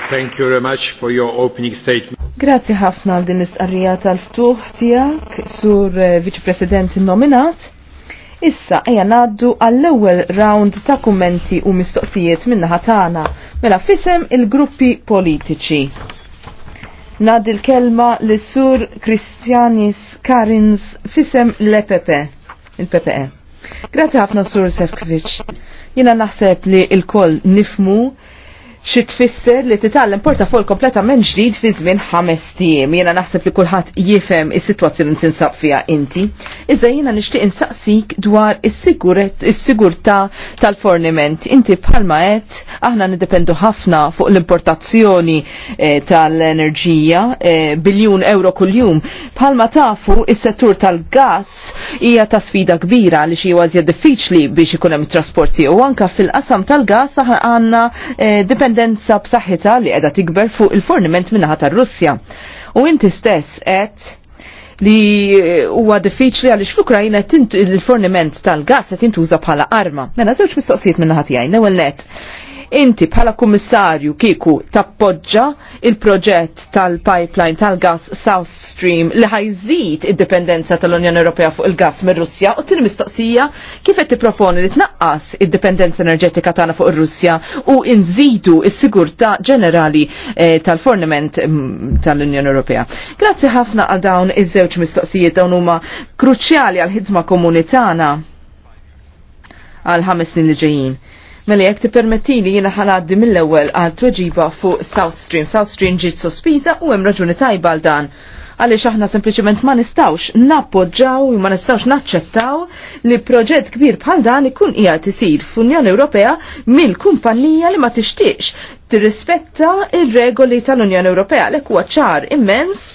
thank you very much for your opening statement. Grazzi ħafna għal din l-istqarrija tal-ftuħ tiegħek sur eh, Viċi President nominat. Issa ejja ngħaddu għall-ewwel round ta' kummenti u mistoqsijiet min-naħa tagħna mela fisem il-gruppi politiċi. Nad il-kelma lis sur Kristjanis Karins fisem l-EPP, il-PPE. Grazzi ħafna sur Sefkvic. Jiena naħseb li il-koll nifmu xi tfisser li titgħallem portafol kompletament ġdid fi żmien ħames tiem. Jiena naħseb li kulħadd jifhem is-sitwazzjoni li tinsab fiha inti. Iżda jiena nixtieq insaqsik dwar is-sigurtà tal-forniment. Inti bħalma qed aħna niddependu ħafna fuq l-importazzjoni eh, tal-enerġija eh, biljun euro kuljum. Bħalma tafu is-settur tal-gas hija ta' sfida kbira li xi ważja diffiċli biex ikun hemm it trasporti u anka fil-qasam tal-gas aħna għandna eh, dipend dipendenza b'saħħitha li qiegħda tikber fuq il-forniment minnaħa tar-Russja. U inti stess qed li huwa diffiċli għaliex fl-Ukrajna il-forniment tal-gas qed jintuża bħala arma. Mela żewġ mistoqsijiet minnaħa tiegħi, l-ewwel net. Inti bħala kummissarju kiku tappoġġa il-proġett tal-pipeline tal-gas South Stream li ħajżid id-dipendenza tal-Unjoni Ewropea fuq il-gas mir russja u tini mistoqsija kif qed tipproponi li tnaqqas id-dipendenza enerġetika tagħna fuq ir-Russja u nżidu s-sigurtà ġenerali eh, tal-forniment mm, tal-Unjoni Ewropea. Grazzi ħafna għal dawn iż-żewġ mistoqsijiet dawn huma kruċjali għal ħidma komunitana għal ħames snin li ġejjin. Mela jekk tippermettili jiena ħaladdi mill-ewwel għal tweġiba fuq South Stream. South Stream ġiet sospiża u hemm raġuni tajba għal dan għaliex aħna sempliċement ma nistawx nappoġġaw u ma nistawx naċċettaw li proġett kbir bħal dan ikun qiegħed isir f'Unjoni Ewropea mill-kumpanija li ma tixtiex tirrispetta il regoli tal-Unjoni Ewropea lek huwa ċar immens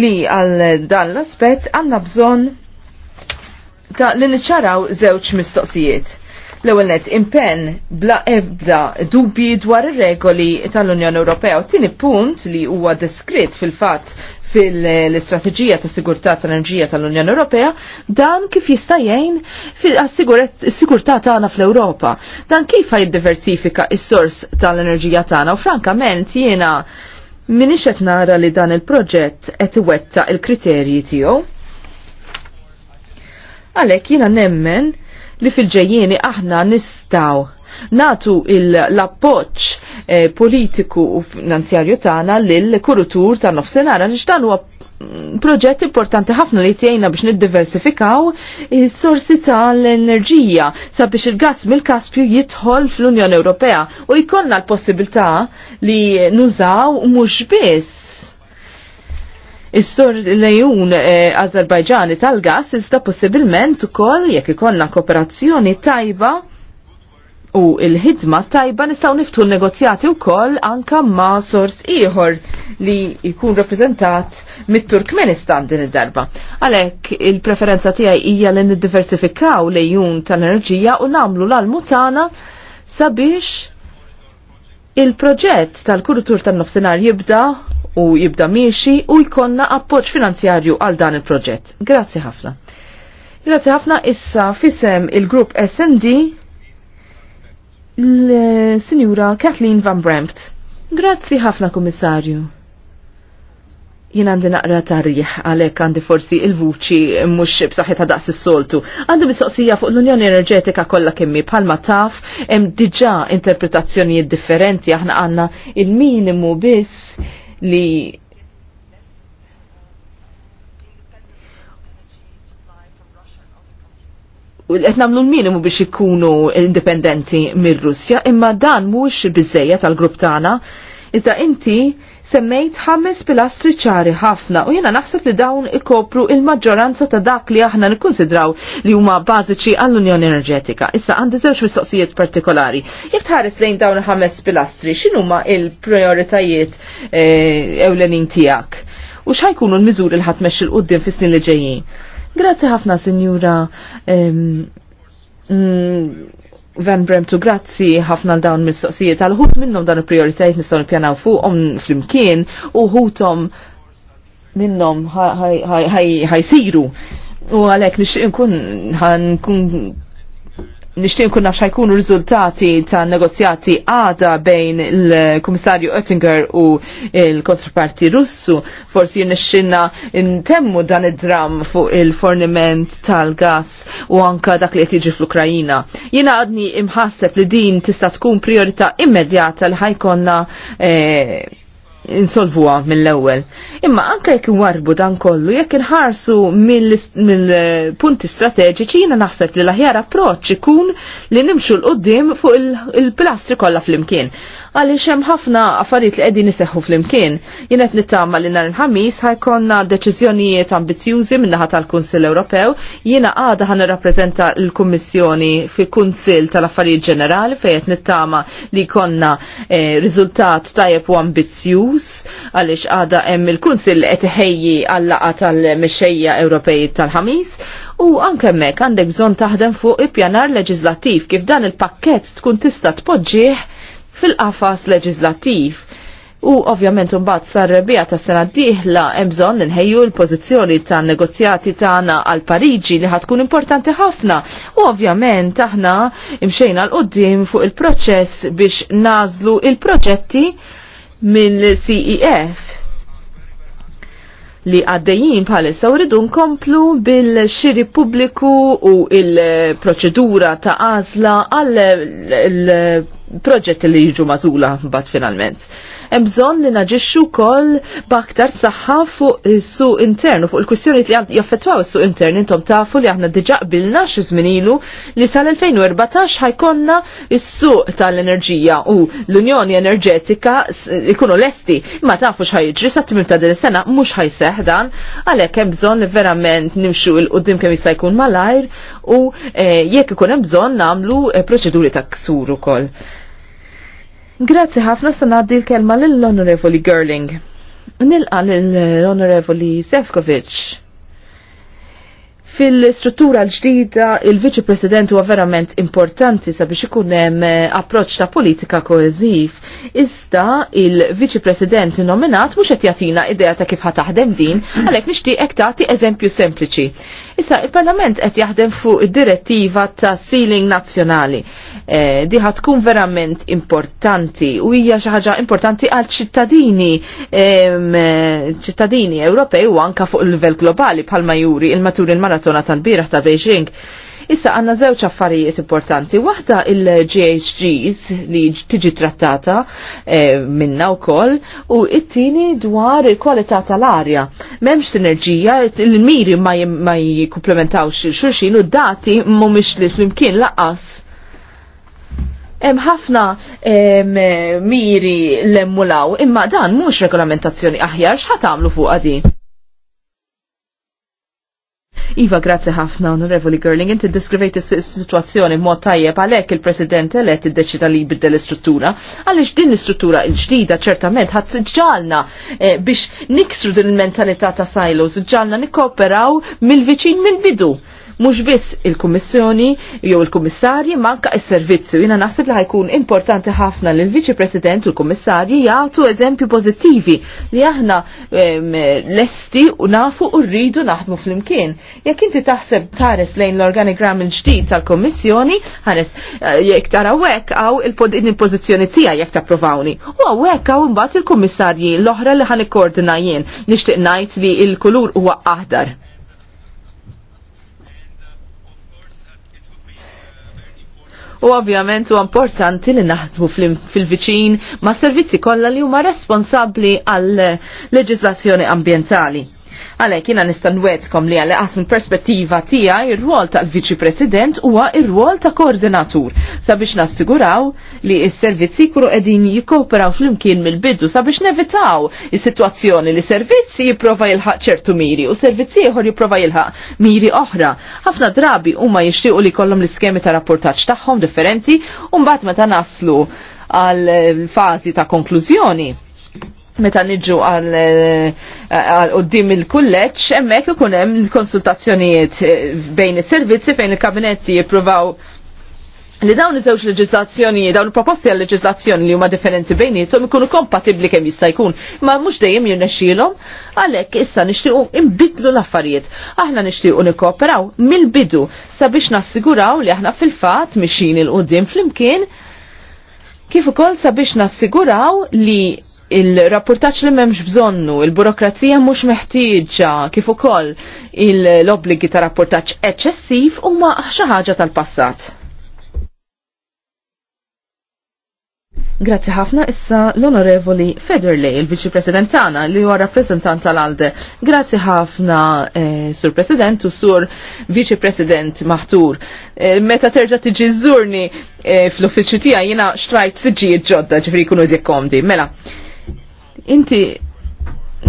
li għal dan l-aspett għandna bżonn ta' li niċċaraw żewġ mistoqsijiet L-ewwel net impenn bla ebda dubji dwar ir-regoli tal-Unjoni Ewropea u tieni punt li huwa diskrit fil-fatt fil-istrateġija ta' sigurtà tal-enerġija tal-Unjoni Ewropea dan kif jista' jgħin fil-sigurtà tagħna fl-Ewropa. Dan kif jiddiversifika s-sors tal-enerġija tagħna u frankament jiena Minix qed nara li dan il-proġett qed iwetta il-kriterji tiegħu. Għalhekk jiena nemmen li fil-ġejjieni aħna nistaw natu l-appoċ eh, politiku u finanzjarju tagħna lil kurutur ta' nofsenara għaliex dan huwa mm, proġett importanti ħafna li tjejna biex niddiversifikaw il-sorsi tal-enerġija sabiex il-gas mill-Kaspju jidħol fl-Unjoni Ewropea u jkollna l-possibilità li nużaw mhux biss Is-sur lejun eh, Azerbajġani tal-gas iżda possibilment ukoll jekk ikollna kooperazzjoni tajba u il-ħidma tajba nistgħu niftu negozjati wkoll anka ma' sors ieħor li jkun rappreżentat mit-Turkmenistan din id-darba. Għalhekk il-preferenza tiegħi hija li niddiversifikaw lejun tal-enerġija u nagħmlu l-almutana sabiex Il-proġett tal-kurtur tan-nofsinhar jibda u jibda miexi u jkonna appoġġ finanzjarju għal dan il-proġett. Grazzi ħafna. Grazzi ħafna issa fisem il-grupp SND l-Sinjura Kathleen Van Brempt. Grazzi ħafna, Kummissarju jien għandi naqra tarriħ għalek għandi forsi il-vuċi mux b'saħħitha daqs is-soltu. Għandi mistoqsija fuq l-Unjoni Enerġetika kollha kemmi bħalma taf hemm diġà interpretazzjonijiet differenti aħna għandna il-minimu biss li qed nagħmlu l-minimu biex ikunu indipendenti mir-Russja, imma dan mhuwiex biżejja tal-grupp tagħna, iżda inti semmejt ħames pilastri ċari ħafna u jena naħseb li dawn ikopru il-maġġoranza ta' dak li aħna nikkonsidraw li huma bażiċi għall-Unjoni Enerġetika. Issa għandi żewġ mistoqsijiet partikolari. Jekk tħares lejn dawn ħames pilastri, x'inhuma il-prioritajiet eh, ewlenin tiegħek? U x'ħajkunu l-miżuri li ħatmexxi l-qudiem fis-snin li ġejjin? Grazzi ħafna, Sinjura. Mm, Van Bremtu, grazzi ħafna l dawn mistoqsijiet għal ħut minnhom dan il-prioritajiet nistgħu nippjanaw fuqhom flimkien u ħutom minnhom ħajsiru. U għalhekk nixtieq nkun ħankun nishtin kunna xajkunu rizultati ta' negozjati għada bejn il-Komissarju Oettinger u il-kontraparti Russu. Forsi nishtinna intemmu dan id-dram fuq il-forniment tal-gas u anka dak li jtiġi fl-Ukrajina. Jina għadni imħasseb li din tista' tkun priorita immedjata l-ħajkonna eh, insolvuha mill-ewwel. Imma anke jekk warbu dan kollu, jekk inħarsu mill-punti strateġiċi jiena naħseb li l-aħjar approċċ ikun li nimxu l qudiem fuq il-pilastri kollha flimkien għaliex hemm ħafna affarijiet li qegħdin iseħħu flimkien. Jien qed nittama li nhar il-ħamis ħajkonna deċiżjonijiet ambizjużi min-naħa tal-Kunsill Ewropew. Jiena għada ħan nirrappreżenta l-Kummissjoni fi Kunsill tal-Affarijiet Ġenerali fejn qed nittama li konna eh, riżultat tajjeb u ambizjuż għaliex għada hemm il-Kunsill qed iħejji għallaqa tal-mexxejja Ewropej tal-ħamis u anke hemmhekk għandek bżonn taħdem fuq ippjanar leġislattiv kif dan il-pakkett tkun tista' tpoġġih fil-qafas leġislattiv. U ovvjament imbagħad sar rebija ta' sena d-dieħla hemm bżonn l-pożizzjoni tan negozjati tagħna għal Pariġi li ħatkun importanti ħafna. U ovvjament aħna imxejna l qoddim fuq il-proċess biex nazlu il-proġetti mill-CEF li għaddejjin bħalissa u rridu nkomplu bil-xiri pubbliku u il-proċedura ta' għazla għal proġett li jiġu mażula bat finalment hemm bżonn li naġixxu wkoll b'aktar saħħa fuq is-suq internu fuq il-kwistjoni li jaffettwaw is-suq intern intom tafu li aħna diġà qbilna xi żmien li sal-2014 ħajkonna is-suq tal-enerġija u l-Unjoni Enerġetika ikunu lesti imma tafu x'ħajġri sa timil ta' din is-sena mhux ħajseħħ dan għalhekk hemm bżonn li verament nimxu il qudiem kemm jista' jkun malajr u eh, jekk ikun hemm bżonn nagħmlu eh, proċeduri ta' ksur ukoll. Grazzi ħafna sa naddi l-kelma l-Onorevoli Gerling. Nilqa l-Onorevoli Sefkovic. Fil-struttura l-ġdida, il-Viċi President huwa verament importanti sabiex ikun hemm eh, approċċ ta' politika koeżiv. Iżda il-Viċi President nominat mhux qed jagħtina idea ta' kif ħataħdem din, għalhekk nixtieq tagħti eżempju sempliċi. Issa il-Parlament qed jaħdem fuq id-direttiva ta' ceiling nazzjonali eh, diħa tkun verament importanti u hija xi ħaġa importanti għal ċittadini ċittadini Ewropej u anka fuq il-livell globali bħalma juri il maturi il-maratona tal birah ta' Beijing. Issa għanna żewġ affarijiet importanti. Waħda il-GHGs li tiġi trattata eh, minna u koll u it-tini dwar il-kwalità tal-arja. Memx sinerġija, il-miri ma, ma jikumplementawx il-xurxin u dati mumiex li flimkien laqas hemm ħafna miri l-emmulaw, imma dan mhux regolamentazzjoni aħjar x'ħat għamlu fuq din. Iva, grazzi ħafna, onorevoli Girling, inti diskrivejt is-sitwazzjoni mod tajjeb għalhekk il-President elett iddeċida li jibdel l-istruttura, għaliex din l-istruttura l-ġdida ċertament ħadd ġalna eh, biex niksru din il-mentalità ta' silos, ġalna nikkoperaw mill-viċin mill-bidu mhux biss il-Kummissjoni jew il-Kummissarji manka s-servizzi. Jiena naħseb li ħajkun importanti ħafna li l-Viċi President u l-Kummissarji jagħtu eżempju pożittivi li aħna lesti u nafu u rridu naħdmu flimkien. Jekk inti taħseb tares lejn l-organigram il-ġdid tal-Kummissjoni, ħares eh, jekk hekk għaw il-pożizzjoni tiegħi jekk tapprovawni. U hawnhekk għaw mbagħad il-Kummissarji l-oħra li ħan jien nixtieq ngħid li l-kulur huwa aħdar. u ovvjament u importanti li naħdmu fil-viċin ma' servizzi kollha li huma responsabbli għal leġislazzjoni ambientali. Għalek jina nistan wetkom li għalek għasm perspettiva tija ir-rwol tal-Viċi President huwa ir-rwol ta' koordinatur sabiex nassiguraw li s-servizzi kuru edin jikoperaw fl-imkien mill-biddu sabiex nevitaw is-situazzjoni li servizzi jiprofa jilħaq ċertu miri u servizzi ieħor jiprofa jilħaq miri oħra. Ħafna drabi huma jixtiequ li kollum l-iskemi ta' rapportaġġ tagħhom differenti u mbagħad meta naslu għal fażi ta' konklużjoni meta niġu għal eh, qoddim il-kulleċ, emmek ikun hemm il-konsultazzjonijiet eh, bejn is-servizzi fejn il-kabinetti jippruvaw li dawn iż-żewġ dawn proposti għal leġislazzjoni li huma differenti bejniethom ikunu kompatibbli kemm jista' jkun, ma mhux dejjem jirnexxielhom, għalhekk issa nixtiequ imbidlu l-affarijiet. Aħna nixtiequ nikkooperaw mill-bidu sabiex nassiguraw li aħna fil-fatt mixin il-qudiem flimkien kif ukoll sabiex nassiguraw li il-rapportaċ li memx bżonnu, il-burokrazija mux meħtieġa kif ukoll l-obbligi ta' rapportaċ eċċessiv huma xi ħaġa tal-passat. Grazzi ħafna issa l-Onorevoli Federley, il-Viċi President tagħna li huwa rappreżentant tal-Alde. Grazzi ħafna eh, Sur President u Sur Viċi President Maħtur. Eh, meta terġa' tiġi żurni eh, fl-uffiċċju tiegħi jiena xtrajt siġġijiet ġodda ġifri jkunu komdi. Mela, Inti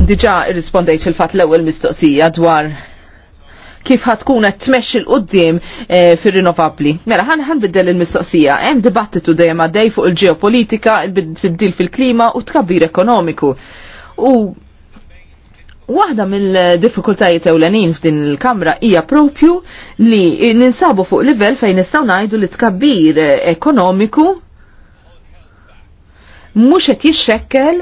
diġa rispondejt il-fat l-ewwel mistoqsija dwar kif ħatkun qed tmexxi l-qudiem eh, fir-rinovabbli. Mela ħan ħanbiddel il-mistoqsija, hemm dibattitu dejjem għaddej fuq il-ġeopolitika, il biddil fil-klima u tkabbir ekonomiku. U Waħda mill-diffikultajiet ewlenin f'din il-kamra hija propju li ninsabu fuq livell fejn nistgħu ngħidu li tkabbir ekonomiku mhux qed jixxekkel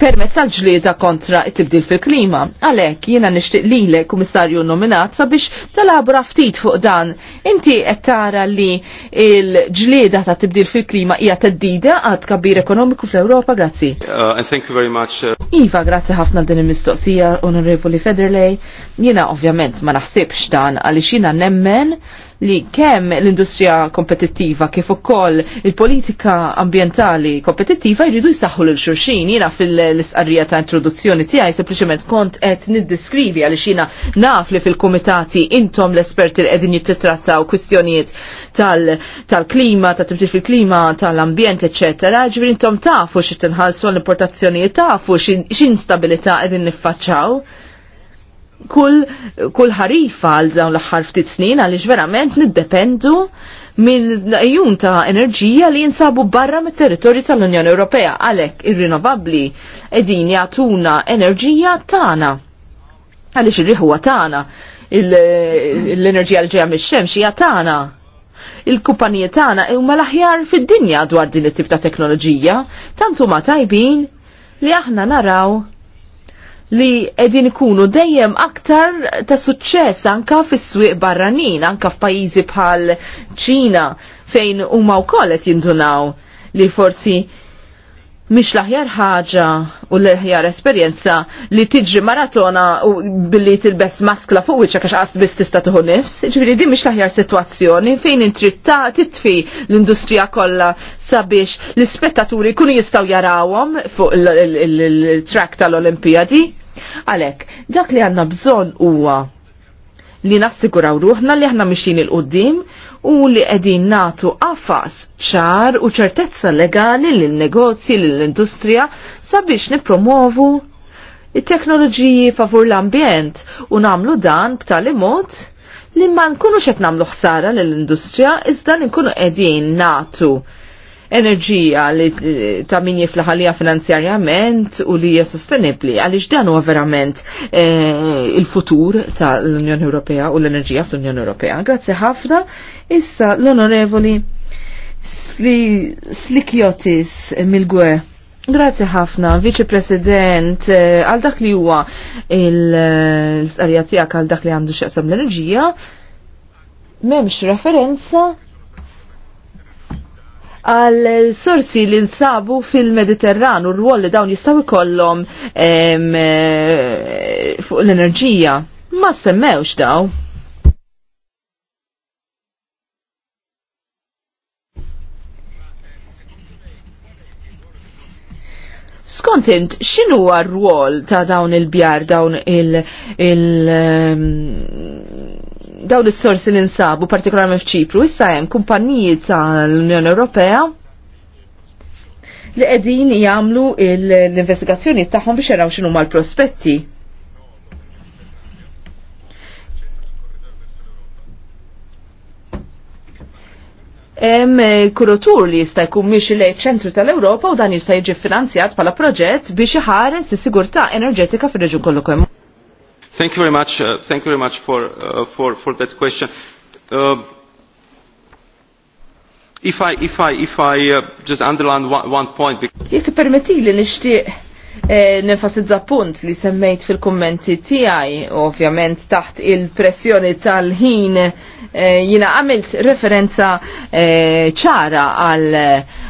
permezz għal ġlieda kontra it-tibdil fil-klima. Għalhekk jiena nixtieq lilek kummissarju nominat sabiex talabra ftit fuq dan. Inti qed tara li l-ġlieda ta' tibdil fil-klima hija teddida għad kabir ekonomiku fl-Ewropa, grazzi. Uh, thank you very much. Uh, iva, grazzi ħafna din il-mistoqsija, Onorevoli Federley. Jiena ovvjament ma naħsibx dan għaliex jiena nemmen li kemm l-industrija kompetittiva kif ukoll il-politika ambientali kompetittiva jridu jsaħħu l xulxin jiena fil isqarrija ta' introduzzjoni tiegħi sempliċement kont qed niddiskrivi għaliex jiena naf li fil-kumitati intom l-esperti li qegħdin jittrattaw kwistjonijiet tal-klima, tal tat-tibdil tibtil fil klima tal-ambjent, eċetera, ġifieri intom tafu xi tinħallsu l-importazzjonijiet tafu x'instabilità qegħdin niffaċċaw kull kull ħarifa għal dawn l-aħħar ftit snin għaliex verament niddependu minn ejjun ta' enerġija li jinsabu barra mit territorju tal-Unjoni Ewropea għalhekk ir-rinovabbli qegħdin jagħtuna enerġija tagħna. Għaliex ir huwa tagħna l-enerġija l ġejja mix-xemx hija tagħna. Il-kumpaniji tagħna huma l-aħjar fid-dinja dwar din it-tip ta' teknoloġija, tant huma tajbin li aħna naraw li edin ikunu dejjem aktar ta' suċċess anka fis-swieq barranin, anka f'pajjiżi bħal Ċina fejn huma wkoll qed jindunaw li forsi Mhix l-aħjar ħaġa u l-aħjar esperjenza li tiġri maratona u billi tilbes maskla fuq wiċċa għax qasbis tista' tuħu nifs. Ġifieri din mhix l-aħjar sitwazzjoni fejn intritta titfi l-industrija kollha sabiex l-ispettaturi jkunu jistgħu jarawhom fuq il-track tal-Olimpijadi. Għalhekk, dak li għandna bżonn huwa li nassiguraw ruħna li aħna mixin il-qoddim u li qegħdin natu qafas ċar u ċertezza legali lil negozji lill industrija sabiex nippromovu it-teknoloġiji favur l-ambjent u namlu dan b'tali mod li ma nkunux qed nagħmlu ħsara lill-industrija iżda nkunu qegħdin natu enerġija li ta' min jiflaħ għalija finanzjarjament u li hija sostenibli għaliex dan huwa verament eh, il-futur tal-Unjoni Ewropea u l-enerġija fl-Unjoni Ewropea. Grazzi ħafna. Issa l-Onorevoli Slikjotis Milgwe. Grazie ħafna, Vice President, eh, għal dak li huwa l-istarja tiegħek għal dak li għandu x'jaqsam l-enerġija, m'hemmx referenza għal sorsi li nsabu fil-Mediterran u l li dawn jistaw ikollhom eh, fuq l-enerġija. Ma semmewx daw. Skontent, xinu r-rwol ta' dawn il-bjar, dawn il-, il daw l-sorsi li nsabu, partikolarment f'Ċipru, issa hemm kumpaniji tal-Unjoni Ewropea li qegħdin jagħmlu l-investigazzjoni tagħhom biex jaraw x'inhu mal-prospetti. Hemm eh, kurotur li jista' jkun mhix lejn ċentru tal-Ewropa u dan jista' jiġi finanzjat bħala proġett biex iħares is-sigurtà enerġetika fir-reġjun kollu kemm. Thank you very much. Uh, thank you very much for, uh, for, for that question. Uh, if I, if I, if I uh, just underline one, one point. Jek ti permetti li nishtiq E, punt li semmejt fil-kommenti tijaj, ovvjament taħt il-pressjoni tal-ħin eh, jina għamilt referenza eh, ċara għal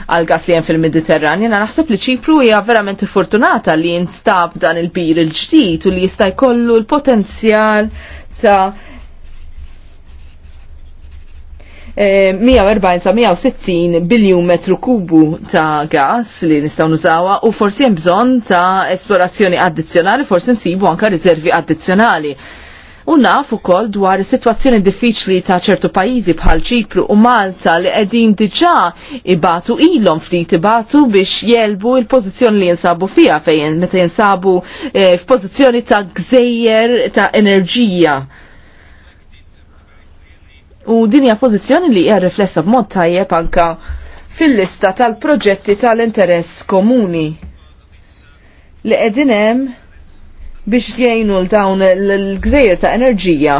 għal gas li jen fil-Mediterran, jena naħseb li ċipru hija verament fortunata li jinstab dan il-bir il-ġdijt u li jista' jkollu l-potenzjal ta' 140 eh, 160 biljun metru kubu ta' gas li nistaw nużawa u forsi hemm bżonn ta' esplorazzjoni addizzjonali, forsi nsibu anka riservi addizzjonali. U naf ukoll dwar is-sitwazzjoni diffiċli ta' ċertu pajjiżi bħal Ċipru u Malta li qegħdin diġà ibatu ilhom ftit ibatu biex jelbu l-pożizzjoni li jinsabu fiha fejn meta jinsabu eh, f'pożizzjoni ta' gżejjer ta' enerġija U dinja pożizzjoni li hija riflessa b'mod tajjeb anka fil-lista tal-proġetti tal-interess komuni li qegħdin hemm biex jgħinu l-dawn l-gżejjer ta' enerġija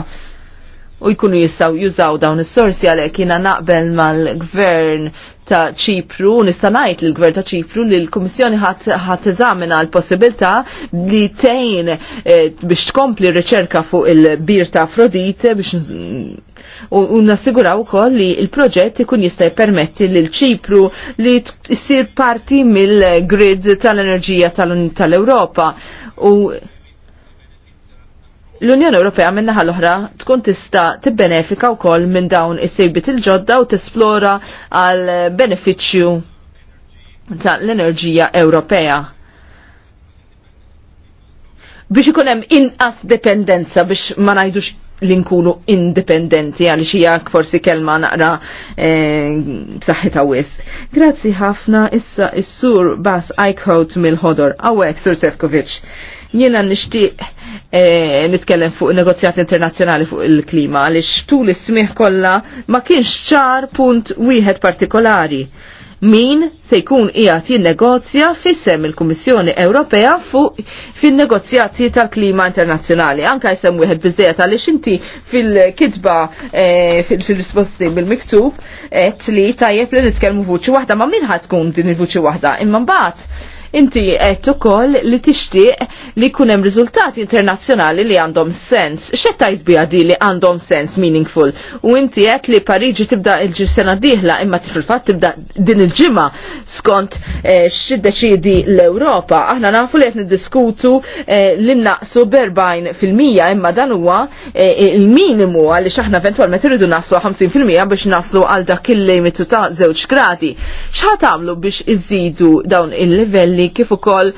u jkunu jistaw jużaw dawn is-sorsi għalhekk kiena naqbel mal-gvern ta' ċipru, nista' ngħid lill gvern ta' ċipru li l-Kummissjoni ħadd eżamina l-possibilità li tgħin eh, biex tkompli riċerka fuq il-bir ta' Afrodite biex u nassiguraw ukoll li il-proġett ikun jista' jippermetti l ċipru li jisir parti mill-grid tal-enerġija tal-Ewropa u L-Unjoni Ewropea minna l-oħra tkun tista tibbenefika wkoll minn dawn is-sejbit il-ġodda u tesplora għal benefiċċju tal-enerġija Ewropea biex ikun hemm inqas dependenza biex ma ngħidux li nkunu indipendenti għal xija forsi kelma naqra eh, b'saħħitha wis. Grazzi ħafna issa is-sur Bas Eichhout mill-ħodor. Awek, Sur Sefkovic. Jiena nixtieq eh, nitkellem fuq negozjat internazzjonali fuq il-klima għaliex tul is-smieħ kollha ma kienx ċar punt wieħed partikolari min se jkun qiegħed jinnegozja fissem il-Kummissjoni Ewropea fuq fin-negozjati tal-klima internazzjonali. Anka jsem wieħed biżejjed għaliex inti fil-kitba eh, fil-risposti bil-miktub qed eh, li tajjeb li nitkellmu vuċi waħda ma' min ħad tkun din il-vuċi waħda imma mbagħad inti u ukoll li tixtieq li jkun hemm riżultati internazzjonali li għandhom sens. X'ettajt biha di li għandhom sens meaningful u inti qed li Pariġi tibda il-ġisena diħla imma fil-fatt tibda din il-ġimgħa skont eh, x'iddeċidi l-Ewropa. Aħna nafu li qed niddiskutu eh, li naqsu berbajn fil-mija imma dan huwa eh, il-minimu għaliex aħna eventwalment irridu naslu 50 fil-mija biex naslu għal dak il-limitu ta' żewġ gradi. X'ħat għamlu biex iżidu dawn il-livelli li kif ukoll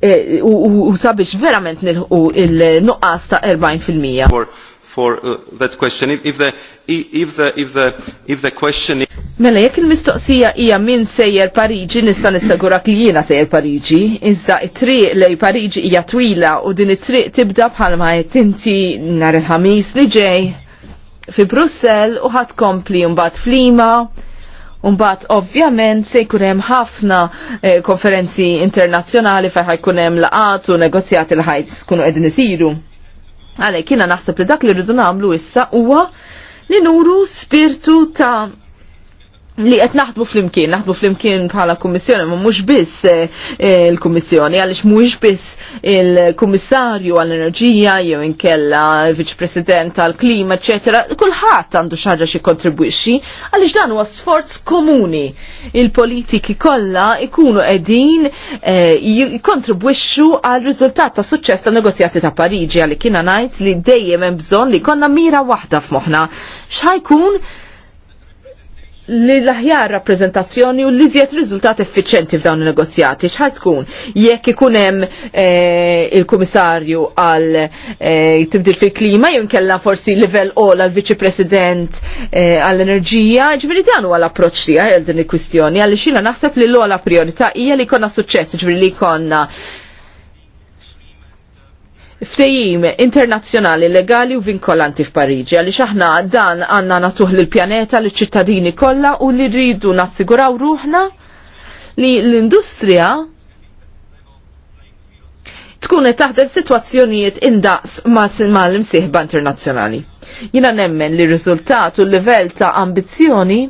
eh, u, u sabiex verament nilħu il-nuqqas ta' 40%. For, for uh, that question, if, if, the, if, the, if, the, if the question is... Mela, jekk il-mistoqsija hija min sejjer Pariġi, nista' nissagurak li jiena sejjer Pariġi, iżda it-triq lej Pariġi hija twila u din it-triq tibda bħalma qed inti nhar il-ħamis li ġej fi Brussell u ħadd kompli mbagħad flima Umbat, ovvjament, se jkunem ħafna eh, konferenzi internazzjonali fej hemm laqat u negozjati l ħajt skunu edin isiru. Għalek, jiena naħseb li dak li rridu namlu issa huwa li nuru spirtu ta' li qed naħdmu flimkien, naħdmu flimkien bħala kummissjoni, ma mhux biss eh, eh, il-kummissjoni għaliex mhux biss il-kummissarju għall-enerġija jew inkella viċ president tal-klima, eċetera, kulħadd għandu xi ħaġa xi kontribwixxi għaliex dan huwa sforz komuni. Il-politiki kollha ikunu qegħdin eh, jikkontribwixxu għal riżultat ta' suċċess ta' negozjati ta' Pariġi għalli kiena ngħid li dejjem hemm bżonn li konna mira waħda f'moħħna. X'ħajkun li l-aħjar rappresentazzjoni u li zjed riżultat effiċenti f'dawn il-negozjati. Xħad tkun? Jekk ikun hemm eh, il-Kummissarju għal eh, tibdil fil-klima jew kella forsi livell o għal viċi President eh, għall enerġija ġveri dan huwa l-approċċ li għal din il-kwistjoni għaliex xina naħseb li l-ogħla priorità hija li jkollna suċċess, ġveri li jkollna ftejim internazzjonali legali u vinkolanti f'Pariġi għaliex aħna dan għandna natuħ lill pjaneta liċ ċittadini kollha u li rridu nassiguraw ruħna li l-industrija tkun qed taħdem sitwazzjonijiet indaqs mal-imsieħba internazzjonali. Jina nemmen li riżultat u l-livell ta' ambizzjoni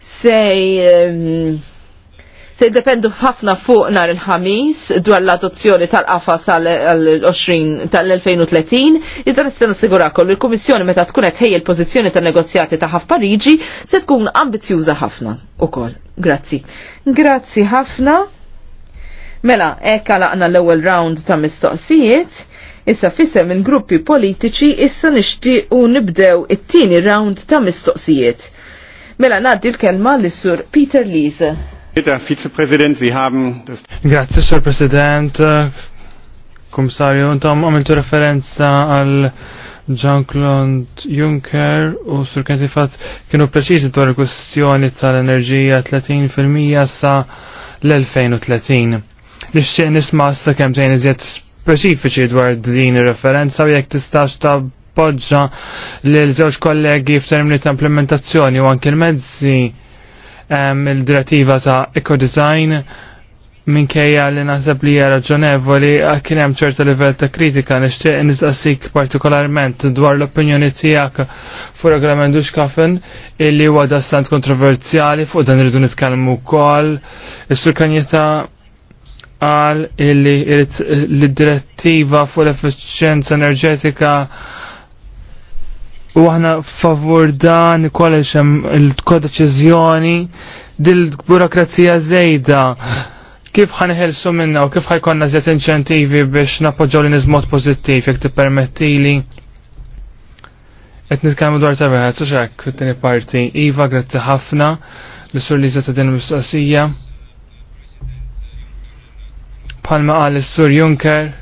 sej ehm, tiddependu ħafna fuq nar il-ħamis dwar l-adozzjoni tal qafa tal-2030, iżda nista' nassigurakom li l-Kummissjoni meta tkun qed ħejja l-pożizzjoni tan-negozjati ta' ħaf Pariġi se tkun ambizjuża ħafna ukoll. Grazzi. Grazzi ħafna. Mela, hekk għalaqna l-ewwel round ta' mistoqsijiet. Issa fissem minn gruppi politiċi issa nixtiequ nibdew it-tieni round ta' mistoqsijiet. Mela ngħaddi l-kelma lis sur Peter Lise. Grazie, Sir President. Komissarju, intom għamiltu referenza għal Jean-Claude Juncker u sur kenti tifat kienu preċiżi dwar il-kwestjoni tal-enerġija 30% sa l-2030. xie nisma sa kem tejn iżjed speċifiċi dwar din ir-referenza u jekk tistax ta' poġġa l żewġ kollegi f'termini ta' implementazzjoni u anke l-mezzi il-direttiva ta' eco-design minkejja li naħseb li hija ġonevoli kien hemm ċerta livell ta' kritika nixtieq nistaqsik partikolarment dwar l-opinjoni tiegħek fuq regolament Duxkafen illi huwa dastant kontroversjali fuq dan irridu nitkellmu wkoll. Is-sur Kanjeta qal illi l-direttiva fuq l-effiċjenza enerġetika u aħna favur dan kollox hemm il-kodeċiżjoni dil burokrazija żejda kif ħanħelsu minna u kif ħajkonna żiet inċentivi biex nappoġġaw li niżmod pożittiv jekk tippermettili. Qed nitkellmu dwar ta' wieħed u xek fit-tieni parti. Iva gretti ħafna li sur li ta' din mistoqsija. Palma qal is-Sur Juncker.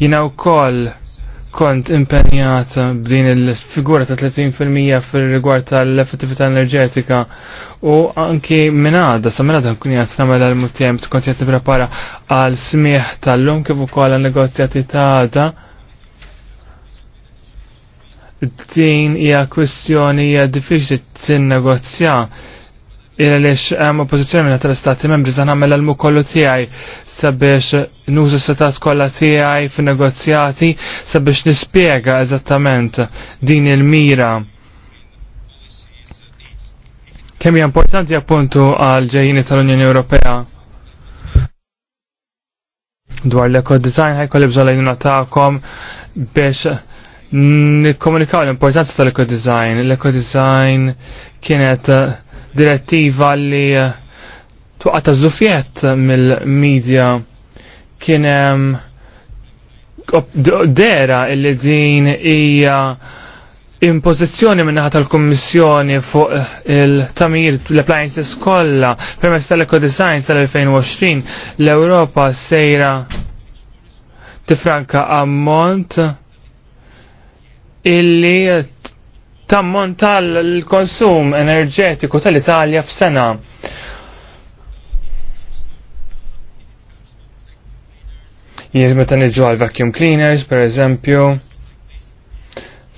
Jina wkoll kont impenjata b'din il-figura ta' 30% fil-rigward tal-effettività enerġetika u anki minn għadda sa' minn għadda nkun jgħat namel għal-mutjem tkun jgħat prepara għal smieħ tal-lum kif ukoll għal-negozjati ta' għadda din hija kwestjoni hija diffiċli tinnegozja il lex għam oppozizjoni minna tal-istati membri zan għamil l kollu tijaj sabiex s setat kolla tijaj fin negozjati sabiex nispiega eżattament din il-mira kemm hija importanti appuntu għal ġejjini tal-Unjoni Ewropea dwar l-eco design ħajkolli bżonn ta'kom biex nikkomunikaw l-importanza tal-eco design. L-eco design kienet uh, direttiva li eh, tuqata zufiet mill-medja kienem dera illi din hija impożizzjoni minnaħa tal-Kommissjoni fuq eh, il-tamir l-appliances kollha permezz tal design tal-2020 l-Ewropa sejra tifranka ammont illi tammont tal-konsum enerġetiku tal-Italja f'sena. Jien meta niġu għal vacuum cleaners, per eżempju,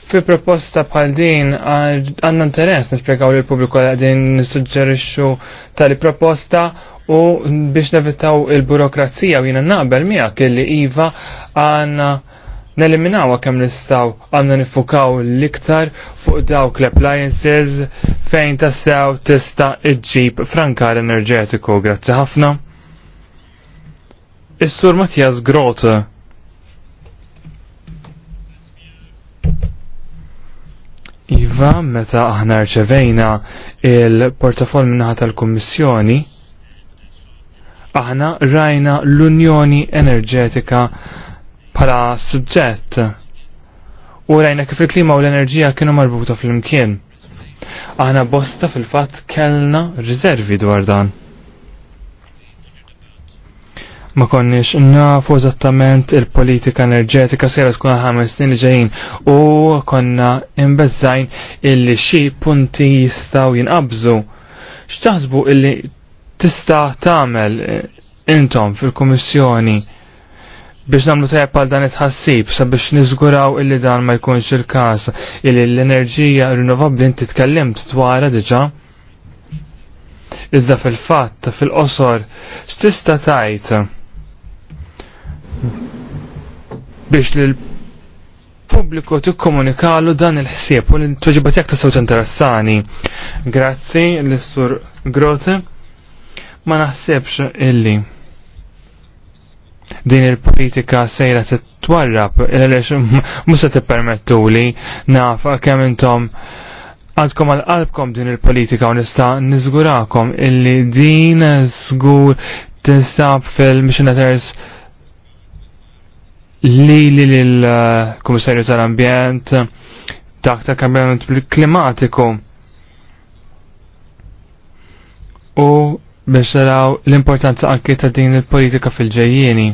fi proposta bħal din għanna interess nispjegaw li l-pubbliku għadin nissuġġerixxu tali proposta u biex nevitaw il-burokrazija u jiena naqbel miegħek li iva għandna nelliminaw kemm nistaw għandna nifukaw l-iktar fuq dawk l-appliances fejn tassew tista' iġġib frankar enerġetiku. Grazzi ħafna. Is-sur Mattias Grot. Iva, meta aħna rċevejna il-portafol minnaħa tal-Kummissjoni, aħna rajna l-Unjoni Enerġetika bħala suġġett. U rajna kif il-klima u l-enerġija kienu marbuta fl-imkien. Aħna bosta fil-fatt kellna riservi dwar dan. Ma konniex nafu eżattament il-politika enerġetika sejra tkun ħames snin li ġejjin u konna imbezzajn illi xi punti jistgħu jinqabżu. X'taħsbu illi tista' tagħmel intom fil-Kummissjoni biex namlu tajab pal dan it-ħassib, sabiex nizguraw illi dan ma jkunx il-kas, illi l-enerġija rinnovabli inti tkellimt dwarha diġa. Iżda fil-fatt, fil-qosor, x'tista tajt biex lil pubbliku tikkomunikalu dan il-ħsieb u l-tweġibat jak tasaw interessani. Grazzi l-sur Grote, ma naħsebx illi din il-politika sejra titwarrab, għaliex musa t-permettu li naf kemm intom għadkom għal-qalbkom din il-politika u nista' niżgurakom illi din żgur instab fil-missionators li li l-Komissarju tal-Ambjent dak ta' kambjament klimatiku. U biex naraw l-importanza anki ta' din il-politika fil-ġejjieni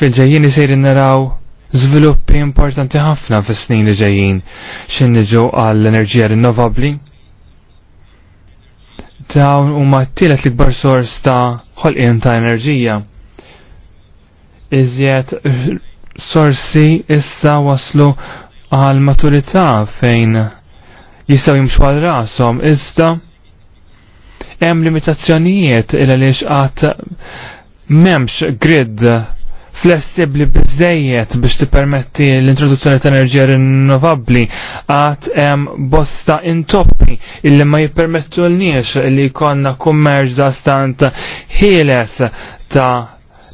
fil-ġejjini sejrin naraw żviluppi importanti ħafna fis-snin li ġejjin xin niġu għall-enerġija rinnovabbli. Dawn huma t-tielet l-ikbar sors ta' ħolqien ta' enerġija. Iżjed sorsi issa waslu għal maturità fejn jistgħu jimxu għal rashom iżda hemm limitazzjonijiet il għaliex qatt m'hemmx grid flessibli bizzejiet biex tippermetti l-introduzzjoni ta' enerġija rinnovabbli għad hemm bosta intoppi illi ma l-niex illi jkollna kummerġ da stant ħieles ta'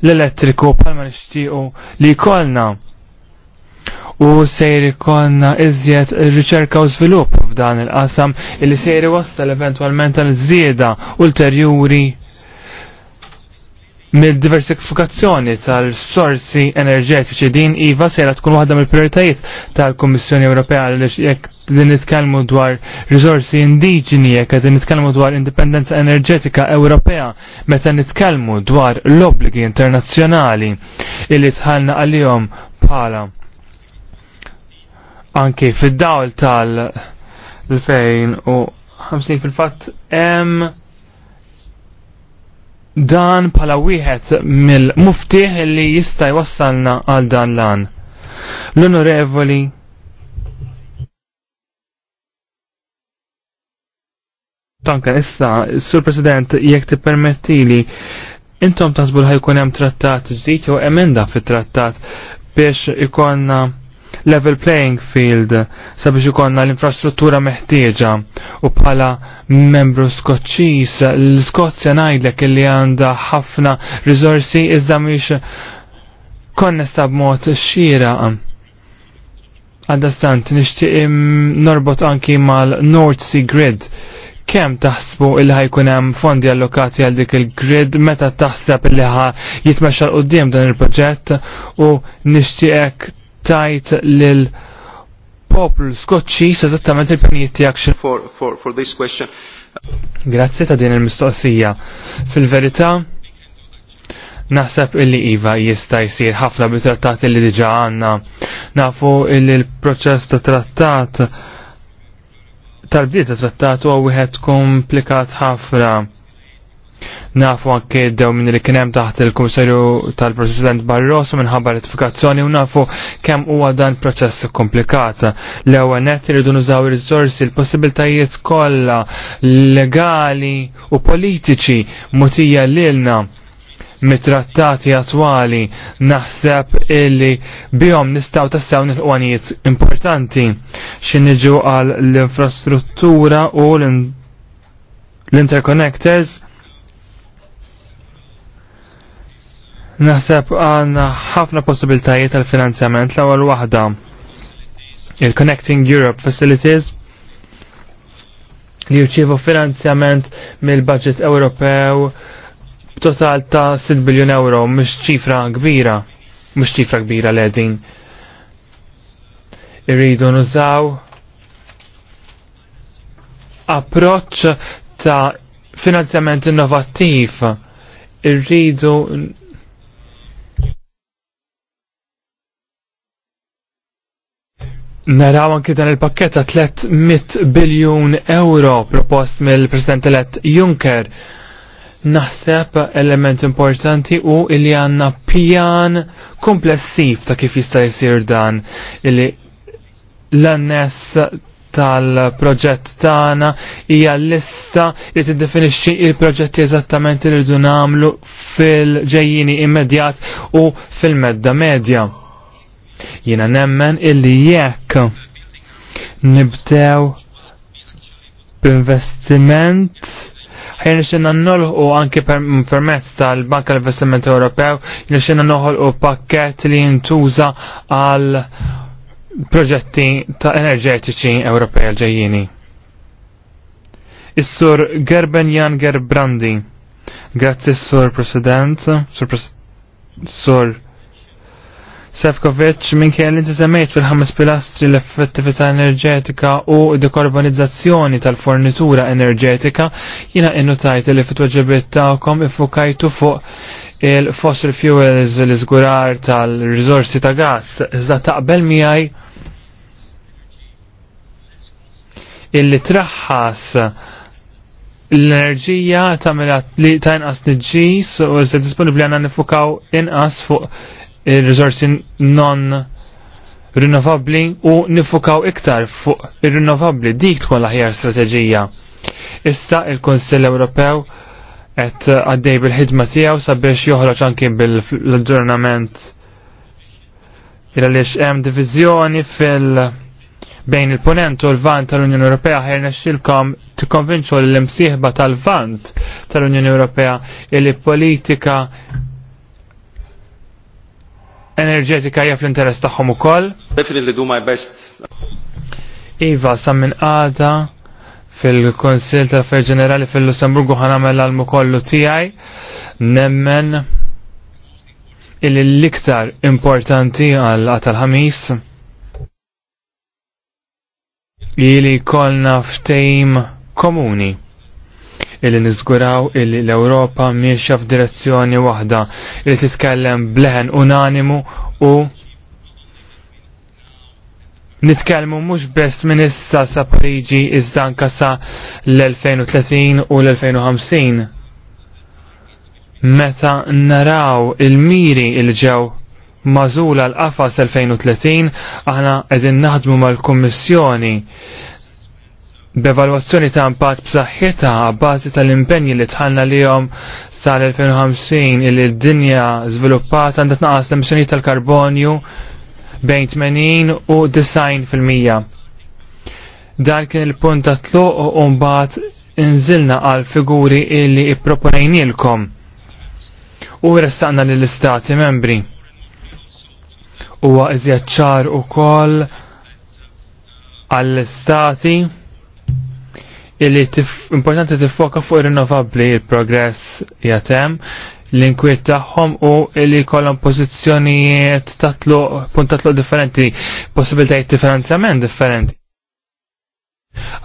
l-elettriku bħalma nixtiequ li jkollna u sejr ikonna iżjed riċerka u svilupp f'dan il-qasam illi sejr wassal eventualment l zieda ulterjuri mill-diversifikazzjoni tal-sorsi enerġetiċi din iva sejra tkun waħda mill-prioritajiet tal-Kommissjoni Ewropea li jekk din nitkellmu dwar risorsi indiġeni jekk qed nitkellmu dwar indipendenza enerġetika Ewropea meta nitkellmu dwar l-obbligi internazzjonali illi tħallna għalihom bħala anke fid-dawl tal-2050 fil-fatt hemm dan pala wieħed mill-muftiħ li jista' jwassalna għal dan lan. L-onorevoli tanka issa, Sur President, jekk tippermettili, intom tasbu ħajkun hemm trattat ġdid jew emenda fit-trattat biex ikonna level playing field sabiex ikonna l-infrastruttura meħtieġa u bħala membru skoċċis l-Skozja ngħidlek li għandha ħafna risorsi iżda mhix konnessa b'mod xieraq. Għaldastant, nixtieq norbot anki mal-North Sea Grid kem taħsbu il ħajkun hemm fondi allokati għal dik il-grid meta taħseb il ħa jitmexxa l dan il-proġett u nixtieqek tajt lil poplu skoċċi eżattament il-pjanijiet tiegħek for, for, for this question. Grazzi ta' din il-mistoqsija. Fil-verità, naħseb illi Iva jista' jsir ħafna bit-trattat illi diġà għandna. Nafu illi l-proċess ta' trattat tal-bdiet ta' trattat huwa wieħed komplikat ħafna Nafu anke dew minn li kien hemm taħt il-Kummissarju tal-President Barroso minħabba ratifikazzjoni u nafu kemm huwa dan proċess komplikata. L-ewwel nett iridu nużaw ir-riżorsi l-possibiltajiet kollha legali u politiċi mutija lilna mit-trattati attwali naħseb illi bihom nistaw tassew nil-qwanijiet importanti xinniġu għal l-infrastruttura u l-interconnectors Naħseb għanna ħafna possibiltajiet tal-finanzjament l-ewwel waħda il-Connecting Europe Facilities li jirċievu finanzjament mill-budget Ewropew total ta' 6 biljun euro mhux ċifra kbira, mhux ċifra kbira l din. Irridu nużaw approċċ ta' finanzjament innovattiv irridu Naraw anki dan il-pakket ta' 300 biljun euro propost mill-President elett Juncker. Naħseb element importanti u illi għanna pjan komplessiv ta' kif jista' jsir dan illi l-annes tal-proġett tagħna hija lista li tiddefinixxi il-proġetti eżattament li rridu nagħmlu fil-ġejjini immedjat u fil-medda medja. -medja Jiena nemmen illi jekk nibdew b'investiment ħajna xena nolħu anke permezz tal-Banka l-Investiment Ewropew, jina xena noħolqu pakket li jintuża għal proġetti ta' enerġetiċi Ewropej ġejjini. Is-sur Gerben Jan Gerbrandi. Grazzi sur President, sur, pres sur Sefkovic minn kien li tiżemmejt fil-ħames pilastri l-effettività enerġetika u dekarbonizzazzjoni tal-fornitura enerġetika jina tajt li fit-tweġibiet ta'kom ifukajtu fuq il-fossil fuels l-iżgurar tal-riżorsi ta' gas iżda taqbel miegħi illi traħħas l-enerġija tagħmilha li ta' inqas niġġis u se disponibbli għandna nifukaw inqas fuq il-rizorsi non rinnovabli u nifukaw iktar fuq il-rinnovabli dik tkun l-aħjar strateġija. Issa il-Konsill Ewropew qed għaddej bil-ħidma tiegħu sabiex joħroġ anki bil ġurnament il għaliex hemm diviżjoni fil- bejn il-ponent u l-vant tal-Unjoni Ewropea ħajr nexxilkom tikkonvinċu l-imsieħba tal-vant tal-Unjoni Ewropea li politika enerġetika hija fl-interess tagħhom ukoll. Definitely do my best. Iva, sa minn għada fil-Konsil tal-Affarijiet Ġenerali fil-Lussemburgu ħanamel għalmu kollu tiegħi nemmen illi l-iktar importanti għal tal-ħamis li kolna ftejm komuni illi niżguraw illi l-Ewropa miexa f'direzzjoni waħda illi titkellem bleħen unanimu u nitkellmu mhux best minn issa sa Parigi iżda anka sa l-2030 u l-2050. Meta naraw il-miri il-ġew mażula l-qafas 2030 aħna qegħdin naħdmu mal-Kummissjoni b'evalwazzjoni ta' impatt b'saħħitha bażi tal-impenji li tħallna lihom sal-2050 illi d-dinja żviluppata għandha tnaqqas l-emissjonijiet tal-karbonju bejn 80 u 90 fil-mija. Dan kien il-punt ta' tluq u mbagħad inżilna għal figuri illi ipproponejnilkom u restaqna lill-istati membri. Huwa iżjed ċar ukoll għall-istati illi importanti tifoka fuq il-rinnovabli il-progress jatem l-inkwiet tagħhom u li jkollhom pożizzjonijiet tatlu puntatlu differenti, possibilitajiet ta' finanzjament differenti.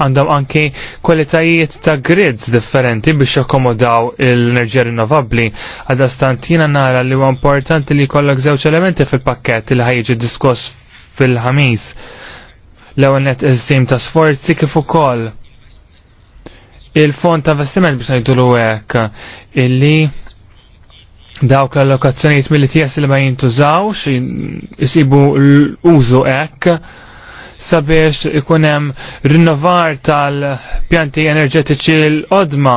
Għandhom anki kwalitajiet ta' grids differenti biex jakkomodaw l-enerġija rinnovabbli. Għadastantina nara li huwa importanti li jkollok żewġ elementi fil-pakket li ħajġi diskoss fil-ħamis. L-ewwel net iż ta' sforzi kif ukoll il-fond ta' vestiment biex l hekk illi dawk l-allokazzjonijiet mill-ITS li ma jintużawx jisibu l-użu hekk sabiex ikun hemm rinnovar tal-pjanti enerġetiċi l-qodma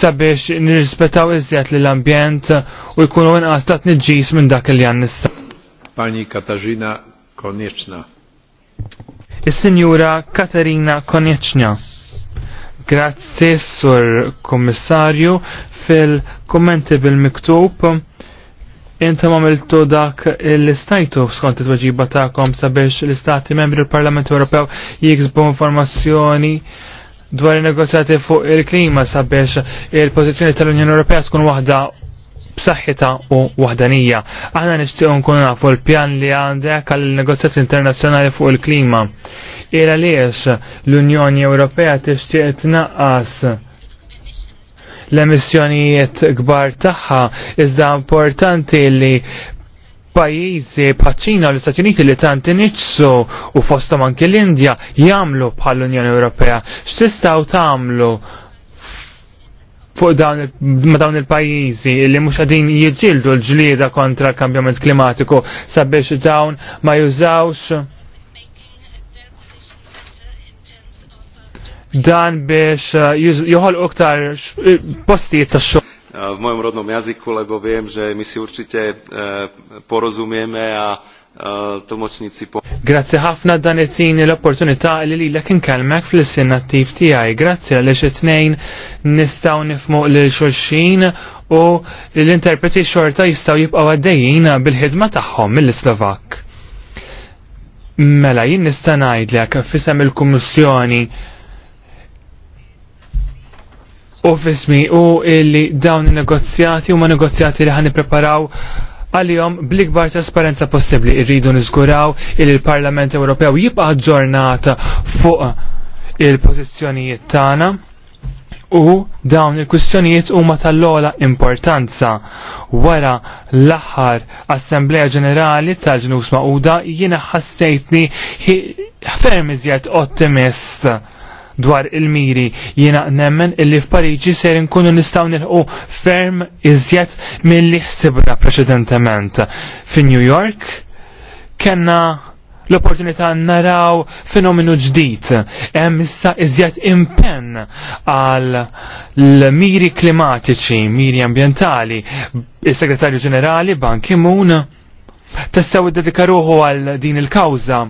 sabiex nirrispettaw iżjed lill ambjent u jkunu inqas ta' tniġġis minn dak li għan nista. Pani Katarzyna Konieczna. Is-Sinjura Katarina Konieczna. Grazzi, sur kommissarju, fil-kommenti bil-miktub. Intom għamiltu dak l-istajtu skont it-tweġiba ta'kom sabiex l-istati membri l-Parlament Ewropew jiksbu informazzjoni dwar il-negozjati fuq il-klima sabiex il-pozizjoni tal-Unjoni Ewropea tkun waħda b'saħħitha u waħdanija. Aħna nixtiequ nkunu nafu l-pjan li għandek għall negozjat internazzjonali fuq il-klima. Ira għaliex l-Unjoni Ewropea tixtieq tnaqqas l-emissjonijiet kbar tagħha iżda importanti li pajjiżi bħaċ u l-Istati Uniti li tant iniċsu u fostom anke l-Indja jagħmlu bħall-Unjoni Ewropea. X'tistgħu tagħmlu? fuq dawn ma dawn il pajizi li mux għadin jieġildu l-ġlieda kontra l-kambjament klimatiku sabiex dawn ma jużawx dan biex uh, juħol uktar eh, postijiet ta' xogħol. Eh, v mojom rodnom jazyku, lebo viem, že mi si určite eh, porozumieme a Grazzi ħafna dan it-tini l-opportunità li li l-ek inkalmek fl-sin nattiv tijaj. Grazzi għalli xitnejn nistaw nifmu l-xulxin u l-interpreti xorta jistaw jibqaw għaddejjien bil-ħidma taħħom mill-Slovak. Mela, jien nistanajd li għak fissam il-Kommissjoni u fismi u illi dawn il-negozjati u ma negozjati li ħani preparaw għal-jom bl-ikbar trasparenza possibli irridu nizguraw il parlament Ewropew jibqa' ġornata fuq il-pożizzjonijiet tagħna u dawn il-kwistjonijiet huma tal-ola importanza. Wara l-aħħar Assembleja Ġenerali tal-Ġnus Mauda jiena ħassejtni ferm iżjed ottimist dwar il-miri jiena nemmen illi f'Pariġi ser nkunu nistgħu nilħu ferm iżjed milli ħsibna preċedentement. fin New York kellna l-opportunità naraw fenomenu ġdid. Hemm issa iżjed impenn għal l-miri klimatiċi, miri ambjentali, is-Segretarju Ġenerali Ban Ki-moon tistgħu iddedika għal din il-kawża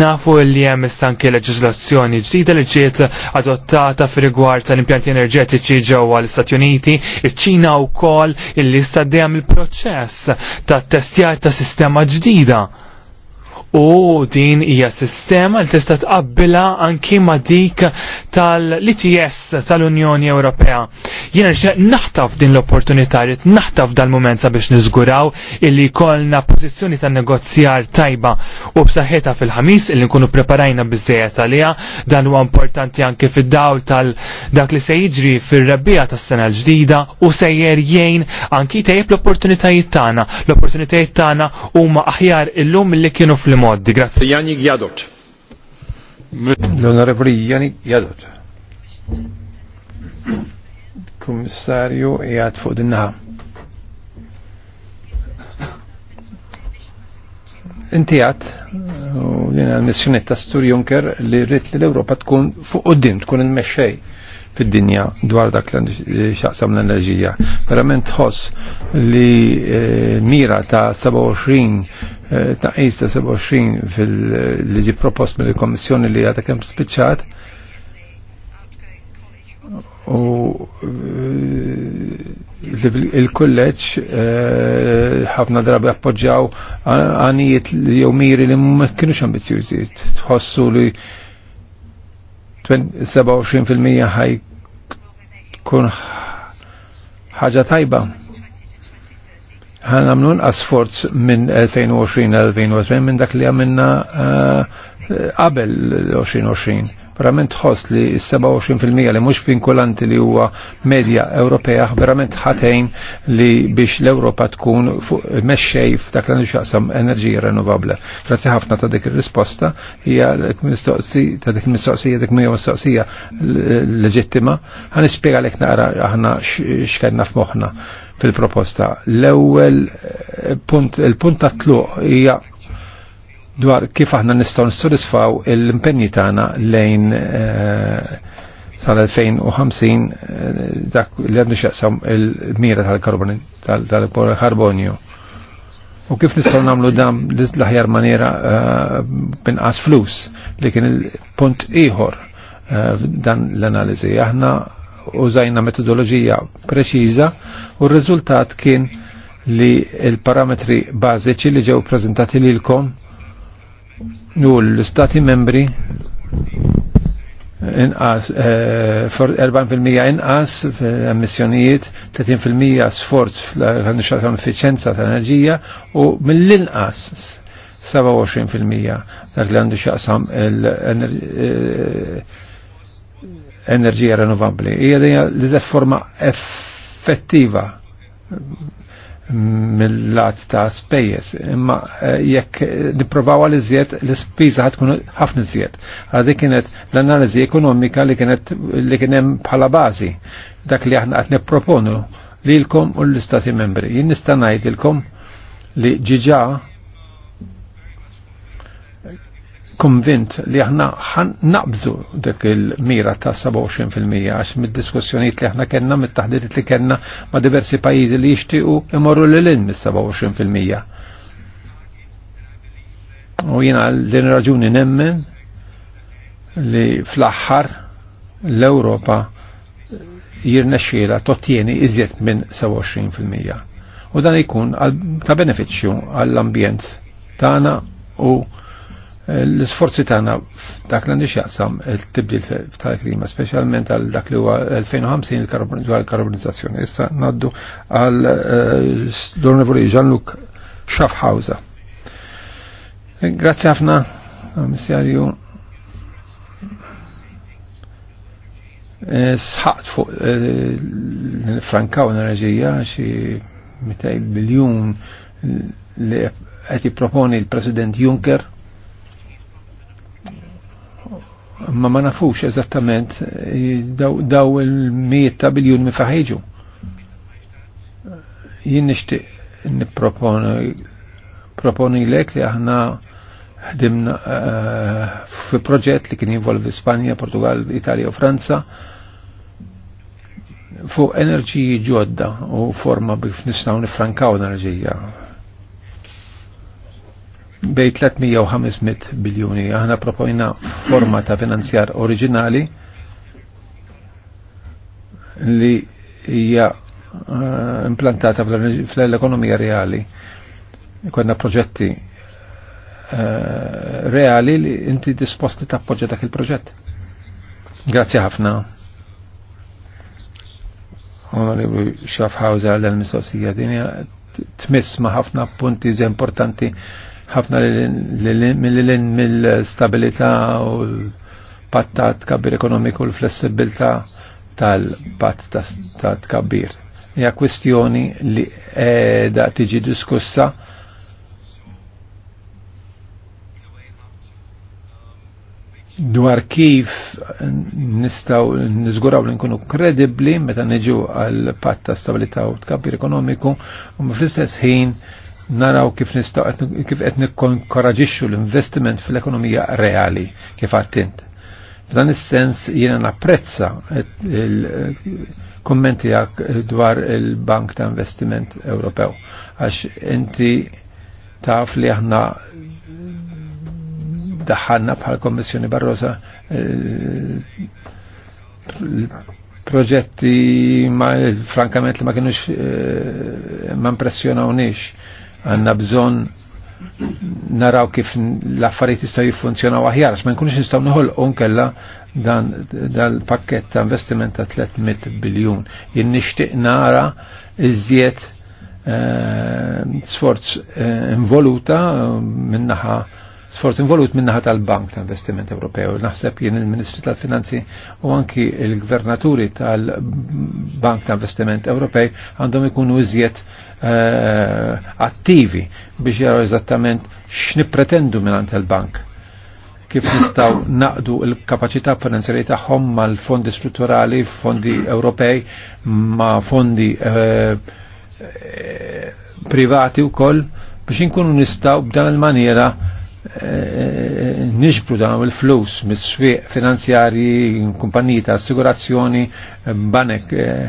Nafu li hemm anke leġislazzjoni ġdida li ġiet adottata fir-rigward tal-impjanti enerġetiċi ġewwa l-Istati Uniti, iċ-Ċina wkoll illi dejjem il-proċess ta' testjar ta' sistema ġdida u din hija sistema li tista' tqabbilha anki ma' dik tal-ITS tal-Unjoni Ewropea. Jiena nixtieq naħtaf din l-opportunità rid naħtaf dal-mument sabiex niżguraw illi jkollna pożizzjoni tan negozjar tajba u b'saħħetha fil-ħamis illi nkunu preparajna biżejjed għaliha dan huwa importanti anke fid-dawl tal-dak li se jiġri fir-rebbija tas-sena l-ġdida u sejjer jgħin anki tajjeb l-opportunitajiet tagħna. L-opportunitajiet tagħna huma aħjar illum li kienu fl modi. Grazie. Janik Jadot. l Janik Jadot. Commissario e fuq dinnaħa. Inti għat, u l-missjoniet Stur Juncker li rrit li l-Europa tkun fuq qoddim, tkun il-mexxej fid-dinja dwar dak li xaqsam l-enerġija. Verament tħoss li eh, mira ta' 27 qis eh, ta' 27 fil-li ġi propost mill-Kommissjoni li għadha kemm spiċċat u eh, il-kolleġġ ħafna drabi appoġġaw għanijiet jew miri li ma kienux ambizjużi tħossu li 27% ħaj kun ħaġa tajba. Ħan għamlun għasforz minn 2020-2020 minn dak li għamilna eh, qabel 2020 verament ħoss li 27% li mhux vinkolanti li huwa medja Ewropea verament ħatejn li biex l-Ewropa tkun mexxej f'dak li xaqsam enerġija renovabbli. Grazzi ħafna ta' dik ir-risposta hija ta' dik mistoqsija dik mija mistoqsija leġittima. Ħa nispjega lek naqra aħna x'kellna f'moħħna fil-proposta. L-ewwel eh, punt il-punt tat tluq hija dwar kif aħna nistgħu nissodisfaw l-impenji tagħna lejn eh, sal-2050 eh, dak li għandu xaqsam il-mira tal-karbonju. U kif nistgħu nagħmlu dam l-aħjar maniera eh, binqas flus li kien il-punt ieħor dan l-analiżi. Aħna użajna metodoloġija preċiża u r-riżultat kien li l-parametri bażiċi li ġew preżentati lilkom u l-Stati membri inqas 40% eh, inqas fil-emissjonijiet, 30% sforz fl-għandixatam efficienza tal-enerġija u mill-inqas 27% dak li għandu xaqsam l-enerġija eh, rinnovabli. Hija dejja l forma effettiva mill-lat ta' spejjes, imma eh, jekk eh, nipprovaw għal iżjed l-spiża ħatkun ħafna iżjed. Għadi kienet l-analiżi ekonomika li kienet li kien hemm bħala bażi dak li aħna qed nipproponu lilkom u l-istati membri. Jien nista' ngħidilkom li ġiġa konvint li aħna naqbżu dik il-mira ta' 27% għax mid-diskussjonijiet li aħna kellna mit-taħdidiet li kellna ma' diversi pajjiżi li jixtiequ imorru l in mis-27%. U jiena din raġuni nemmen li fl-aħħar l-Ewropa jirnexxiela tottieni iżjed minn 27%. U dan ikun ta' benefiċċju għall-ambjent tagħna u l-sforzi tagħna dak li jaqsam il-tibdil tal-klima, speċjalment għal dak li huwa 2050 il-karbonizzazzjoni. Issa ngħaddu għal eh, l-Onorevoli Jean-Luc Schaffhauser. Grazzi ħafna, Missjarju. Eh, sħaqt fuq eh, l-Frankaw enerġija xie 200 biljun li qed jipproponi l-President Juncker ma ma nafux eżattament eh, daw il-miet ta' biljun mi faħħiġu. Jien nixtieq nipproponi proponi lek li aħna ħdimna eh, fi proġett li kien jinvolvi Spanja, Portugal, Italja u Franza fuq enerġiji ġodda u forma bif nistaw nifrankaw enerġija bej 350 biljoni. biljuni. Aħna proponina forma ta' finanzjar oriġinali li hija eh, implantata fl-ekonomija reali. Konna proġetti eh, reali li inti disposti ta' appoġġa dak il-proġett. Grazie ħafna. Onorevoli Schaffhauser l-mistoqsija din tmiss ma' ħafna punti importanti ħafna mill stabilita u l-pattat kabir ekonomiku u l-flessibilità tal-patt ta' tkabbir. Hija kwistjoni li da tiġi diskussa dwar kif nistaw nizguraw li nkunu kredibli meta niġu għal patt ta' stabilità u tkabbir ekonomiku u fl-istess ħin naraw kif nistaw kif qed nikkoraġixxu l-investiment fil-ekonomija reali kif għattint. F'dan is-sens jiena napprezza il kummenti jak dwar il-Bank ta' Investiment Ewropew għax inti taf li aħna daħħalna bħal Kommissjoni Barrosa eh, proġetti ma frankament li ma kienux eh, ma impressjonawniex Għanna bżon naraw kif l-affarijiet jistgħu jiffunzjonaw aħjar, ma nkunux nistgħu noħolqu nkella dan dal-pakkett ta' investiment ta' 300 biljun. Jien nixtieq nara iżjed eh, sforz eh, involuta eh, minnaħa sforz involut minnaħa tal-Bank tal Investiment Ewropew. Naħseb jien il-Ministri tal-Finanzi u anki il-Gvernaturi tal-Bank tal Investiment Ewropej għandhom ikunu iżjed eh, attivi biex jaraw eżattament x'nippretendu minn il-bank kif nistaw naqdu il-kapacità finanzjarji tagħhom mal-fondi strutturali, fondi Ewropej, ma' fondi eh, eh, privati u koll biex inkunu nistaw b'dan il-maniera Eh, nixbru dawn il-flus mis-swieq finanzjari, kumpaniji ta' assigurazzjoni, banek eh,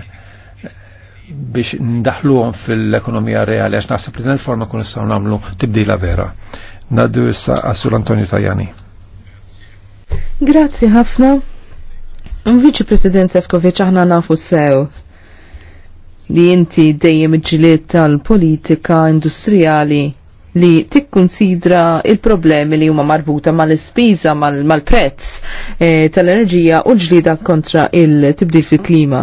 biex ndaħluhom fil-ekonomija reali għax naħseb li il forma kun nistgħu nagħmlu tibdila vera. Nadu issa għassur Antonio Tajani. Grazzi ħafna. Viċi President Sefkovic aħna nafu sew li inti dejjem ġiliet tal-politika industrijali li tikkunsidra il-problemi li huma marbuta mal-ispiża mal-prezz -mal ispiża mal prezz eh, tal enerġija u ġlida kontra il-tibdil fil-klima.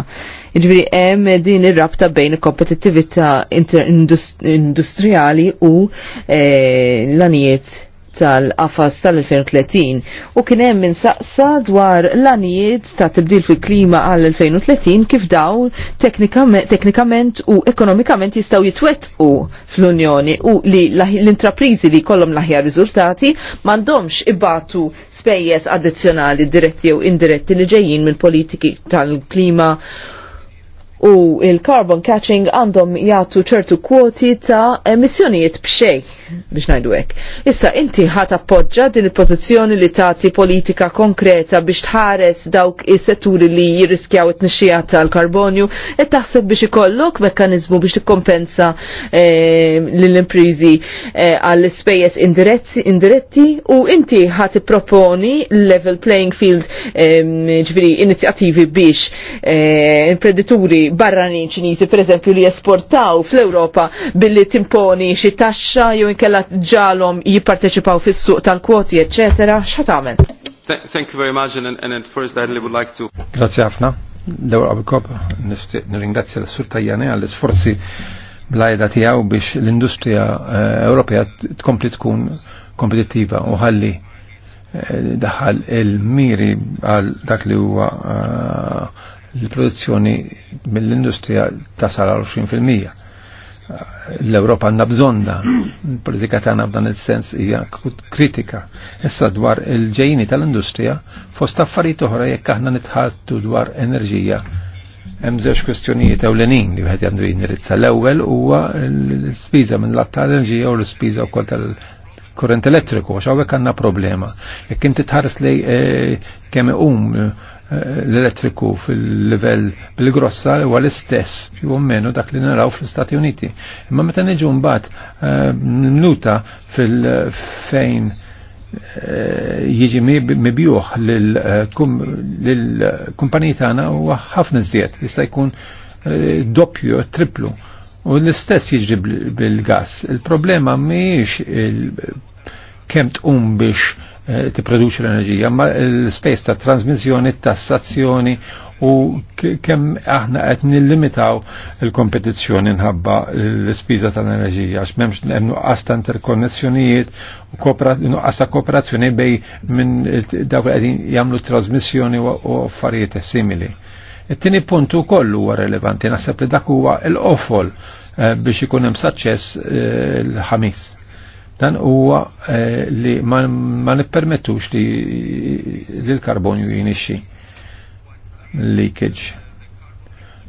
Iġviri hemm din ir-rabta bejn il-kompetittività industrijali u eh, l-anijiet tal-qafas tal-2030 u kien hemm saqsa dwar l-anijiet ta' tibdil fil-klima għal 2030 kif daw teknikament u ekonomikament jistgħu jitwettqu fl-Unjoni u li l-intraprizi li kollom l-aħjar riżultati m'għandhomx ibatu spejjeż addizzjonali diretti u indiretti li ġejjin mill-politiki tal-klima u il-carbon catching għandhom jagħtu ċertu kwoti ta' emissjonijiet b'xej biex najdu hekk. Issa inti ħat appoġġa din il-pożizzjoni li tagħti politika konkreta biex tħares dawk is-setturi li jirriskjaw it-tnixxija tal-karbonju e taħseb biex ikollok mekkaniżmu biex tikkompensa eh, lill-imprizi eh, għall-ispejjeż indiretti u inti ħat proponi level playing field eh, inizjattivi biex eh, imprenditori barranin Ċiniżi pereżempju li jesportaw fl-Ewropa billi timponi xi taxxa jew kella ġalom jipparteċipaw fis-suq tal-kwoti, eccetera, x'ħatamen? Thank you very much and, and first I would like to... Grazie ħafna. Dawra għabikob, nirringrazzja l-Sur Tajjani għall-sforzi bl-għajda tijaw biex l-industrija eh, Ewropea tkompli tkun kompetittiva u ħalli eh, daħal il-miri għal dak li huwa eh, l-produzzjoni mill-industrija tasal 20% l-Europa għanna bżonna, politika tagħna f'dan il-sens hija kritika. Issa dwar il-ġejni tal-industrija, fost affarijiet oħra jekk aħna nitħattu dwar enerġija. Hemm żewġ kwestjonijiet ewlenin li wieħed għandu jindirizza. L-ewwel huwa l-spiża minn l tal-enerġija u l-spiża wkoll tal- kurrent elettriku, għax hawnhekk għandna problema. Jekk inti tħares li eh, kemm um l-elettriku fil-livell bil-grossa huwa l-istess più o meno dak li naraw fl-Istati Uniti. Imma meta niġu mbagħad minuta eh, fil-fejn eh, jiġi mibjuħ lill-kumpaniji eh, tagħna huwa ħafna żjed, jista' jkun doppju, triplu. U l-istess jiġri bil-gas. Il-problema mhijiex kemm tqum biex Eh, tipproduċi l-enerġija, ma l-space ta' trasmissjoni, tassazzjoni u kemm aħna qed nillimitaw il-kompetizzjoni nħabba l-ispiża tal-enerġija għax m'hemmx hemm nuqqas ta' interkonnessjonijiet u nuqqas ta' kooperazzjoni bej minn dawk li qegħdin jagħmlu trasmissjoni u affarijiet simili. It-tieni punt ukoll huwa relevanti, naħseb li dak huwa l-offol eh, biex ikun hemm saċċess eh, l-ħamis dan huwa eh, li ma nippermettux li l-karbonju jinixxi leakage.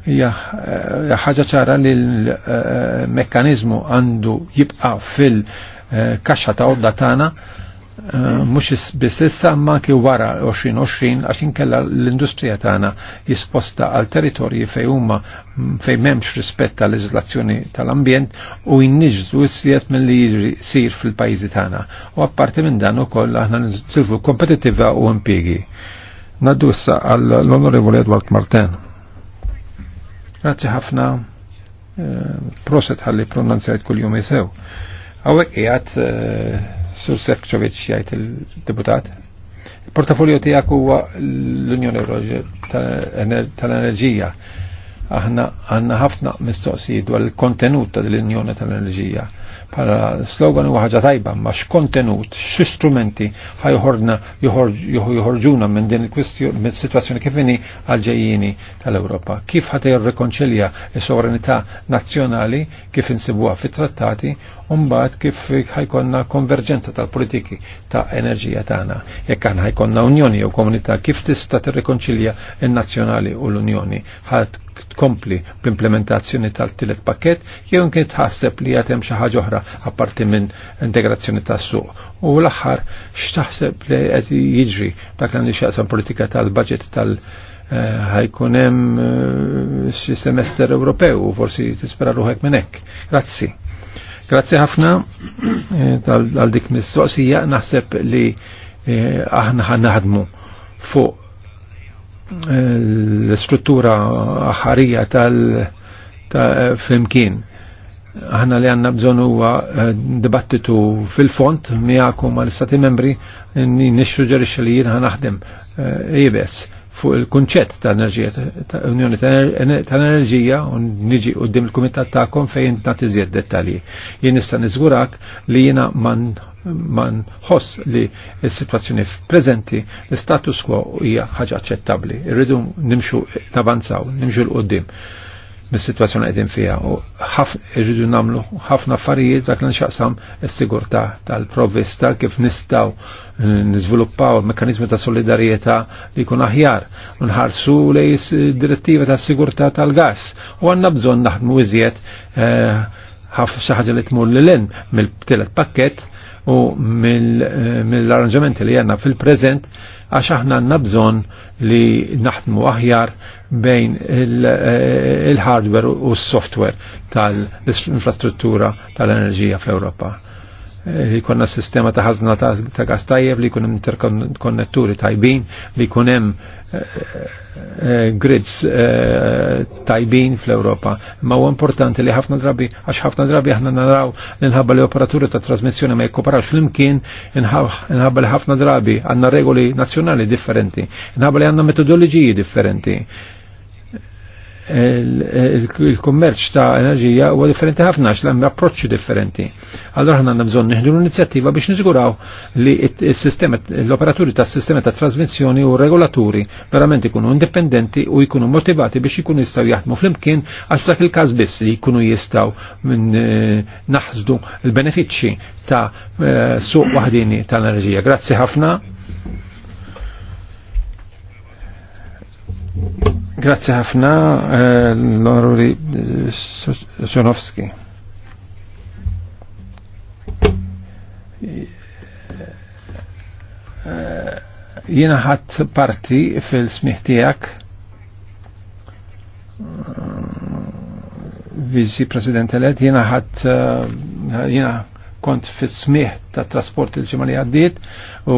Hija eh, ħaġa ċara li l-mekkanizmu eh, għandu jibqa' fil-kaxxa ta' odda tagħna Eh, mux biss ma ki wara 2020 għaxin kella l-industrija tagħna jisposta għal territorji fej huma fej memx rispetta leġislazzjoni tal-ambjent u jinniġżu s-sijet minn li sir fil-pajjiżi tagħna. U apparti minn dan ukoll aħna nisilvu kompetitiva u impjegi. Naddu issa għall-Onorevoli Edward Marten. Grazzi ħafna. Eh, proset ħalli pronunzjajt kull jum jisew. Għawek jgħat eh, Sur Sefcovic jgħid il-deputat. Il-portafolio tijak huwa l-Unjoni Ewropea tal-Enerġija. tal enerġija aħna għanna ħafna mistoqsijiet dwar il-kontenut ta' l-Unjoni tal-Enerġija. Para slogan huwa ħaġa tajba, ma x'kontenut, x'istrumenti ħajħorna joħorġuna minn din il-kwistjoni mis-sitwazzjoni kif inhi għal ġejjini tal-Ewropa. Kif ħadd jirrikonċilja s-sovranità nazzjonali kif insibuha fit-trattati u mbagħad kif ħajkonna konverġenza tal-politiki ta' enerġija tagħna. Jekk aħna ħajkonna Unjoni jew Komunità kif tista' tirrikonċilja n-nazzjonali u l-Unjoni ħadd tkompli bl-implementazzjoni tal tillet pakket jew kien tħasseb li għatem xi ħaġa oħra apparti minn integrazzjoni tas-suq. U l-aħħar x'taħseb li qed jiġri dak li xaqsam politika tal-budget tal-, -budget eh, tal hemm eh, semester Ewropew u forsi tispera ruħek minn hekk. Grazzi. Grazzi ħafna eh, għal dik mis-soqsija naħseb li aħna naħdmu fuq l-struttura ħarija tal flimkien. Aħna li għanna bżon huwa eh, dibattitu fil-font miegħekom mal istati membri nixxuġerixxa li jien ħanaħdem eh, ibes fuq il-kunċett ta' enerġija ta' Unjoni ta' Enerġija u niġi qudiem il ta' tagħkom fejn ta' iżjed dettalji. Jien nista' niżgurak li jiena man ma nħoss li s-situazzjoni prezenti l-status quo hija ħaġa aċċettabbli. Irridu nimxu navanzaw, nimxu l-qoddim mis-situazzjoni qegħdin fiha u irridu nagħmlu ħafna affarijiet dak li nxaqsam s-sigurtà tal-provvista kif nistgħu eh, niżviluppaw il-mekkaniżmu ta' solidarjetà li jkun aħjar u nħarsu lej direttiva tas-sigurtà tal-gas u għandna bżonn naħdmu iżjed eh, ħaf xi ħaġa li tmur lil mill-tielet pakkett u eh, mill-arranġamenti li għanna fil-prezent għax aħna għanna li naħdmu aħjar bejn eh, il-hardware u s-software tal-infrastruttura tal-enerġija fl-Europa. Eh, jkonna sistema ta' ħazna ta' gas tajjeb li jkun hemm interkonnetturi tajbin, li jkun hemm eh, eh, grids tajbin fl-Ewropa. Ma huwa importanti li ħafna drabi għax ħafna drabi aħna naraw l-inħabba li operaturi ta' trasmissjoni ma jkoparax flimkien inħabba li ħafna drabi għandna regoli nazzjonali differenti, inħabba li għandna metodologiji differenti il-kummerċ ta' enerġija huwa differenti ħafna għax hemm approċċi differenti. Allora ħna għandna bżonn nieħdu l-inizjattiva biex niżguraw li s-sistema l-operaturi tas-sistema ta' trasmissjoni u regolaturi verament ikunu indipendenti u jkunu motivati biex jkunu jistgħu jaħdmu flimkien għax dak il-każ biss li jkunu jistgħu eh, naħżdu l-benefiċċji ta' eh, suq waħdini tal-enerġija. Grazzi ħafna. Grazie ħafna eh, l-Oruri Sonovski. Eh, eh, jena ħadd parti fil tiegħek viżi President elett jena ħadd jena kont fis-smih ta' trasport il-ġimgħa li għaddiet u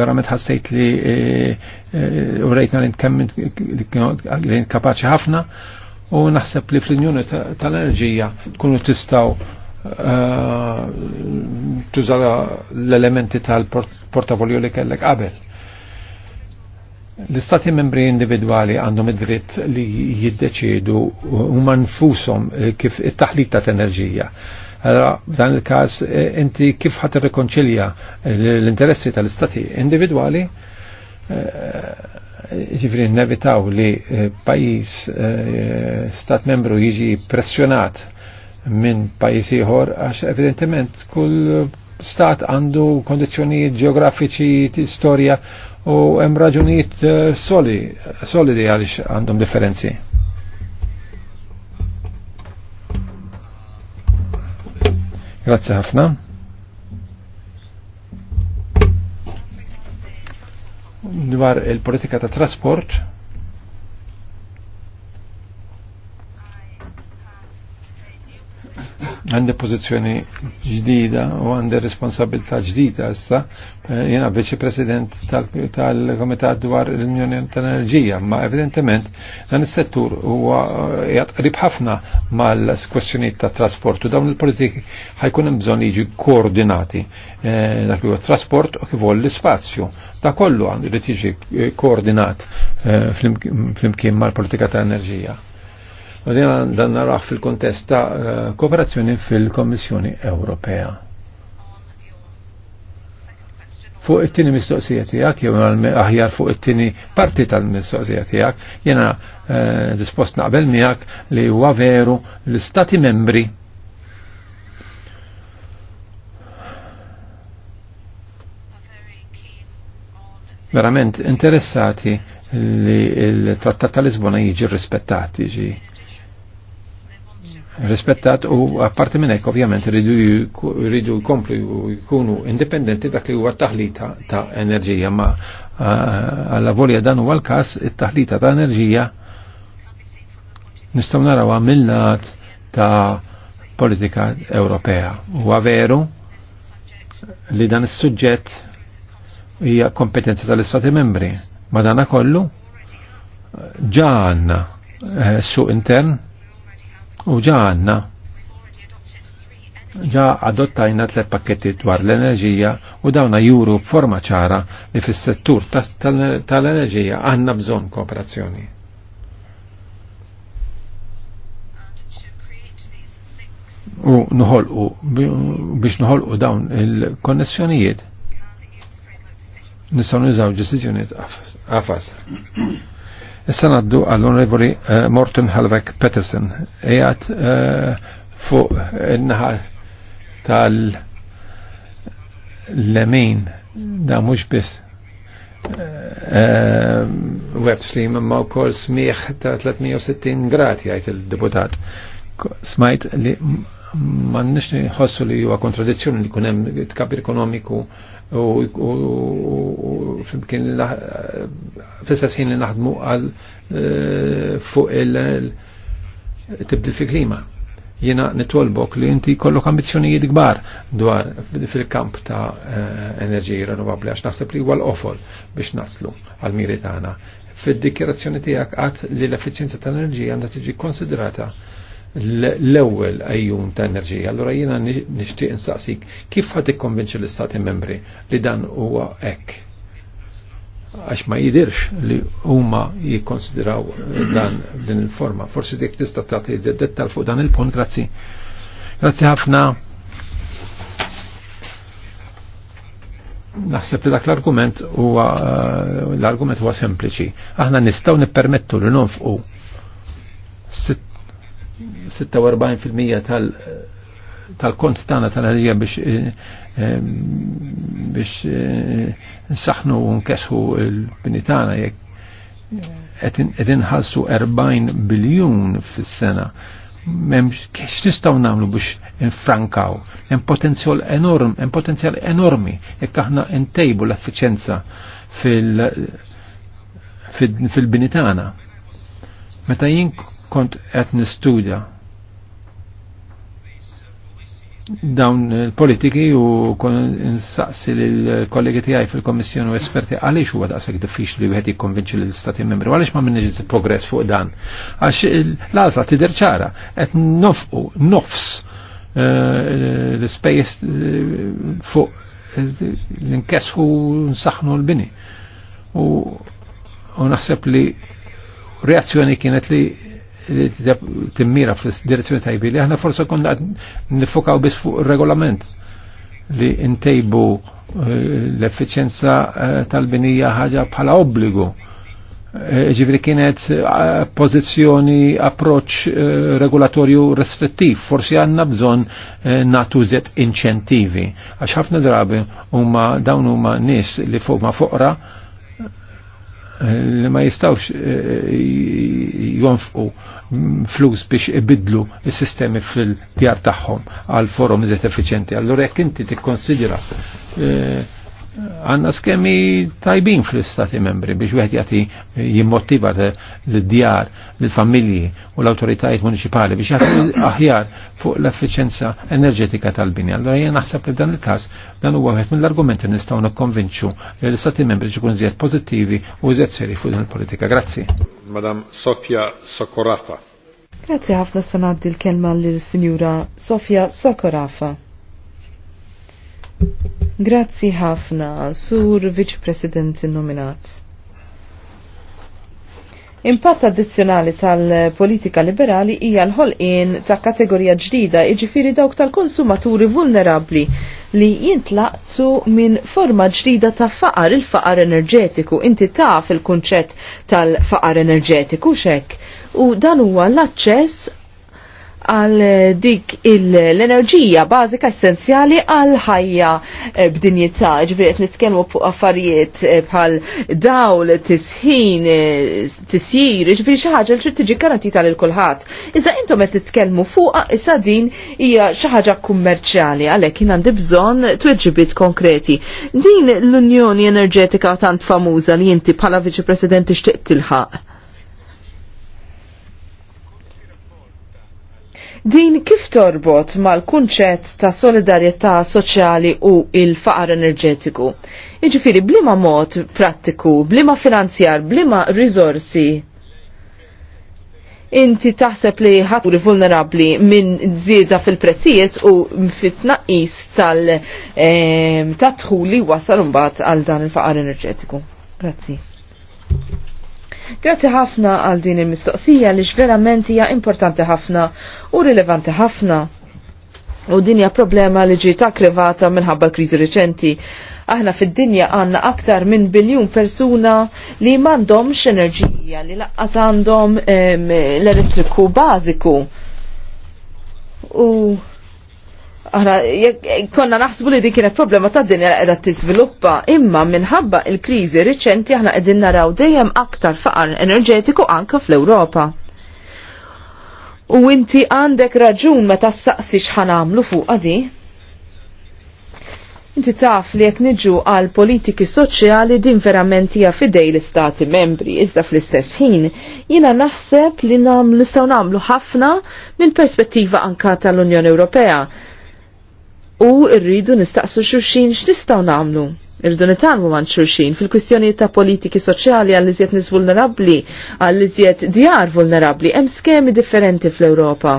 verament ħassejt li e, e, u rejtna li n-kemmin kapaċi ħafna u naħseb li fl injoni tal-Enerġija tkunu tistaw e, tuża l-elementi tal-portafolju li kellek qabel l-istati membri individuali għandhom id-dritt li jiddeċidu huma nfushom kif it-taħlit ta' enerġija. Allora, dan il-każ eh, inti kif ħadd rekonċilja l-interessi tal-istati individwali eh, ġifri nevitaw li eh, pajis stat membru jiġi pressjonat minn pajisi ieħor għax evidentement kull stat għandu kondizjoni geografiċi, storja u hemm raġunijiet soli, solidi għaliex għandhom differenzi. Grazie ħafna. Dwar il-politika ta' trasport, għandi pozizjoni ġdida u għandi responsabilità ġdida issa eh, jena viċi president tal-komitat dwar l-Unjoni tal-Enerġija, ma evidentement dan is-settur huwa eh, qrib ħafna mal-kwestjonijiet ta' trasport u dawn il-politiki ħajkun hemm bżonn jiġi koordinati eh, dak li huwa trasport u kif l-ispazju. Da kollu għandu li tiġi koordinat fl-imkien mal-politika ta' enerġija U dan naraħ fil-kontest ta' eh, kooperazzjoni fil-Kommissjoni Ewropea. Fuq it-tini mistoqsija tiegħek jew aħjar fuq it-tini parti tal-mistoqsija tiegħek, jiena eh, dispost naqbel miegħek li huwa veru l-Stati membri verament interessati li l-trattat tal-Lisbona jiġi rispettati ġi rispettat u apparti minn hekk ovvjament rridu jkomplu jkunu indipendenti dak li huwa taħlita ta' enerġija ma għalla volja dan huwa l-każ it-taħlita ta' enerġija nistgħu naraw mill-lat ta' politika Ewropea. Huwa veru li dan is-suġġett hija kompetenza tal-Istati membri. Ma dan kollu ġa għandna eh, suq intern U ġa għanna, ġa adottajna tlet pakketti dwar l-enerġija u dawna juru b'forma ċara li fis-settur tal-enerġija għanna bżonn kooperazzjoni. U nħolqu biex nħolqu dawn il-konnessjonijiet nistgħu nizaw ġestiġjonijiet għafas. Issa naddu għall-Onorevoli uh, eh, Morton Halvek Peterson, ejat uh, fuq il-naħa tal-lemin, da mux bis uh, eh, webstream ma u kol smieħ ta' 360 grati għajt il-deputat. Smajt li man nix ħossu li huwa kontradizzjoni li kunem tkabir ekonomiku uh, u fimkien fissassin li naħdmu għal e, fuq il-tibdil fi klima. Jena nitwolbok li inti kollok ambizjonijiet gbar dwar fil-kamp ta' e, enerġiji rinnovabli għax naħseb li huwa l-ofol biex naslu għal miri tagħna. Fid-dikjerazzjoni tiegħek għad li l-effiċjenza tal-enerġija għandha tiġi konsiderata l-ewwel għajjun ta' enerġija. allora jiena nixtieq insaqsik kif ħad ikkonvinċi l-Istati membri li dan huwa hekk? għax ma jidirx li huma jikkonsidraw eh, dan din il-forma. Forsi dik tista' tagħti dettal fuq dan il-punt, grazzi. Grazzi ħafna. Naħseb li dak l-argument huwa eh, l-argument huwa sempliċi. Aħna nistgħu nippermettu li nonfqu 46% tal- tal-kont tagħna tal-ħarija biex eh, eh, biex eh, nsaħnu u nkesħu l-bini tagħna jekk qed 40 biljun fis-sena memx kiex nistaw namlu biex infrankaw. Hemm potenzjal enorm, hemm potenzjal enormi jekk aħna ntejbu l-effiċenza fil fil Meta jien kont qed nistudja dawn il-politiki u kon insaqsi l-kollegi tiegħi fil kommissjoni u esperti għaliex huwa daqshekk diffiċli wieħed jikkonvinċi l istati membri għaliex ma minniġ progress fuq dan. Għax l-għażla tidher ċara qed nofqu nofs eh, l-ispejjeż eh, fuq l-inkesħu eh, nsaħnu l-bini. U naħseb li reazzjoni kienet li timmira f direzzjoni tajbi li aħna forse konna nifokaw bis fuq regolament li ntejbu eh, l efficienza eh, tal-binija ħaġa bħala obbligu. Eh, Ġivri kienet pozizjoni, approċ regolatorju restrittiv, forsi għanna bżon natu zet inċentivi. Għax ħafna drabi huma dawn huma nis li fuq ma fuqra li ma jistawx eh, jonfqu flus biex ibidlu il-sistemi fil-djar tagħhom għal forum iżet effiċenti. Allora jekk inti tikkonsidra eh, għanna skemi tajbin fl-istati membri biex wieħed jagħti jimmotiva l-djar, l-familji u l-awtoritajiet municipali biex jati aħjar fuq l efficienza enerġetika tal-bini. Allora jien naħseb li dan il-każ dan huwa wieħed mill-argumenti nistgħu nikkonvinċu li l-istati membri ġikun żjed pozittivi u zjed seri fuq din il-politika. Grazzi. Madam Sofja Sokorafa. Grazzi ħafna sanaddi l-kelma lill signora Sofia Sokorafa. Grazzi ħafna, Sur Vice President nominat. Impatt addizzjonali tal-politika liberali hija l-ħolqien ta' kategorija ġdida iġifiri dawk tal-konsumaturi vulnerabli li jintlaqtu minn forma ġdida ta' faqar il-faqar enerġetiku. Inti taf il-kunċett tal-faqar enerġetiku xek. U dan huwa l-aċċess għal eh, dik l-enerġija bażika essenzjali għal ħajja eh, b'dinjità. Ġifieri nitkellmu fuq affarijiet eh, bħal dawl, tisħin, tisjir, ġifieri xi ħaġa li trid tiġi garantita lil kulħadd. Iżda intom qed titkellmu fuqha issa din hija xi ħaġa kummerċjali għalhekk jien għandi bżonn tweġibiet konkreti. Din l-Unjoni Enerġetika tant famuża li inti bħala Viċi President tixtieq tilħaq Din kif torbot mal-kunċett ta' solidarjetà soċjali u il-faqar enerġetiku? Iġifiri, blima mod prattiku, blima finanzjar, blima rizorsi inti taħseb li ħaturi vulnerabli minn zieda fil-prezzijiet u fit-naqis tal-tadħuli eh, wasal mbagħad għal dan il-faqar enerġetiku. Grazzi. Grazzi ħafna għal din il-mistoqsija li verament hija importanti ħafna u rilevanti ħafna. U din hija problema li ġiet akkrevata minħabba kriżi riċenti aħna fid-dinja għanna aktar minn biljun persuna li x enerġija, li laqqas għandhom l-elettriku bażiku. U Aħna konna naħsbu li din kienet problema ta' dinja qiegħda tiżviluppa, imma minħabba l kriżi riċenti aħna qegħdin naraw dejjem aktar faqar enerġetiku anke fl-Ewropa. U inti għandek raġun meta s-saqsi nagħmlu fuq għadi? Inti taf li jek niġu għal politiki soċjali din verament hija fidej l-istati membri, iżda fl-istess ħin, jina naħseb li nam l-istaw namlu ħafna minn perspettiva anka tal-Unjoni Ewropea u rridu nistaqsu xurxin x'nistgħu nagħmlu. Irridu nitalmu għan xurxin fil-kwistjoni ta' politiki soċjali għal iżjed nis vulnerabbli, għall iżjed djar vulnerabbli hemm skemi differenti fl-Ewropa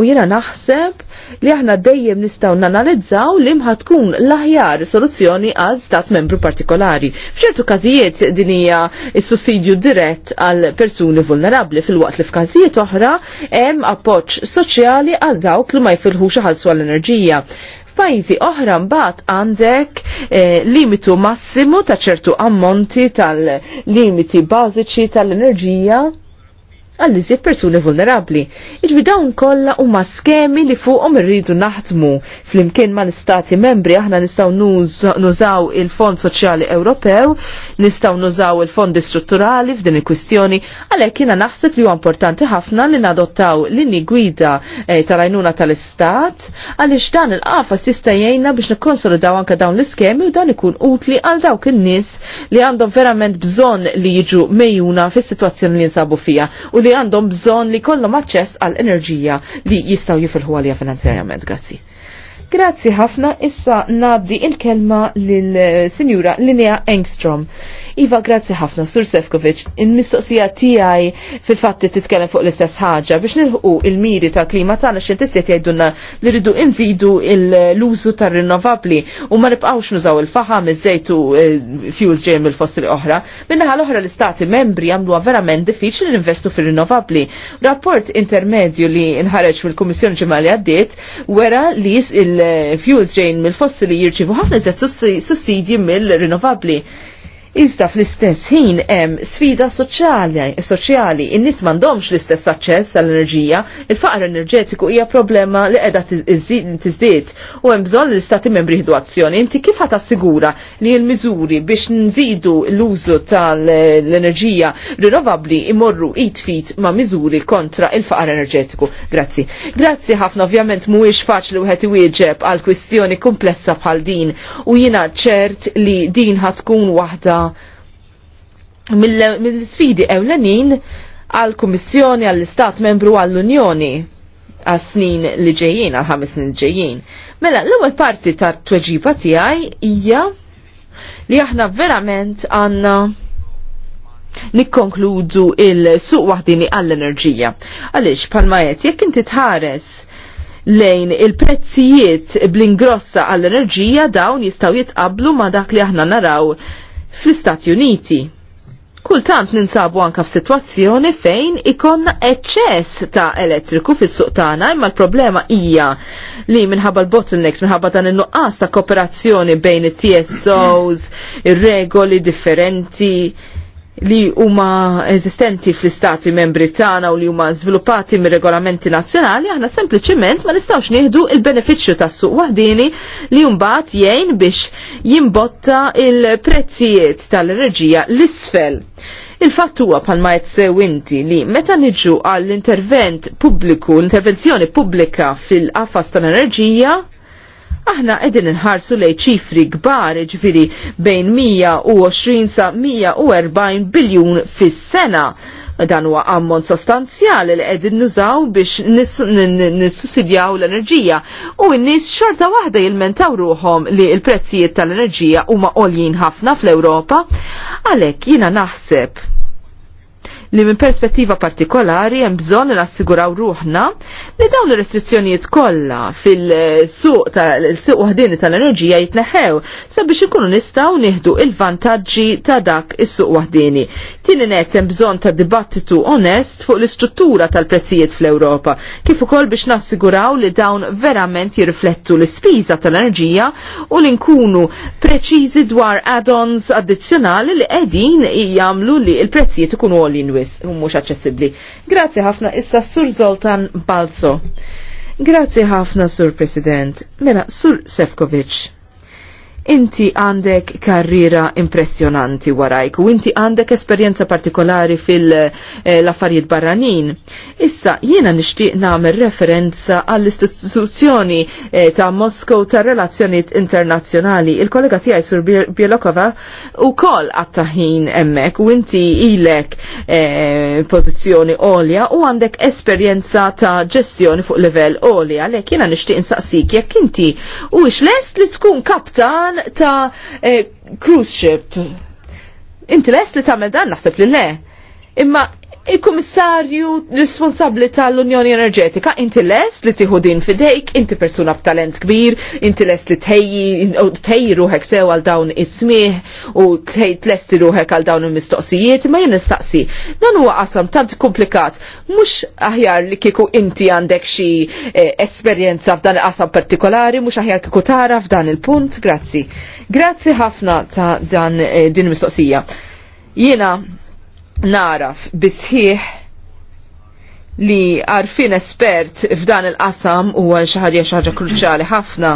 u jena naħseb li aħna dejjem nistaw nanalizzaw li tkun l-aħjar soluzzjoni għal stat membru partikolari. F'ċertu każijiet din hija s-sussidju dirett għal persuni vulnerabli fil-waqt li f'każijiet oħra hemm appoġġ soċjali għal dawk li ma jfilħux xaħalsu għall-enerġija f'pajjiżi oħra mbagħad għandek eh, limitu massimu ta' ċertu ammonti tal-limiti bażiċi tal-enerġija għall iżjed persuni vulnerabli. Iġbi dawn kollha huma skemi li fuqhom irridu naħdmu. Flimkien ma' l-istati membri aħna nistgħu nużaw il-Fond Soċjali Ewropew, nistgħu nużaw il-fondi strutturali f'din il-kwistjoni, għalhekk jiena naħseb li huwa importanti ħafna li nadottaw linji gwida eh, tal-għajnuna tal-istat għaliex dan il-qafas jista' jgħinna biex nikkonsolidaw anke dawn l-iskemi u dan ikun utli għal dawk in-nies li għandhom verament bżonn li jiġu mejjuna fis-sitwazzjoni li nsabu fija u li għandhom bżonn li kollhom aċċess għal enerġija li jistgħu jifilħu għalija finanzjarjament. Grazzi. Grazzi ħafna issa naddi il-kelma lil eh, Sinjura Linnea Engstrom Iva, grazzi ħafna, Sur Sefkovic, il-mistoqsija tiegħi fil-fatti titkellem fuq l-istess ħaġa biex nilħu il-miri tal-klima tagħna x'intisti qed jgħidulna li rridu inżidu l-użu tar rinnovabli u ma nibqgħux nużaw il-faħam iż-żejt u eh, fuels mill-fossili oħra. Minnaħa l-oħra l-istati membri għamluha verament diffiċli ninvestu fir rinnovabli Rapport intermedju li nħareġ mill-Kummissjoni ġimgħa li għaddiet wera li il-fuels ġejjin mill-fossili jirċivu ħafna iżjed sussidji mill rinnovabli Iżda fl-istess ħin hemm sfida soċjali, soċjali in-nies m'għandhomx l-istess aċċess għall-enerġija, il-faqar enerġetiku hija problema li qiegħda tiżdied u hemm bżonn l-istati membri jieħdu azzjoni. Inti kif ħadd sigura li l-miżuri biex nżidu l-użu tal-enerġija rinnovabbli imorru it fit ma' miżuri kontra il-faqar enerġetiku. Grazzi. Grazzi ħafna ovvjament mhuwiex faċli wieħed iwieġeb għal kwistjoni komplessa bħal din u jiena ċert li din ħatkun waħda mill-sfidi ewlenin għal-Kummissjoni, għall-Istat membru għall-Unjoni għas-snin li ġejjin, għal-ħames snin li ġejjin. Mela, l-ewwel parti tat tweġiba tiegħi hija li aħna verament għandna nikkonkludu il-suq waħdini għall-enerġija. Għaliex palma qed jekk inti tħares lejn il-prezzijiet bl-ingrossa għall-enerġija dawn jistgħu jitqablu ma' dak li aħna naraw fl-Istati Uniti. Kultant ninsabu anka f'sitwazzjoni fejn ikonna eċċess ta' elettriku fis suqtana imma l-problema hija li minħabba l-bottlenecks, minħabba dan il-nuqqas ta' kooperazzjoni bejn it-TSOs, ir-regoli differenti, li huma eżistenti fl-istati membri tagħna u li huma żviluppati mir regolamenti nazzjonali aħna sempliċement ma nistgħux nieħdu il-benefiċċju tas-suq waħdini li mbagħad jgħin biex jimbotta il-prezzijiet tal-enerġija l-isfel. Il-fatt huwa bħalma qed sewinti li meta niġu għall-intervent pubbliku, l-intervenzjoni pubblika fil-qafas tal-enerġija, aħna edin nħarsu lej ċifri gbar ġifiri bejn 120 sa 140 biljun fis-sena. Dan huwa ammont sostanzjali li qegħdin nużaw biex nissussidjaw l-enerġija u n-nies xorta waħda jilmentaw ruhom li l-prezzijiet tal-enerġija huma għoljin ħafna fl-Ewropa għalhekk jiena naħseb li minn perspettiva partikolari hemm bżonn nassiguraw ruħna li dawn ir-restrizzjonijiet kollha fil-suq tal-suq waħdini tal-enerġija jitneħew sabiex ikunu nistgħu nieħdu il-vantaġġi ta' dak is-suq waħdini. Tini net hemm bżonn ta' dibattitu onest fuq l-istruttura tal-prezzijiet fl-Ewropa, kif ukoll biex nassiguraw li dawn verament jirriflettu l-ispiża tal-enerġija u li nkunu preċiżi dwar add-ons addizzjonali li qegħdin jagħmlu li l-prezzijiet ikunu għol wis u mhux aċċessibbli. Grazzi ħafna issa Sur Zoltan Balzo. Grazzi ħafna Sur President. Mela Sur Sefkovic. Inti għandek karriera impressjonanti warajk u inti għandek esperjenza partikolari fil-affarijiet barranin. Issa jiena nixtieq nagħmel referenza għall-istituzzjoni eh, ta' Moskow ta' relazzjoni internazzjonali. Il-kollega tiegħi sur Bielokova u kol għattaħin emmek u inti ilek eh, pozizjoni olja u għandek esperjenza ta' ġestjoni fuq level olja. Lek jiena nixtieq insaqsik jekk inti u lest li tkun kaptan bżon ta' e, cruise ship. Inti lest li tagħmel dan naħseb li le. Imma il-Kummissarju responsabli tal-Unjoni Enerġetika, inti lest li tieħu din fidejk, inti persuna b'talent kbir, inti lest li tħejji ruħek sew għal dawn is-smieħ u tlesti ruħek għal dawn il-mistoqsijiet, ma jien nistaqsi. Dan huwa qasam tant komplikat, mhux aħjar li kieku inti għandek xi eh, esperjenza f'dan qasam partikolari, mhux aħjar kieku tara f'dan il-punt, grazzi. Grazzi ħafna ta' dan eh, din mistoqsija. Jiena naraf bisħiħ li għarfin espert f'dan il-qasam u għan xaħġa xaħġa kruċali ħafna.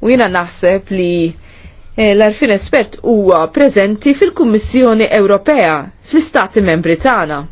U jina naħseb li eh, l-arfin espert huwa preżenti fil-Kummissjoni Ewropea fl-Istati Membri tagħna.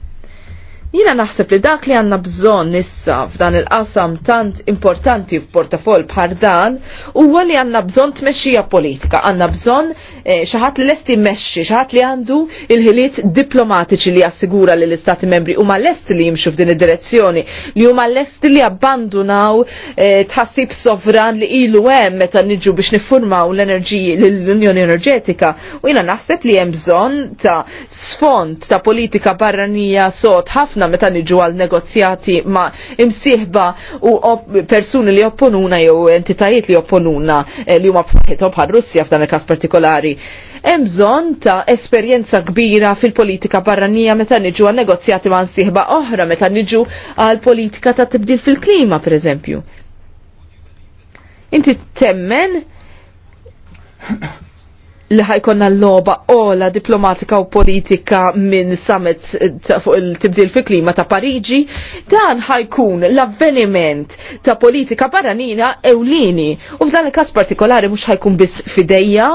Jina naħseb li dak li għanna bżon nissa f'dan il-qasam tant importanti f'portafol bħar dan huwa li għanna bżon tmexxija politika, għanna bżon eh, xaħat li lesti meċxi, xaħat li għandu il-ħiliet diplomatiċi li jassigura li l-istati membri huma est li jimxu f'din id-direzzjoni, li huma est li abbandunaw eh, tħassib sovran li ilu hemm meta niġu biex niffurmaw l-enerġiji l-Unjoni Enerġetika. U jina naħseb li hemm bżon ta' sfond ta' politika barranija sot ħafna ħafna meta niġu għal negozjati ma' imsieħba u persuni li opponuna jew entitajiet li opponuna eh, li huma b'saħħithom bħal Russja f'dan il-każ partikolari. Hemm bżonn ta' esperjenza kbira fil-politika barranija meta niġu għal negozjati ma' imsieħba oħra meta niġu għal politika ta' tibdil fil-klima pereżempju. Inti temmen li ħajkonna l-loba ola diplomatika u politika minn summit eh, fuq il-tibdil fi klima ta' Pariġi, dan ħajkun l-avveniment ta' politika barranina ewlini u f'dan il-kas partikolari mhux ħajkun biss fidejja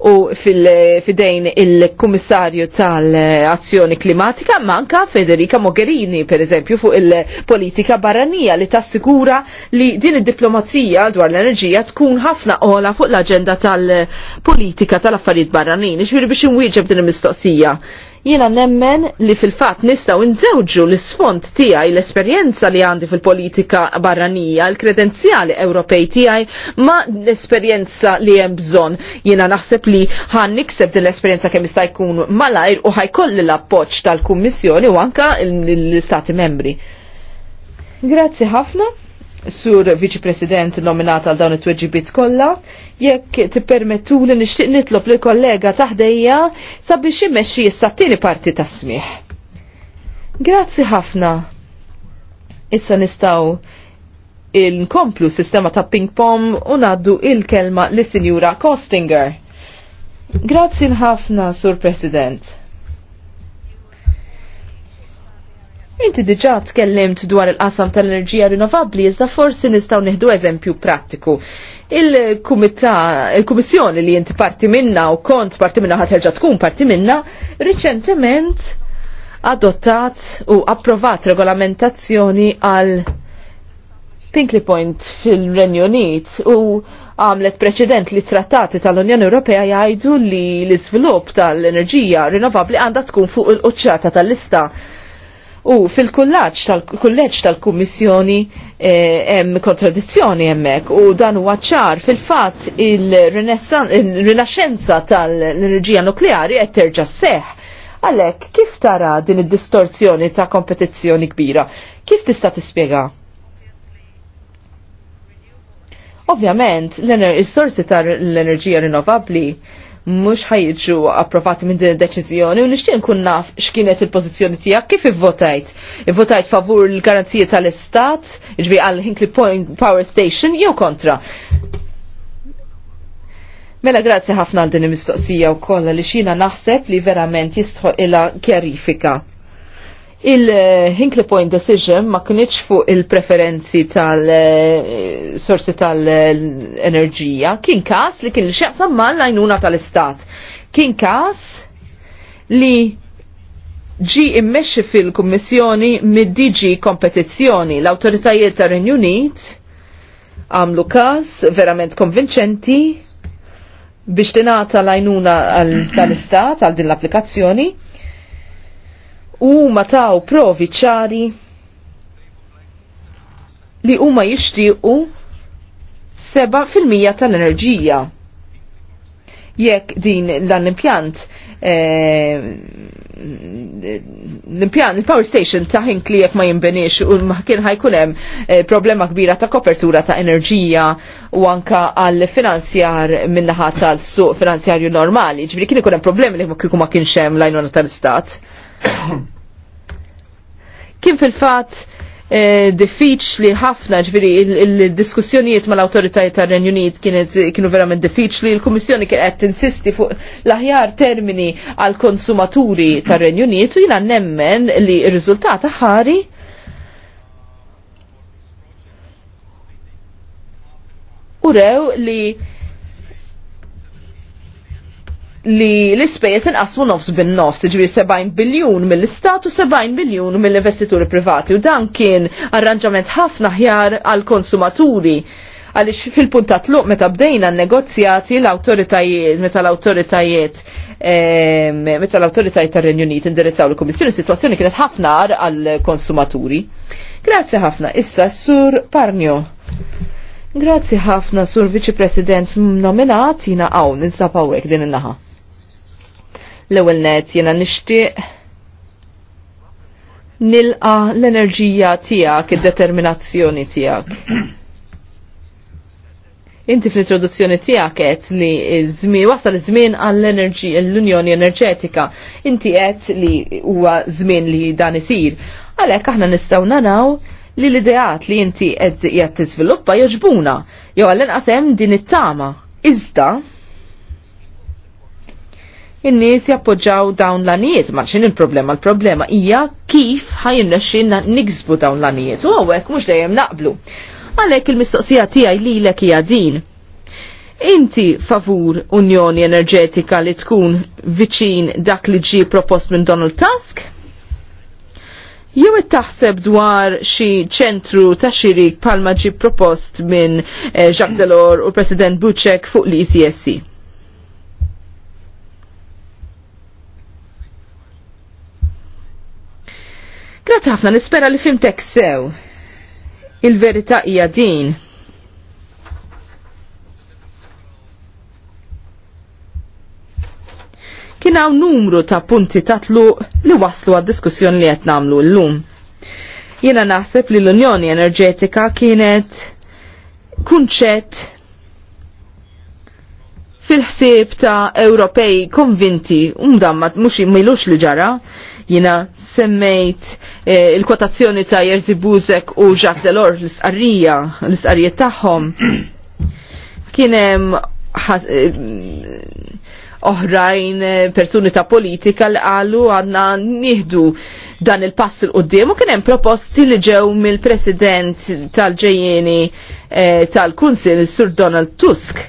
u fil-fidejn il-Kummissarju tal-Azzjoni Klimatika manka Federica Mogherini per eżempju fuq il-politika barranija li tassigura li din id-diplomazija dwar l-enerġija tkun ħafna ola fuq l-agenda tal-politika tal-affarijiet barranin. Ixfiri biex inwieġeb din il-mistoqsija. Jiena nemmen li fil-fat nistaw nżewġu l-sfond tiegħi l-esperjenza li għandi fil-politika barranija, l-kredenzjali Ewropej tiegħi ma l-esperjenza li hemm bżonn. Jiena naħseb li ħan nikseb din l-esperjenza kemm jista' jkun malajr u ħajkolli l-appoġġ tal-Kummissjoni u anka l-Stati membri. Grazzi ħafna sur viċi president nominat għal dawn it-tweġibit kollha, jekk tippermettu li nixtieq nitlob lill kollega taħdejja sabiex immexxi issa t-tieni parti ta' smiħ. Grazzi ħafna. Issa nistgħu il-komplu sistema ta' ping-pong u naddu il-kelma li sinjura Kostinger. Grazzi ħafna, Sur President. Inti diġa tkellimt dwar il-qasam tal-enerġija rinnovabbli, iżda forsi nistgħu nieħdu eżempju prattiku. Il-kummissjoni il li inti parti minna u kont parti minna ħatħelġa tkun parti minna, riċentement adottat u approvat regolamentazzjoni għal Pinkley Point fil-Renju Unit u għamlet preċedent li trattati tal-Unjoni Ewropea jgħidu li l-iżvilupp tal-enerġija rinnovabli għandha tkun fuq il qċċata tal-lista U fil-kullaċ tal-kulleċ tal-Kummissjoni eh, hemm kontradizzjoni hemmhekk u dan huwa ċar fil-fatt il-rinaxxenza tal-enerġija nukleari qed terġa' seħ. Għalhekk kif tara din id-distorzjoni ta' kompetizzjoni kbira? Kif tista' tispjega? Ovvjament, l-sorsi tal-enerġija rinnovabbli mhux ħajġu approvati minn din id-deċiżjoni u nixtieq nkun naf x'kienet il-pożizzjoni tiegħek kif ivvotajt. Ivvotajt favur l-garanzija tal-Istat, jiġri għal Hinkley Point Power Station jew kontra. Mela grazzi ħafna għal din il-mistoqsija wkoll li xina naħseb li verament jistħu ila kjarifika. Il-Hinkley Point Decision ma kienx fuq il-preferenzi tal-sorsi eh, tal-enerġija, kien kas li kien xaqsam ma l-għajnuna tal-istat. Kien kas li ġi immexxi fil-Kummissjoni mid-DG Kompetizzjoni l-Awtoritajiet tar renju Unit għamlu każ verament konvinċenti biex tingħata l-għajnuna tal-istat għal din l-applikazzjoni u ma taw provi ċari li huma jixtiequ 7% tal-enerġija. Jekk din dan l-impjant eh, l-impjant, il-power station ta' Hinkli jekk ma jimbenix u kien ħajkun hemm eh, problema kbira ta' kopertura ta' enerġija u anka għal finanzjar minnaħa tal-suq finanzjarju normali. Ġifieri kien ikun hemm problemi li kieku ma kienx hemm l-għajnuna tal-istat. Kien fil-fat eh, diffiċli ħafna ġviri il-diskussjonijiet ma l-autoritajiet tar renju Unit kienu verament diffiċli. Il-Kummissjoni kien qed tinsisti fuq l-aħjar termini għal konsumaturi tar renju Unit u jina nemmen li r-riżultat ħari urew li li l-ispejjeż inqasmu nofs bin nofs, ġifieri 70 biljun mill-istat u 70 biljun mill-investituri privati u dan kien arranġament ħafna ħjar għal konsumaturi għaliex fil-puntat luq meta bdejna n-negozjati l-autoritajiet, meta l-autoritajiet meta l-autoritajiet tar-Renju Unit indirizzaw l-Kummissjoni, situazzjoni kienet ħafna għal konsumaturi. Grazzi ħafna, issa sur Parnio. Grazzi ħafna sur Viċi President nominat jina għaw, ninsab din il naħa L-ewwel net jiena nixtieq nilqa l-enerġija tiegħek, id-determinazzjoni tiegħek. Inti fl-introduzzjoni tiegħek et li żmien wasal zmin żmien għall-enerġija l-Unjoni Enerġetika. Inti et li huwa żmien li dan isir. Għalhekk aħna nistgħu naraw li l-ideat li inti qed tiżviluppa joġbuna jew għall-inqas hemm din it-tama. Iżda, in-nies jappoġġaw dawn l-anijiet, ma xin il-problema, l-problema hija kif ħajinna xinna niksbu dawn l-anijiet, u għawek mux dejjem naqblu. Għalek il-mistoqsija tijaj li l din. Inti favur Unjoni Enerġetika li tkun viċin dak li ġi propost minn Donald Tusk? Jew taħseb dwar xi ċentru ta' xirik palma ġi propost minn eh, Jacques Delors u President Buċek fuq l-ICSC? Grazzi ħafna nispera li fimtek sew. Il-verità hija din. Kien hawn numru ta' punti ta' tluq li waslu għad-diskussjoni li qed nagħmlu llum. Jiena naħseb li l-Unjoni Enerġetika kienet kunċett fil-ħsieb ta' Ewropej konvinti, mdammat mux milux li ġara, jina semmejt Eh, il-kotazzjoni ta' Jerzy Buzek u Jacques Delors l-istqarrija, l-istqarrijiet tagħhom. kienem eh, oħrajn eh, persuni ta' politika li qalu għandna nieħdu dan il-pass il qoddim u kien hemm proposti li ġew mill-President tal-ġejjeni tal-Kunsil, Sur Donald Tusk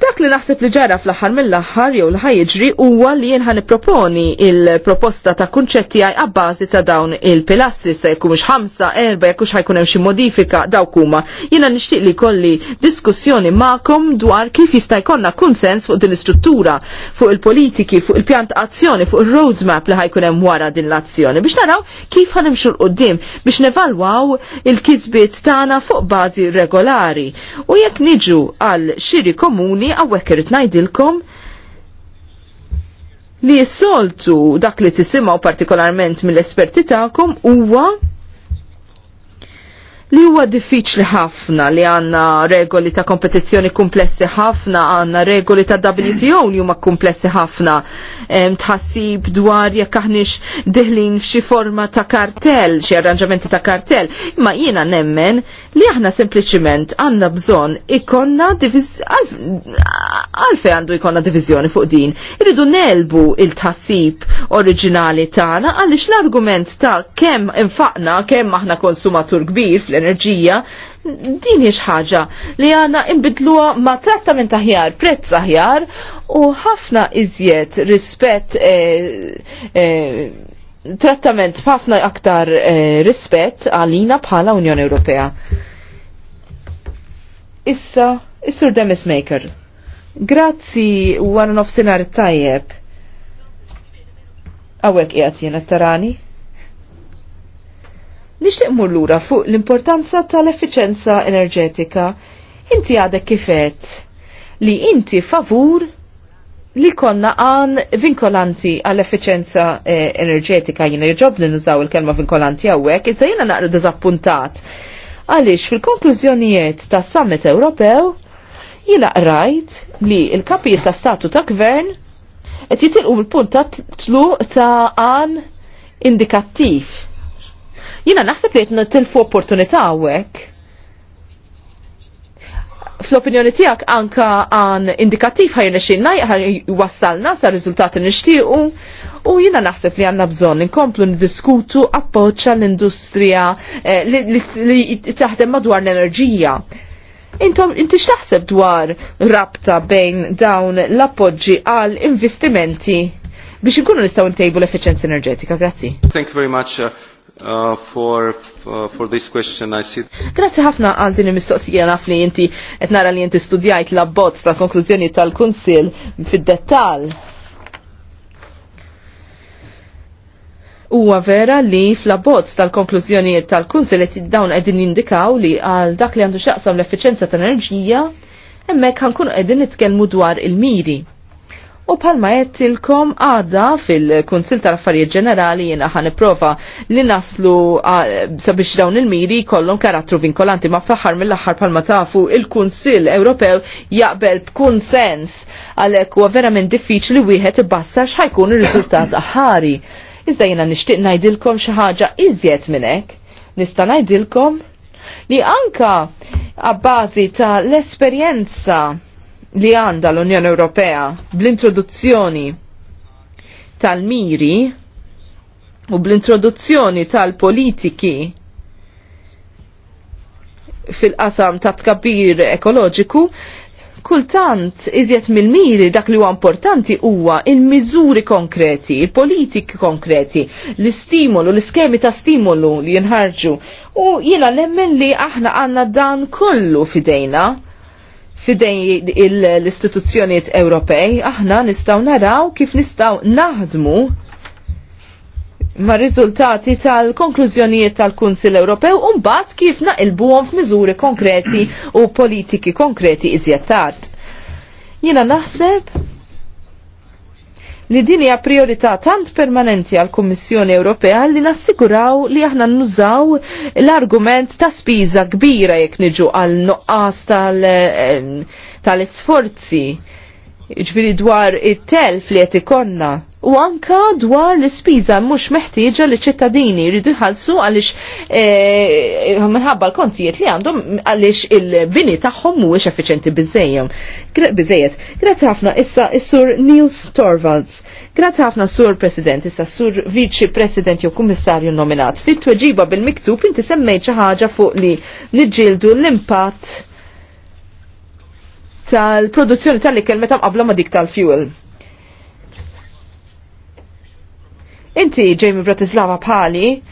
Dak li naħseb li ġara fl-aħħar mill-aħħar jew l-ħaj ħajġri huwa li jien nipproponi il-proposta ta' kunċetti għaj għabbażi ta' dawn il-pilastri se jkun mhux ħamsa, erba jekk hux ħajkun hemm xi modifika dawk huma. Jiena nixtieq li kolli diskussjoni magħkom dwar kif jista' jkollna kunsens fuq din l-istruttura, fuq il-politiki, fuq il-pjan ta' azzjoni, fuq il-roadmap li ħajkun hemm wara din l-azzjoni biex naraw kif ħanimxu l-qoddim biex nevalwaw il-kisbiet tagħna fuq bażi regolari. U jekk niġu għal xiri komuni Kummissjoni għawek irrit ngħidilkom li s-soltu dak li t-simaw partikolarment mill-esperti tagħkom huwa li huwa diffiċli ħafna li għanna regoli ta' kompetizzjoni komplessi ħafna, għanna regoli ta' WTO li huma komplessi ħafna. Tħassib dwar jekk aħniex diħlin f'xi forma ta' kartell, xi arranġamenti ta' kartell, imma jiena nemmen li aħna sempliċiment għandna bżonn ikonna għalfej għandu ikonna diviżjoni fuq din. Irridu nelbu il-tħassib oriġinali tagħna għaliex l-argument ta' kemm infaqna, kemm aħna konsumatur kbir fl enerġija, din hiex ħaġa li għana imbidluwa ma' trattament aħjar, prezz aħjar u ħafna iżjed rispett eh, eh, trattament ħafna aktar eh, rispett għalina bħala Unjoni Ewropea. Issa, isur Demis Maker. Grazzi u għanu nofsinar tajjeb. Awek jgħat jena tarani? Nixtieq lura fuq l-importanza tal-effiċenza enerġetika. Inti għadek kifet li inti favur li konna għan vinkolanti għall-effiċenza eh, enerġetika jina jġobni nużaw il-kelma vinkolanti għawek, iżda jina naqra dizappuntat. Għalix fil-konklużjonijiet ta' Summit Ewropew jina rajt li il-kapijiet ta' statu ta' gvern qed jitilqu mill-punt ta' tlu ta' għan indikattiv Jina naħseb li jtna tilfu opportunità għawek. Fl-opinjoni tijak anka għan indikativ ħajr nexinna wassalna sa' rizultati nishtiqu u jina naħseb li għanna bżon inkomplu n-diskutu appoċa l-industrija eh, li taħdem madwar l-enerġija. Intom, inti xtaħseb dwar rabta bejn dawn l-appoġġi għal investimenti biex nkunu nistaw ntejbu l-efficienza enerġetika. Grazzi. Thank you very much. Uh, Uh, for, uh, for this question I see. Grazie ħafna għal din il-mistoqsija naf li inti qed nara li inti studjajt l-abbozz tal-konklużjoni tal-Kunsill fid-dettall. Huwa vera li fl-abbozz tal-konklużjoni tal-Kunsill qed dawn qegħdin jindikaw li għal dak li għandu x'aqsam l-effiċenza tal-enerġija hemmhekk ħankunu qegħdin nitkellmu dwar il-miri. U palma jettilkom għada fil konsil tal-Affarijiet Ġenerali jena ħan prova li naslu sabiex dawn il-miri kollon karattru vinkolanti ma faħar mill-axar palma tafu il konsil Ewropew jaqbel b'konsens għalek u verament diffiċli wieħed ibbassar xħajkun il-riżultat aħari. Iżda jena nishtiq najdilkom xaħġa iżjed minnek. Nista najdilkom li anka għabbazi ta' l-esperienza li għanda l-Unjoni Ewropea bl-introduzzjoni tal-miri u bl-introduzzjoni tal-politiki fil-qasam ta' tkabir ekoloġiku, kultant iżjed mill-miri dak li huwa importanti huwa il-miżuri konkreti, il-politiki konkreti, l-istimolu, l-iskemi ta' stimolu li jinħarġu. U jiena nemmen li aħna għanna dan kollu fidejna fidejn l-istituzzjonijiet Ewropej, aħna nistgħu naraw kif nistgħu naħdmu ma' riżultati tal-konklużjonijiet tal-Kunsil Ewropew u mbagħad kif naqilbuhom f'miżuri konkreti u politiki konkreti iżjed tard. Jiena naħseb li din hija priorità tant permanenti għal kummissjoni Ewropea li nassiguraw li aħna nużaw l-argument ta' spiża kbira jekk niġu għal noqqas tal-isforzi. Tal dwar it-telf li qed ikonna u anka dwar l-ispiża mhux meħtieġa li ċittadini jridu jħallsu għaliex eh, minħabba l-kontijiet li għandhom għaliex il-bini tagħhom mhuwiex effiċenti biżejjem. Biżejjed. Grazzi ħafna issa is-sur Niels Torvalds. Grazzi ħafna sur President, issa sur Vice President jew Kummissarju nominat. Fit-tweġiba bil-miktub inti semmejt xi ħaġa fuq li niġġieldu l-impatt tal-produzzjoni tal-ikel meta qabla ma dik tal-fuel Inti Jamie Bratislava Pali?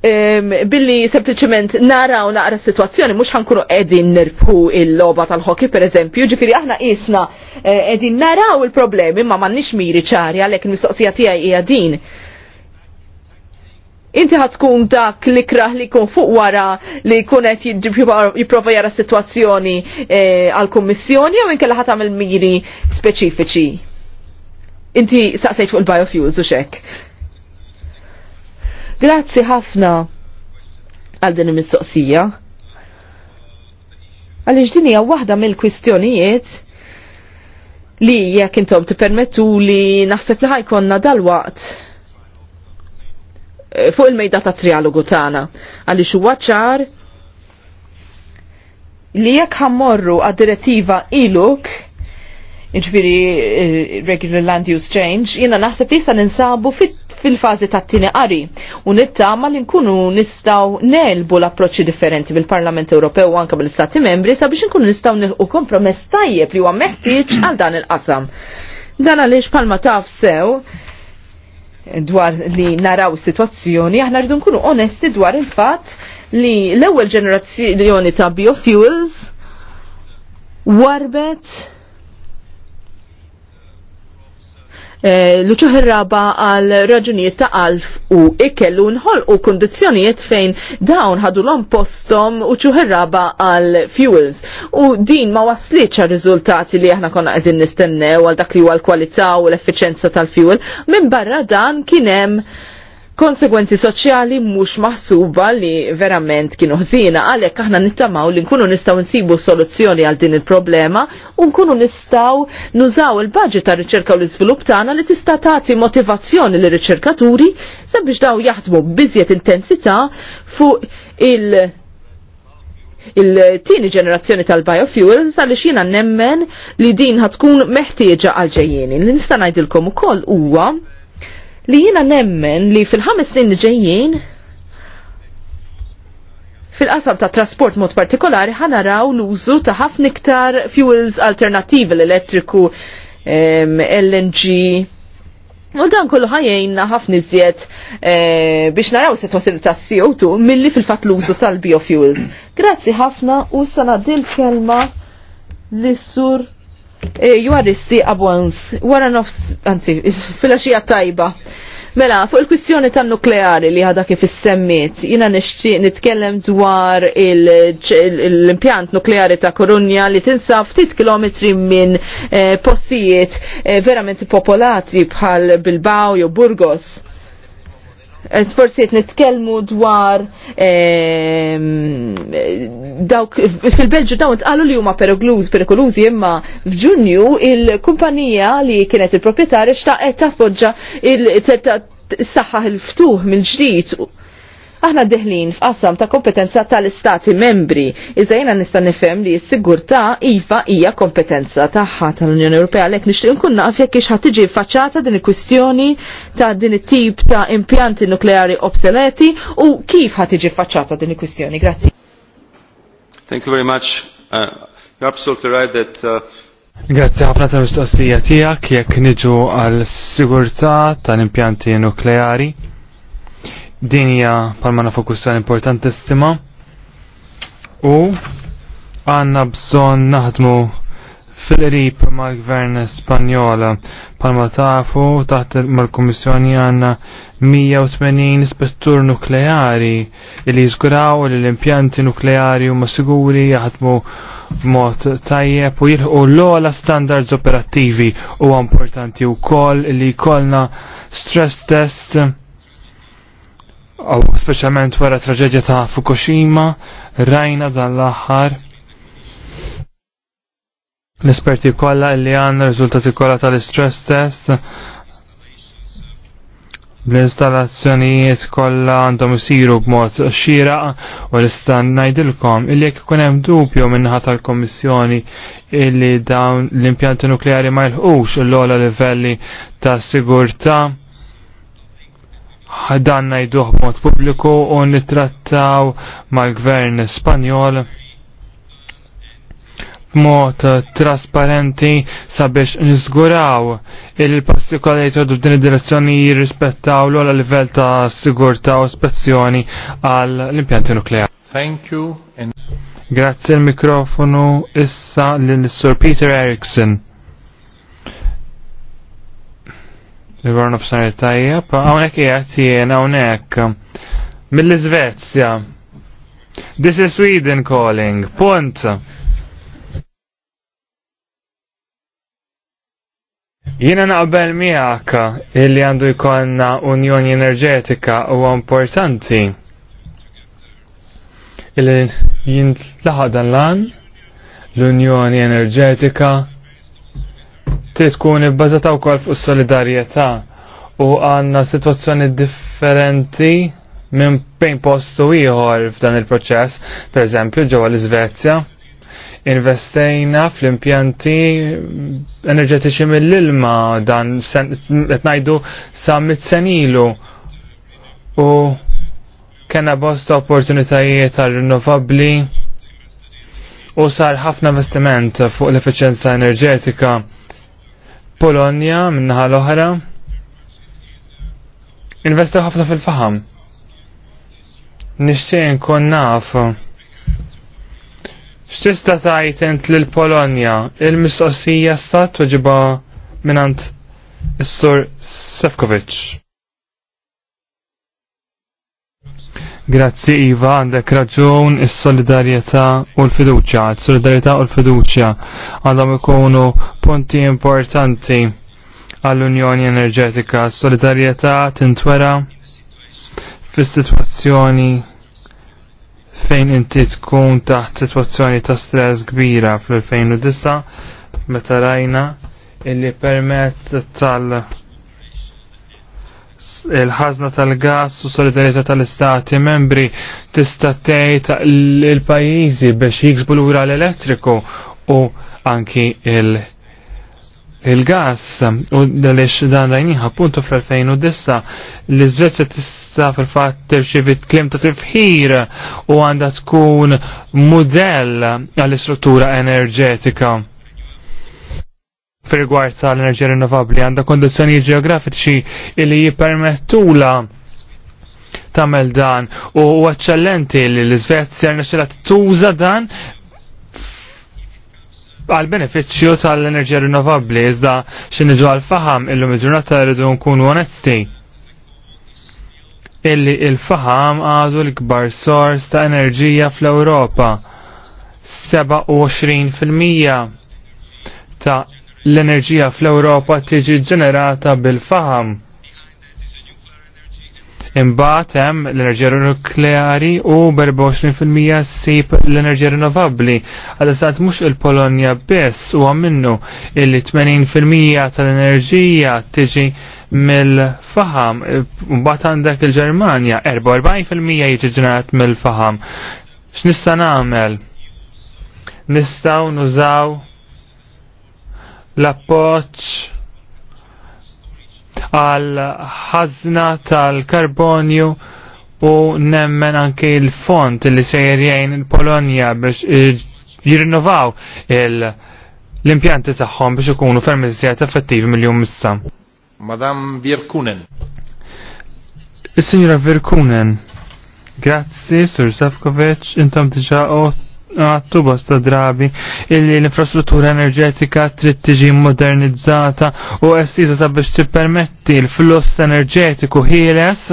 Um, billi sempliciment naraw naqra s-situazzjoni, mux ħankunu edin nirbħu il-loba tal-hockey, per eżempju, ġifiri aħna isna edin eh, naraw il-problemi, ma mannix miri ċari, għalek il-mistoqsija tijaj hija din. Inti ħatkun dak li kraħ li kun fuq wara li kunet jiprofa jara situazzjoni eh, għal-kommissjoni jew inkella ħatam il-miri speċifiċi? Inti saqsejt fuq il-biofuels u xek. Grazzi ħafna għal din il-mistoqsija. Għaliex din hija waħda mill-kwistjonijiet li jekk intom tippermettu li naħseb li ħajkonna dal-waqt eh, fuq il-mejda ta' trialogu tagħna għaliex huwa ċar li jekk ħammorru għad-direttiva iluk iġbiri eh, regular land use change, jina naħseb li jista ninsabu fil-fazi ta' t-tini qari u nittama li nkunu nistaw nelbu l-approċċi differenti bil-Parlament Ewropew u anka bil-Stati membri sabiex nkunu nistaw nilqu kompromess tajjeb li huwa meħtieġ għal dan il-qasam. Dan għaliex palma taf sew dwar li naraw situazzjoni, aħna rridu nkunu onesti dwar il-fatt li l-ewwel ġenerazzjoni ta' biofuels warbet Eh, l-uċuħ raba għal raġunijiet ta' alf u ikellu nħolqu kondizjonijiet fejn dawn ħadu l postom uċuħ raba għal fuels. U din ma wasliċ għal riżultati li aħna konna qegħdin nistennew għal dak li huwa l-kwalità u l efficienza tal-fuel. Minn barra dan kienem konsegwenzi soċjali mhux maħsuba li verament kienu ħżina għalhekk aħna nittamaw li nkunu nistgħu nsibu soluzzjoni għal din il-problema u nkunu nistgħu nużaw il-budget ta' riċerka u l-iżvilupp tagħna li tista' tagħti motivazzjoni lir riċerkaturi sabiex daw jaħdmu biżjed intensità fuq il- il-tieni ġenerazzjoni tal-biofuels għaliex jiena nemmen li din ħatkun meħtieġa għal ġejjieni. Li nista' ngħidilkom ukoll huwa li jina nemmen li fil-ħames snin li ġejjin fil-qasam ta' trasport mod partikolari ħanaraw l-użu ta' ħafna iktar fuels alternativi l-elettriku LNG U dan kollu ħajjejna ħafna iżjed eh, biex naraw se twasil ta' CO2 milli fil-fatt l-użu tal-biofuels. Grazzi ħafna u sanadil kelma l-sur jwaristi eh, abwans, wara nofs, anzi, fil-axija tajba. Mela, fuq il-kwistjoni tan nukleari li ħada kif issemmiet, jina nixtieq nitkellem dwar l-impjant nukleari ta' Korunja li tinsab ftit kilometri minn eh, postijiet eh, verament popolati bħal Bilbao jew Burgos Eh, forsi nitkellmu dwar ehm, dawk fil-Belġu dawn tqalu li huma perikluż perikolużi imma f'Ġunju il-kumpanija li kienet il-proprjetarja xtaqet tappoġġa il-saħħa il-ftuħ mill-ġdid aħna diħlin f'qassam ta' kompetenza tal-istati membri. Iżda jena nista' nifhem li s-sigurtà iva hija kompetenza tagħha tal-Unjoni Ewropea lek nixtieq nkun naf jekk ix tiġi faċċata din il-kwistjoni ta' din it-tip ta' impjanti nukleari obsoleti u kif ħa tiġi faċċata din il-kwistjoni. Grazzi. Thank you very much. Uh, you're absolutely right that uh, Grazzi ħafna tal-mistoqsija tiegħek jekk niġu għal sigurtà tal-impjanti nukleari dinja palma na fokustan importantissima u għanna bżon naħdmu fil-qrib mal-gvern Spanjola palma tafu taħt mal-Komissjoni għanna 180 ispettur nukleari li jizguraw li l-impjanti nukleari huma siguri jaħdmu mod tajjeb u jilħu l-ola standards operattivi u importanti u koll li kollna stress test għaw specialment wara traġedja ta' Fukushima, rajna dan l-aħħar. L-esperti kolla li għanna rizultati kolla tal-stress test l-installazzjonijiet kolla għandhom isiru b'mod xira u nista' ngħidilkom il-li ikun hemm dubju minnaħa tal-Kommissjoni illi dawn l-impjanti nukleari ma jilħux l ogħla livelli ta' sigurtà dan najduħ mod pubbliku u nittrattaw mal-gvern Spanjol b'mod trasparenti sabiex nizguraw il-pastikolajiet għoddu din id-direzzjoni jirrispettaw l livell ta' sigurta u spezzjoni għal l-impjanti nukleari. Thank you. And... Grazie il mikrofonu issa l-Sir Peter Erickson. Il-Gorn of tajjeb, għawnek jgħat jien, għawnek. mill izvezja This is Sweden calling. Punt. Jiena naqbel miegħek illi għandu jkollna unjoni enerġetika huwa importanti. Illi jint dan lan l-unjoni enerġetika trid tkun ibbażata wkoll fuq solidarjetà u għandna sitwazzjoni differenti minn bejn postu ieħor f'dan il-proċess, pereżempju ġewwa l-Iżvezja, investejna fl-impjanti enerġetiċi mill-ilma dan qed ngħidu sa mit-senilu u kena bosta opportunitajiet għal rinnovabbli u sar ħafna investiment fuq l-efficienza enerġetika Polonja minnaħa l-oħra Investaw ħafna fil-faham. Nixxejn kon naf. X'tista' tajt int lil Polonja il-mistoqsija stat weġiba minant is-sur Sefkovic. Grazzi Iva, għandek raġun is-solidarjetà u l-fiduċja. Solidarieta u l fiduċja solidarieta u l fiduċja għandhom ikunu punti importanti għall-Unjoni Enerġetika. Solidarjetà tintwera fis-sitwazzjoni fejn inti tkun taħt situazzjoni ta' stress kbira fl-2009 meta rajna illi permezz tal il-ħazna tal-gas u solidarieta tal-istati membri tista' tgħid il-pajjiżi biex jiksbu lura l-elettriku u anki il- il-gas u għaliex dan rajniħ puntu fl-2009 l iżvezja tista' fil-fatt tirċivi klim ta' tifħir u għandha tkun mudell għall-istruttura enerġetika fil-rigward tal-enerġija rinnovabbli għandha kondizjoni ġeografiċi li jipermettula tamel dan u eccellenti li l-Svezja nixtieqha tuża dan għal beneficju tal-enerġija rinnovabbli iżda xi għal faham illum il-ġurnata rridu nkunu onesti illi il-faham għadu l-kbar sors ta' enerġija fl-Ewropa 27% ta' l-enerġija fl-Ewropa tiġi ġenerata bil-faham. Imbagħad hemm l-enerġija nukleari u b-24% ssib l-enerġija rinnovabbli. Għal-istat mhux il-Polonja biss huwa minnu illi 80% tal-enerġija tiġi mill-faham. imbagħad għandek il-Ġermanja 44% jiġi ġenerat mill-faham. X'nista' nagħmel? Nistgħu nużaw l-appoċ għal ħazna tal-karbonju u nemmen anke il-font li sejjer jgħin il-Polonja biex jirinnovaw l-impjanti tagħhom biex ikunu ferm effettivi mill-jum issa. Madam Virkunen. Is-Sinjora Virkunen. Grazzi, Sur Zafkovic, intom diġa għattu bosta drabi illi l-infrastruttura enerġetika trid tiġi modernizzata u estiza ta' biex tippermetti l-fluss enerġetiku ħieles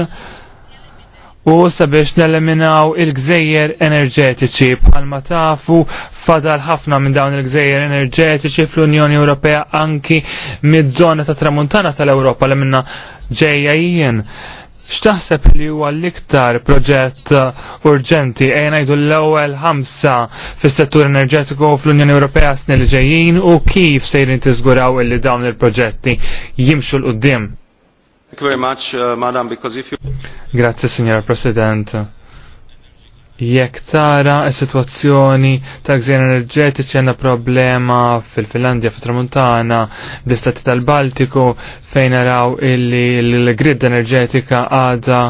u sabiex neleminaw il-gżejjer enerġetiċi bħalma tafu fadal ħafna minn dawn il-gżejjer enerġetiċi fl-Unjoni Ewropea anki mid-żona ta' tramuntana tal-Ewropa li minna ġejja jien X'taħseb li huwa l-iktar proġett uh, urġenti ejja ngħidu l-ewwel ħamsa fis-settur enerġetiku fl-Unjoni Ewropea snin li ġejjin u kif sejrin tiżguraw illi dawn il-proġetti jimxu l qudiem Thank you very much, uh, Madam, because if you... Grazie, Signora President jekk tara s-sitwazzjoni ta' gżien enerġetiċi għandna problema fil-Finlandja, fil tramuntana bl-istati tal-Baltiku fejn naraw illi l-grid enerġetika għada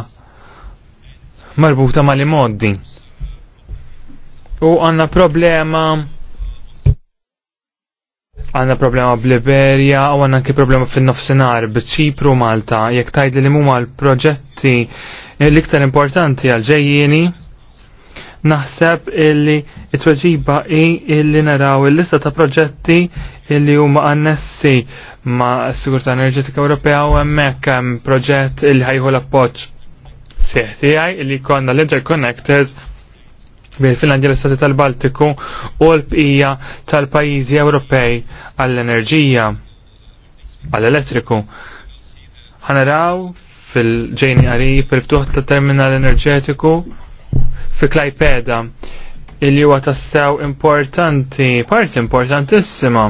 marbuta li moddi. U għanna problema għanna problema bl-Iberja u għanna anki problema fin nofsenar b'ċipru Malta jekk tajdi li mumma l-proġetti l-iktar importanti għal ġejjini naħseb illi it-tweġiba i illi naraw il-lista ta' proġetti illi huma annessi ma' s-Sigurtà Enerġetika Ewropea u hemmhekk hemm proġett illi ħajħu l-appoġġ sieħ tiegħi illi konna l-interconnectors bil-Finlandja l-Istati tal-Baltiku u l-bqija tal-pajjiżi Ewropej għall-enerġija għall-elettriku. Ħanaraw fil-ġejni qarib il-ftuħ tal-terminal enerġetiku fi Klajpeda illi huwa tassew importanti, parti importantissima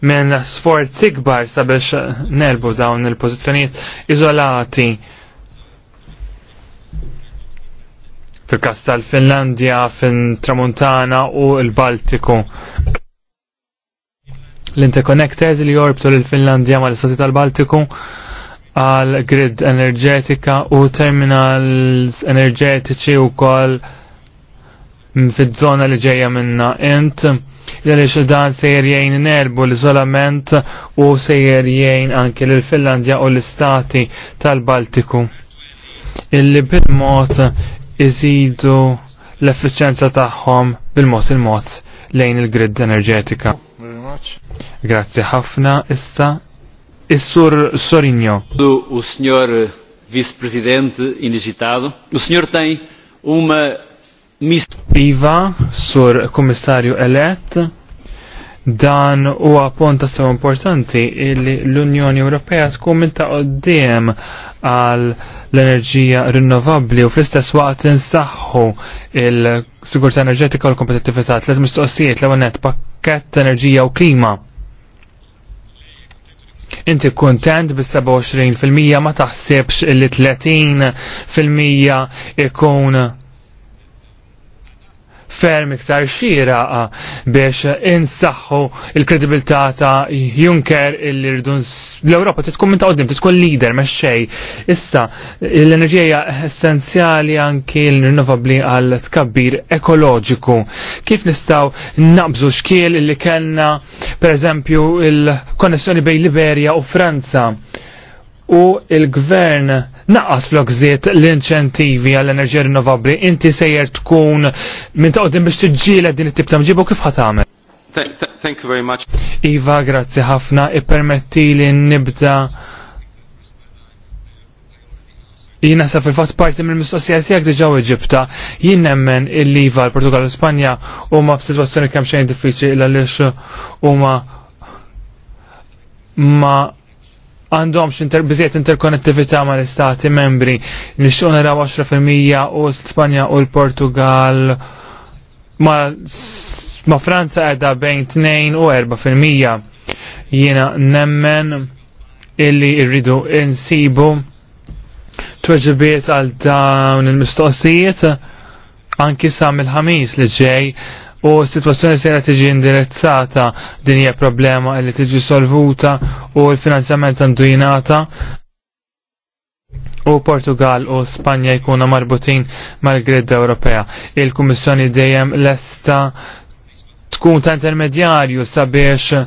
minn sforzi kbar sabiex nelbu dawn il-pożizzjonijiet iżolati fil-kas tal-Finlandja, fin-Tramuntana u l-Baltiku. L-interconnectors li jorbtu l-Finlandja ma l-Istati tal-Baltiku għal grid enerġetika u terminals enerġetiċi u kol fid-zona li ġeja minna int li dan sejjer jgħin nerbu l-izolament u sejjer jgħin anke l-Finlandja u l-istati tal-Baltiku illi bil-mod iżidu l efficienza tagħhom bil-mod il-mod lejn il-grid enerġetika. Grazzi ħafna issa Is-Sur Sorinjo. O Sr. Vice-Presidente indigitado, o Sr. tem uma missão. Iva, Sur Komissarju Elet, dan huwa punt sew importanti illi l-Unjoni Ewropea tkun minn ta' għal l-enerġija rinnovabbli u fl-istess waqt insaħħu il-sigurtà enerġetika u l-kompetittività tliet mistoqsijiet l-ewwel pakket pakkett enerġija u klima. Inti kontent bis-27% ma taħsibx li 30% ikun ferm iktar xira biex insaħħu il-kredibilità ta' Juncker illi rridu l-Ewropa titkun minn ta' qoddim, titkun leader ma' xej. Issa, l-enerġija essenzjali anki l-rinnovabli għal tkabbir ekoloġiku. Kif nistaw nabżu xkiel il-li kellna per eżempju il-konnessjoni bejn Liberia u Franza? u il-gvern naqas flok l-inċentivi għall-enerġija rinnovabli, inti sejjer tkun minn taqdim biex tiġġiela din it-tip ta' mġibu kif ħatamel? Thank you very much. Iva, grazzi ħafna, ippermetti li nibda Jina sa fil-fat parti mill mistoqsija tijak diġà Eġipta, jien nemmen il-Liva, il-Portugal, l-Spanja, u ma f-situazzjoni xejn diffiċi il-għalix u ma ma għandhomx inter interkonnettività ma l-istati membri li xona raw 10% u l-Spanja u l-Portugal ma, ma Franza għedha bejn 2 u 4% jiena nemmen illi irridu insibu tweġibiet għal dawn il-mistoqsijiet anki sam il-ħamis li ġej u s se jgħat tiġi indirizzata din hija problema li tiġi solvuta u l-finanzjament għandu jingħata u Portugal u Spanja jkunu marbutin mal gridda Ewropea. Il-Kummissjoni dejjem lesta tkun ta' intermedjarju sabiex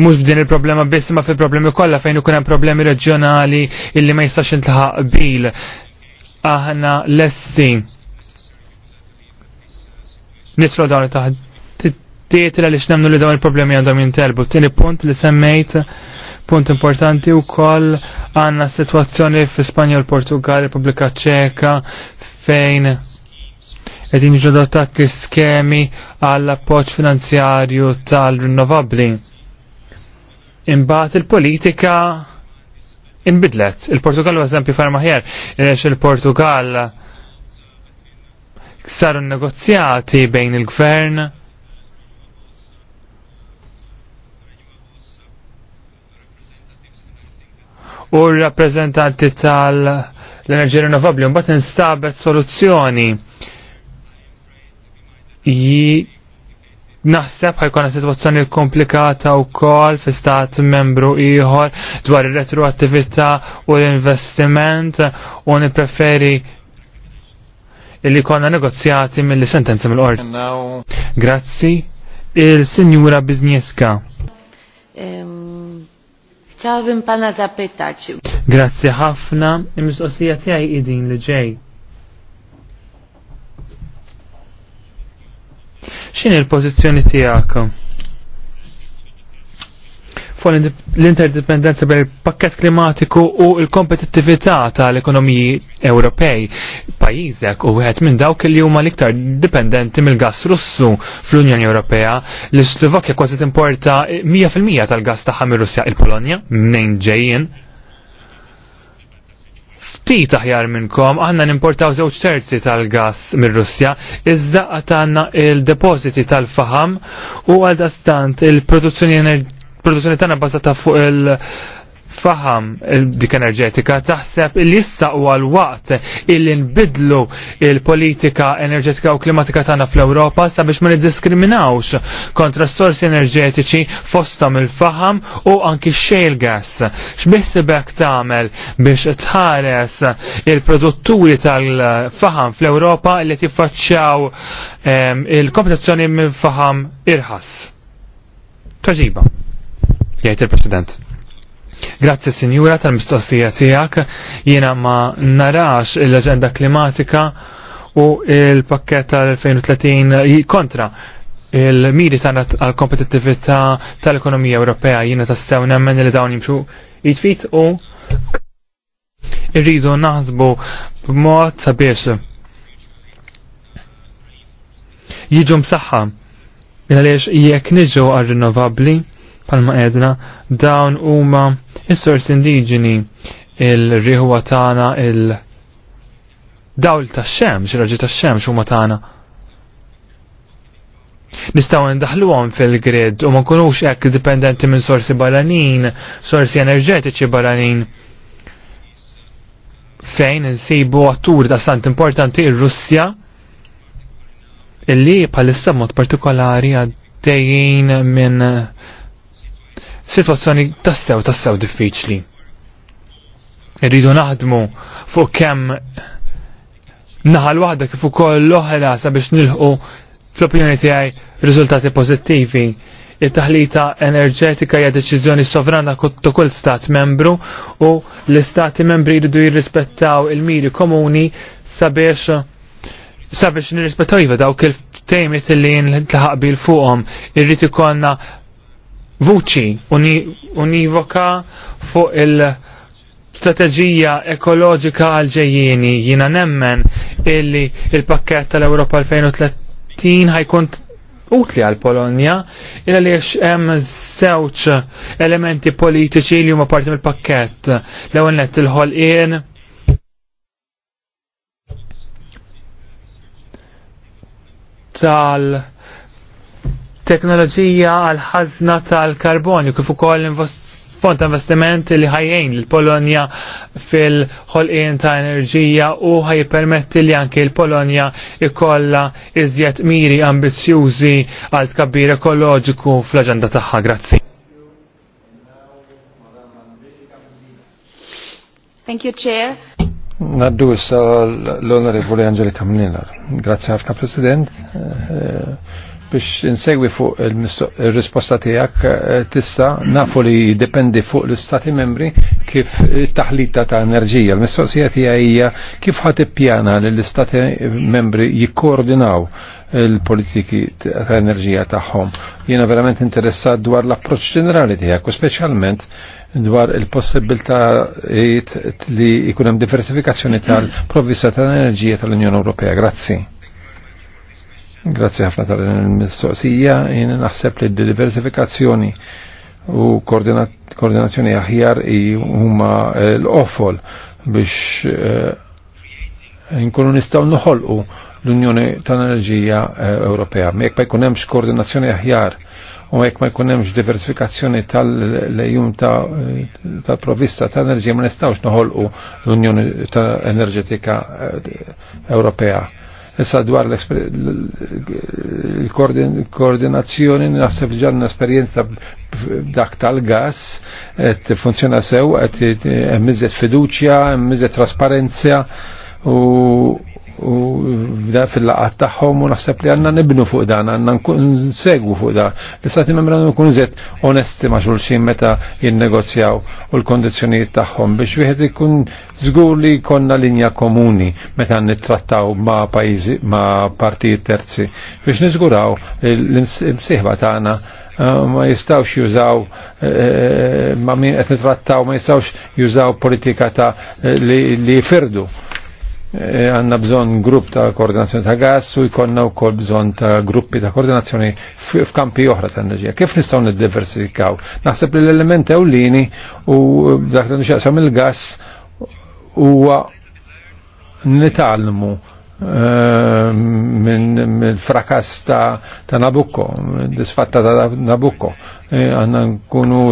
mux b'din il-problema biss ma fil-problemi kollha fejn ikun hemm problemi reġjonali illi ma jistax intlaħaq bil. Aħna lesti nitlu dawn t tietila li xnemnu li dawn il-problemi għandhom jintelbu. Tini punt li semmejt, punt importanti u koll għanna situazzjoni f Spanja u Portugal, Repubblika Ċeka, fejn edin ġodottati skemi għall appoġġ finanzjarju tal-rinnovabli. Imbagħad il-politika inbidlet. Il-Portugal, eżempju, farmaħjar, il-Portugal il portugal saru negozjati bejn il-gvern u r-rappresentanti tal-enerġija rinnovabli mbagħad instabet soluzzjoni Ji naħseb ħajkun situazzjoni komplikata wkoll fi stat membru ieħor dwar ir-retroattività u l-investiment u nippreferi illi konna negozjati mill sentenza mill-qorti. Grazzi, il-Sinjura Biznieska. Chciałabym pana zapytać. Grazzi ħafna, il-mistoqsija tiegħi idin li ġej. X'in il-pożizzjoni tiegħek? fuq l-interdipendenza bejn il-pakket klimatiku u l-kompetittività tal-ekonomiji Ewropej. Pajjiżek u wieħed minn dawk li huma l-iktar dipendenti mill-gass Russu fl-Unjoni Ewropea li Slovakja kważi timporta 100% tal-gass tagħha mir-Russja il-Polonja minn ġejjin. Ftit aħjar minnkom, aħna nimportaw żewġ terzi tal-gass mir-Russja, iżda għatanna il-depositi tal-faham u għaldastant il-produzzjoni enerġetika produzzjoni tagħna bbażata fuq il- faham dik enerġetika taħseb il issa u għal-waqt il nbidlu il-politika enerġetika u klimatika tagħna fl-Ewropa sabiex ma niddiskriminawx kontra s-sorsi enerġetiċi fostom il-faham u anki xejl gas. X'biħsibek tagħmel biex tħares il-produtturi tal-faham fl-Ewropa li tiffaċċjaw ehm, il-kompetizzjoni minn faham irħas. Taġiba jgħid il-President. Grazzi Sinjura tal-mistoqsija tiegħek, jiena ma narax l-aġenda klimatika u il-pakket tal-2030 kontra il-miri tagħna għal-kompetittività tal-ekonomija Ewropea jiena tassew nemmen li dawn jimxu jitfit u irridu naħsbu b'mod sabiex jiġu msaħħa għaliex jekk niġu għal rinnovabli palma edna dawn huma is-sors indiġeni il-riħwa tagħna il-dawl tax-xemx, raġi tax-xemx huma tagħna. Nistgħu ndaħluhom fil-grid u ma nkunux hekk dipendenti minn sorsi baranin, sorsi enerġetiċi barranin fejn insibu għattur ta' stant importanti ir-Russja illi palissa mod partikolari għaddejjin minn situazzjoni tassew tassew diffiċli. Irridu naħdmu fuq kemm naħal waħda kif ukoll l-oħra sabiex nilħu fl-opinjoni tiegħi riżultati pożittivi. It-taħlita enerġetika hija deċiżjoni sovrana ta' kull stat membru u l-istati membri jridu jirrispettaw il-miri komuni sabiex sabiex nirrispettaw jiva dawk il-tejmiet li nlaħaq bil fuqhom irrid ikollna vuċi univoka fuq il- strateġija ekoloġika għalġejjini jina nemmen illi il-pakket tal-Europa 2030 ħajkun utli għal Polonja illa li hemm żewġ elementi politiċi li huma parti mill-pakkett l-ewwel nett il-ħolqien tal- teknoloġija għal ħazna tal-karbonju kif ukoll fond ta' investiment li ħajjejn l-Polonja fil-ħolqien ta' enerġija u ħajpermetti li anke l-Polonja ikolla iżjed miri ambizzjużi għal tkabbir ekoloġiku fl-aġenda tagħha. Grazzi. Thank you, Chair. Naddu issa l-Onorevoli Angelika Mnillar. Grazie ħafna, President. Eh, eh, biex insegwi fuq il-risposta tiegħek eh, tista nafu li jiddependi fuq l-istati membri kif taħlita ta' enerġija. L-mistoqsija tiegħi hija kif ħadd ippjana li l-istati membri jikkoordinaw il-politiki ta' enerġija tagħhom. Jiena verament interessat dwar l-approċċ ġenerali tiegħek u speċjalment dwar il-possibilità li jkun hemm diversifikazzjoni tal-provvista tal-enerġija tal-Unjoni Ewropea. Grazzi. Grazie ħafna tal-mistoqsija, jien naħseb li d-diversifikazzjoni u koordinazzjoni aħjar huma eh, l-offol biex eh, nkunu nistgħu noħolqu l-Unjoni tal-Enerġija eh, Ewropea. Ma Jekk ma jkunemx koordinazzjoni aħjar u jekk ma jkunemx diversifikazzjoni tal lejum tal provista tal enerġija ma nistgħux noħolqu l-Unjoni tal Enerġetika Ewropea Issa dwar l-koordinazzjoni naħseb li ġanna esperjenza dak tal-gas et funzjona sew, et hemm fiduċja, hemm trasparenzja u u fil-laqat tagħhom u naħseb li għandna nibnu fuq dan, għandna nsegwu fuq dan. L-istati membri ikun onesti ma' xulxin meta jinnegozjaw u l-kondizzjonijiet tagħhom biex wieħed ikun żgur li jkollna linja komuni meta nittrattaw ma' pajjiżi ma' partijiet terzi biex niżguraw l-imsieħba tagħna eh, ma jistawx jużaw eh, ma min qed nitrattaw ma jistawx jużaw politika ta' eh, li jfirdu Eh, għanna bżon grupp ta' koordinazzjoni ta' gas u jkonna u kol bżon ta' gruppi ta' koordinazzjoni f'kampi oħra ta' enerġija. Kif nistaw niddiversifikaw? diversifikaw Naħseb li l-element ewlini u dak li nixaqsam il-gas huwa nitalmu eh, minn frakas ta', ta Nabucco, disfatta ta' Nabucco. Eh, għanna nkunu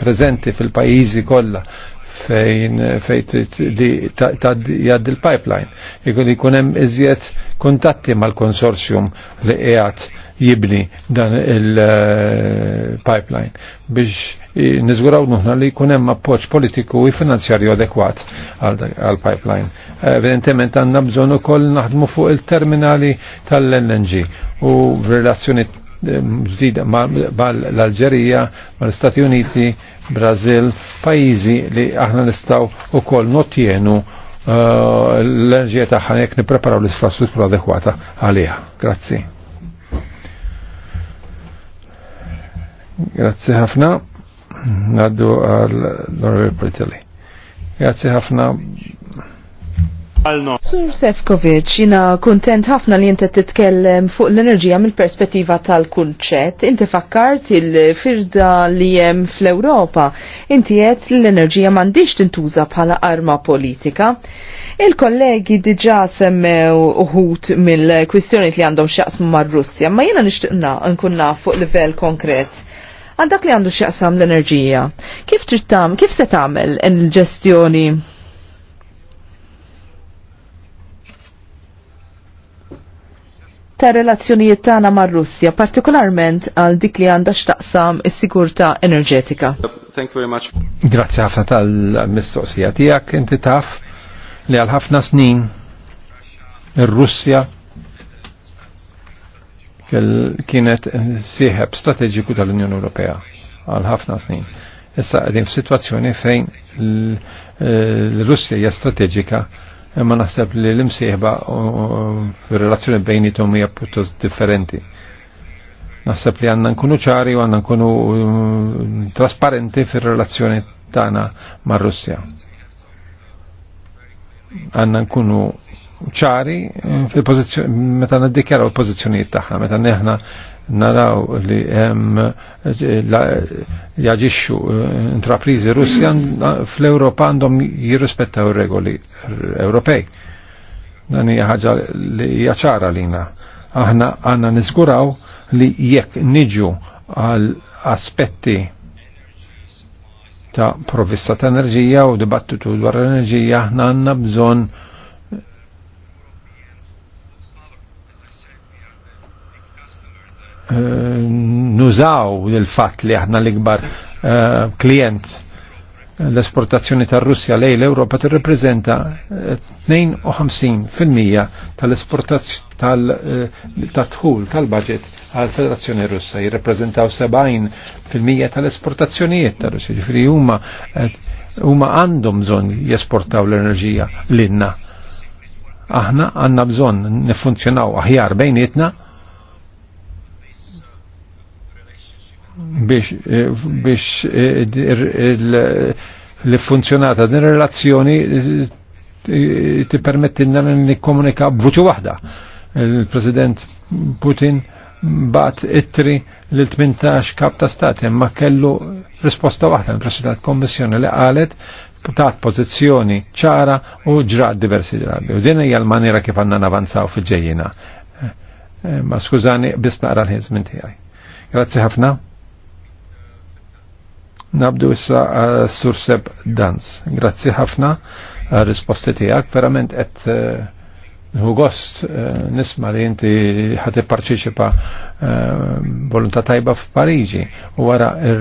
prezenti fil-pajizi kolla fejn fejn li jgħaddi il pipeline Ikun ikun hemm iżjed kuntatti mal-konsorzjum li qiegħed jibni dan il-pipeline eh, biex niżguraw nuħna li jkun hemm appoġġ politiku u finanzjarju adekwat għal-pipeline. Evidentement għandna bżonn ukoll naħdmu fuq il-terminali tal-LNG u relazzjoni eh, ġdida mal-Alġerija, mal-Stati Uniti Brazil, pajizi li aħna nistaw u koll notjenu uh, l-enerġija taħħa jek nipreparaw l-infrastruttura adekwata għaliha. Grazzi. Grazzi ħafna. Naddu għal l Politelli. Grazzi ħafna Sur Sefkovic, jina kontent ħafna li jinti titkellem fuq l-enerġija mill-perspettiva tal-kunċett. Inti fakkart il-firda li jem fl-Europa. Inti jett l-enerġija mandiġ tintuża bħala arma politika. Il-kollegi diġa semmew uħut mill-kwistjoni li għandhom xaqsmu mar-Russja, ma jena nishtiqna nkunna fuq livell konkret Għandak li għandu xaqsam l-enerġija. Kif trittam, kif se tagħmel il-ġestjoni ta' relazzjonijiet tagħna mar-Russja, partikolarment għal dik li għandha x'taqsam is-sigurtà enerġetika. Thank you very much. Grazzi ħafna tal-mistoqsija tiegħek, inti taf li għal ħafna snin ir-Russja kienet sieħeb strateġiku tal-Unjoni Ewropea għal ħafna snin. Issa qegħdin f'sitwazzjoni fejn l-Russja hija strateġika ma naħseb li l-imsieħba relazzjoni bejnietom hija pjuttost differenti. Naħseb li għanna nkunu ċari u għanna nkunu um, trasparenti fil relazzjoni tagħna ma' russja Għanna nkunu ċari um, fil-pozizjoni, meta niddikjaraw il-pozizjonijiet tagħna, meta neħna naraw li hemm jaġixxu eh, intraprizi Russjan fl-Ewropa għandhom jirrispettaw regoli Ewropej. Dan hija ħaġa li hija ċara lina. Aħna għandna niżguraw li jekk niġu għal aspetti ta' provvista ta' enerġija u dibattitu dwar l-enerġija aħna għandna bżonn Eh, nużaw il-fat li aħna l-ikbar eh, klient l-esportazzjoni tar russja lej l-Europa reprezenta 52% eh, tal-esportazzjoni tal-tħul tal-budget għal-Federazzjoni Russa jirrepreżentaw 70% tal-esportazzjonijiet tar russja ġifri huma huma għandhom bżonn jesportaw l-enerġija l-inna. Aħna għandna bżonn nifunzjonaw aħjar bejnietna biex eh, biex eh, l-funzjonata din relazzjoni eh, ti permettinna nikkomunika b'vuċu waħda. Il-President Putin bat ittri l-18 kap ta' stati ma kellu risposta waħda il president Kommissjoni li qalet ta' pożizzjoni ċara u ġrad diversi drabi. U din hija l-maniera kif għandna navanzaw fil-ġejjina. Ma skużani, bis naqra l-ħizmin tiegħi. Grazzi ħafna. Nabdu issa uh, eh, surseb dans. Grazzi ħafna eh, risposti tijak, verament et uh, eh, Nħu gost nisma li jinti ħati parċiċipa volontà tajba f'Pariġi u għara er,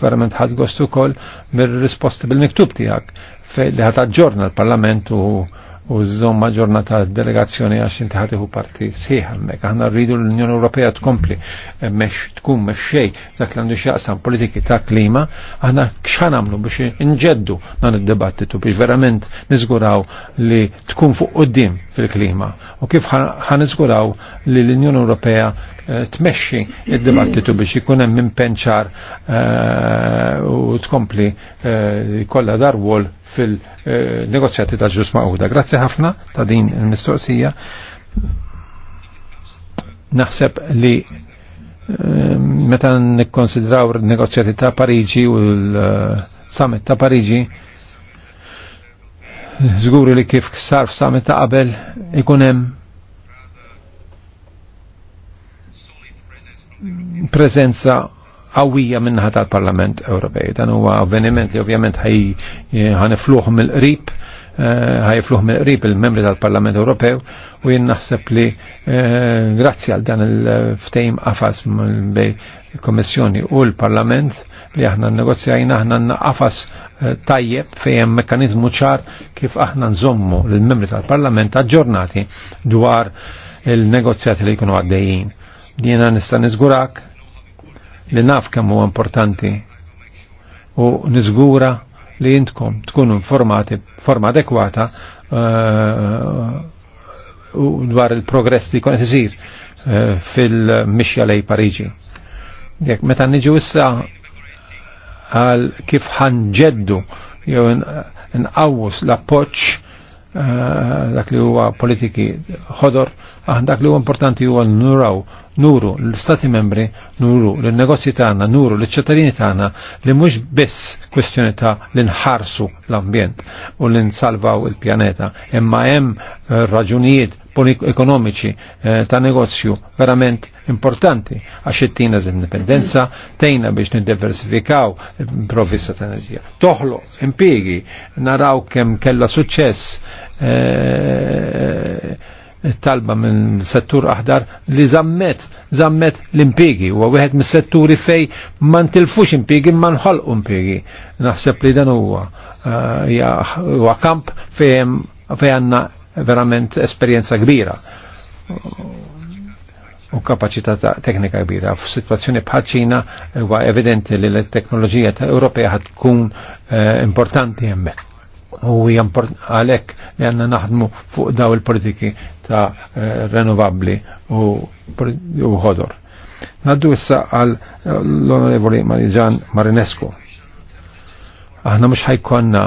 verament ħad gost kol mir-risposti bil-miktub tijak fej li ħata ġorna l parlamentu u zomma ġurnata delegazzjoni għax inti ħatiħu parti sħiħ hemmhekk. Aħna rridu l-Unjoni Ewropea tkompli mex tkun xej dak l għandu x'jaqsam politiki ta' klima, aħna kxan nagħmlu biex inġeddu dan id debattitu biex verament niżguraw li tkun fuq qudiem fil-klima u kif ħan nizguraw li l-Unjoni Ewropea Eh, tmexxi id-dibattitu biex ikun hemm impenċar eh, u tkompli eh, kollha darwol fil-negozjati ta' ġus ma'uda. Grazzi ħafna ta' din il-mistoqsija. Naħseb li meta nikkonsidraw il-negozjati ta' Pariġi u l-summit ta' Pariġi, zguri li kif sarf summit ta' qabel ikun hemm. prezenza għawija minnaħat tal-Parlament Ewropej. Dan huwa avveniment li ovvjament eh, ħanifluħ mill-qrib eh, ħajfluħ mill qrib il-membri tal-Parlament Ewropew u jien naħseb li eh, grazzi għal dan il-ftejm qafas bej il-Kommissjoni u l-Parlament li aħna negozjajna aħna qafas tajjeb fejem mekkanizmu ċar kif aħna nżommu l-membri tal-Parlament aġġornati dwar il-negozjati li jkunu għaddejjin Jiena nista' niżgurak li naf kemm huwa importanti u niżgura li jintkom tkunu informati forma adekwata eh, u dwar il-progress li konet isir eh, fil-mixja lej Pariġi. Jekk meta niġu issa għal kif ħanġeddu jew nqawwus l appoġġ Eh, dak li huwa politiki ħodor, dak li huwa importanti huwa nuraw, nuru l-Stati membri, nuru l-negozji tagħna, nuru l-ċittadini tagħna li mhux biss kwestjoni ta' li nħarsu l-ambjent u li nsalvaw il-pjaneta, imma hemm eh, raġunijiet ekonomiċi eh, ta' negozju verament importanti għax it-tina z-indipendenza, tejna biex n diversifikaw provvista ta' enerġija. Toħlo, impiegi, naraw kem kella suċess eh, talba minn settur aħdar li zammet, zammet l-impiegi, u għawihet minn setturi fej man tilfux impiegi, man ħol impiegi. Naħseb li dan huwa eh, huwa kamp fejn fej għanna verament esperienza kbira u kapacità teknika kbira. F'sitwazzjoni bħal ċina eh, huwa evidenti li l-teknoloġija Ewropea ħad tkun eh, importanti hemmhekk. U għalhekk li għandna naħdmu fuq daw il-politiki ta' eh, renovabbli u ħodor. Naddu issa għal l-onorevoli Marijan Marinescu. Aħna mux ħajkonna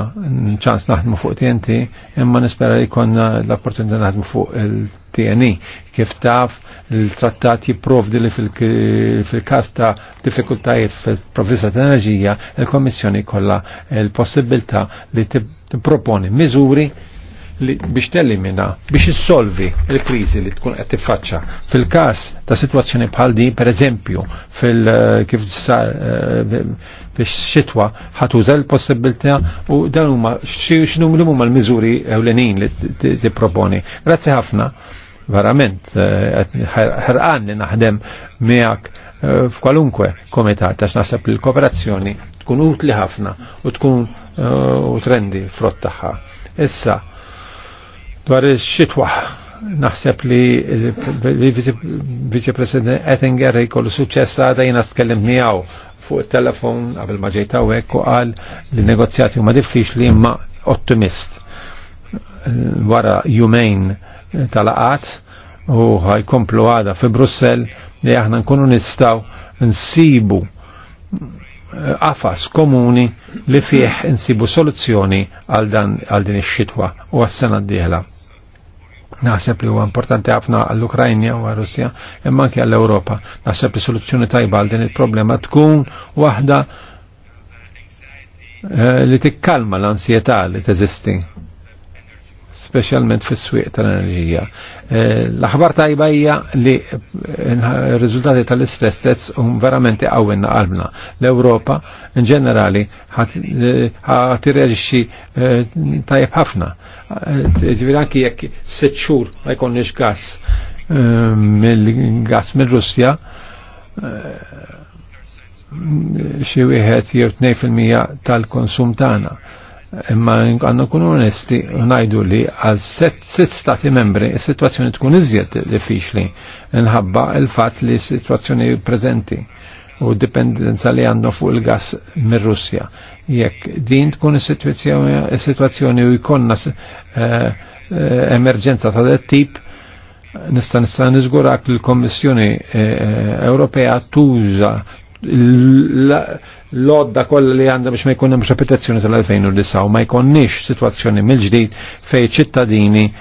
ċans naħdmu fuq TNT, imma nispera li konna l-opportunità naħdmu fuq il-TNI. E. Kif taf, il-trattat jiprovdi li fil-kas ta' diffikultajiet fil-provvisa ta' enerġija, il-Komissjoni kolla il-possibilità li tipproponi miżuri biex tellimina biex issolvi il-krizi li tkun qed tiffaċċa. Fil-każ ta' situazzjoni bħal din, pereżempju, fil eh, kif sar biex eh, xitwa ħatuża l-possibilità u dan huma x'inhu huma l-miżuri ewlenin li tipproponi. Grazzi ħafna, verament, eh, ħerqan li naħdem miegħek f'kwalunkwe komitat għax naħseb li l-kooperazzjoni tkun utli ħafna u tkun u trendi frott tagħha. Issa, Dwar il-xitwa, naħseb li Vice president Ettinger jkollu suċċess għada jina skellim miegħu fuq il-telefon qabel ma ġejta u u qal li negozjati huma diffiċli imma ottimist. Wara jumejn tal-qat u ħajkomplu għada fi Brussel li aħna nkunu nistaw nsibu għafas eh, komuni li fih insibu soluzzjoni għal għal din ix-xitwa u għas-sena d-dieħla. Naħseb li huwa importanti ħafna għall-Ukrajna u għal-Russja imma anke għall-Ewropa. Naħseb li soluzzjoni tajba għal din il-problema tkun waħda eh, li tikkalma l-ansjetà li teżisti specialment fis swieq tal-enerġija. Eh, l-aħbar tajba hija li eh, r-riżultati tal-istress tests hum verament iqawwinna qalbna. L-Ewropa in ġenerali tirreġixxi eh, tajjeb ħafna. Ġifieri anki jekk sitt xhur ma jkollniex gass mill-gass mir russja xi wieħed jew 2% tal-konsum tagħna Imma għanna kunu onesti najdu li għal sitt stati membri il-situazzjoni tkun iżjed diffiċli nħabba il-fat li situazzjoni prezenti u dipendenza li għandna fuq il-gas mir russja Jekk din tkun is-situazzjoni u jkonna eh, eh, emerġenza ta' dat tip, nista nista nizgurak l-Kommissjoni eh, Ewropea tuża l-odda kollha li għandha biex ma jkun hemm repetizzjoni tal-2009 u ma jkonniex sitwazzjoni mill-ġdid fej ċittadini eh,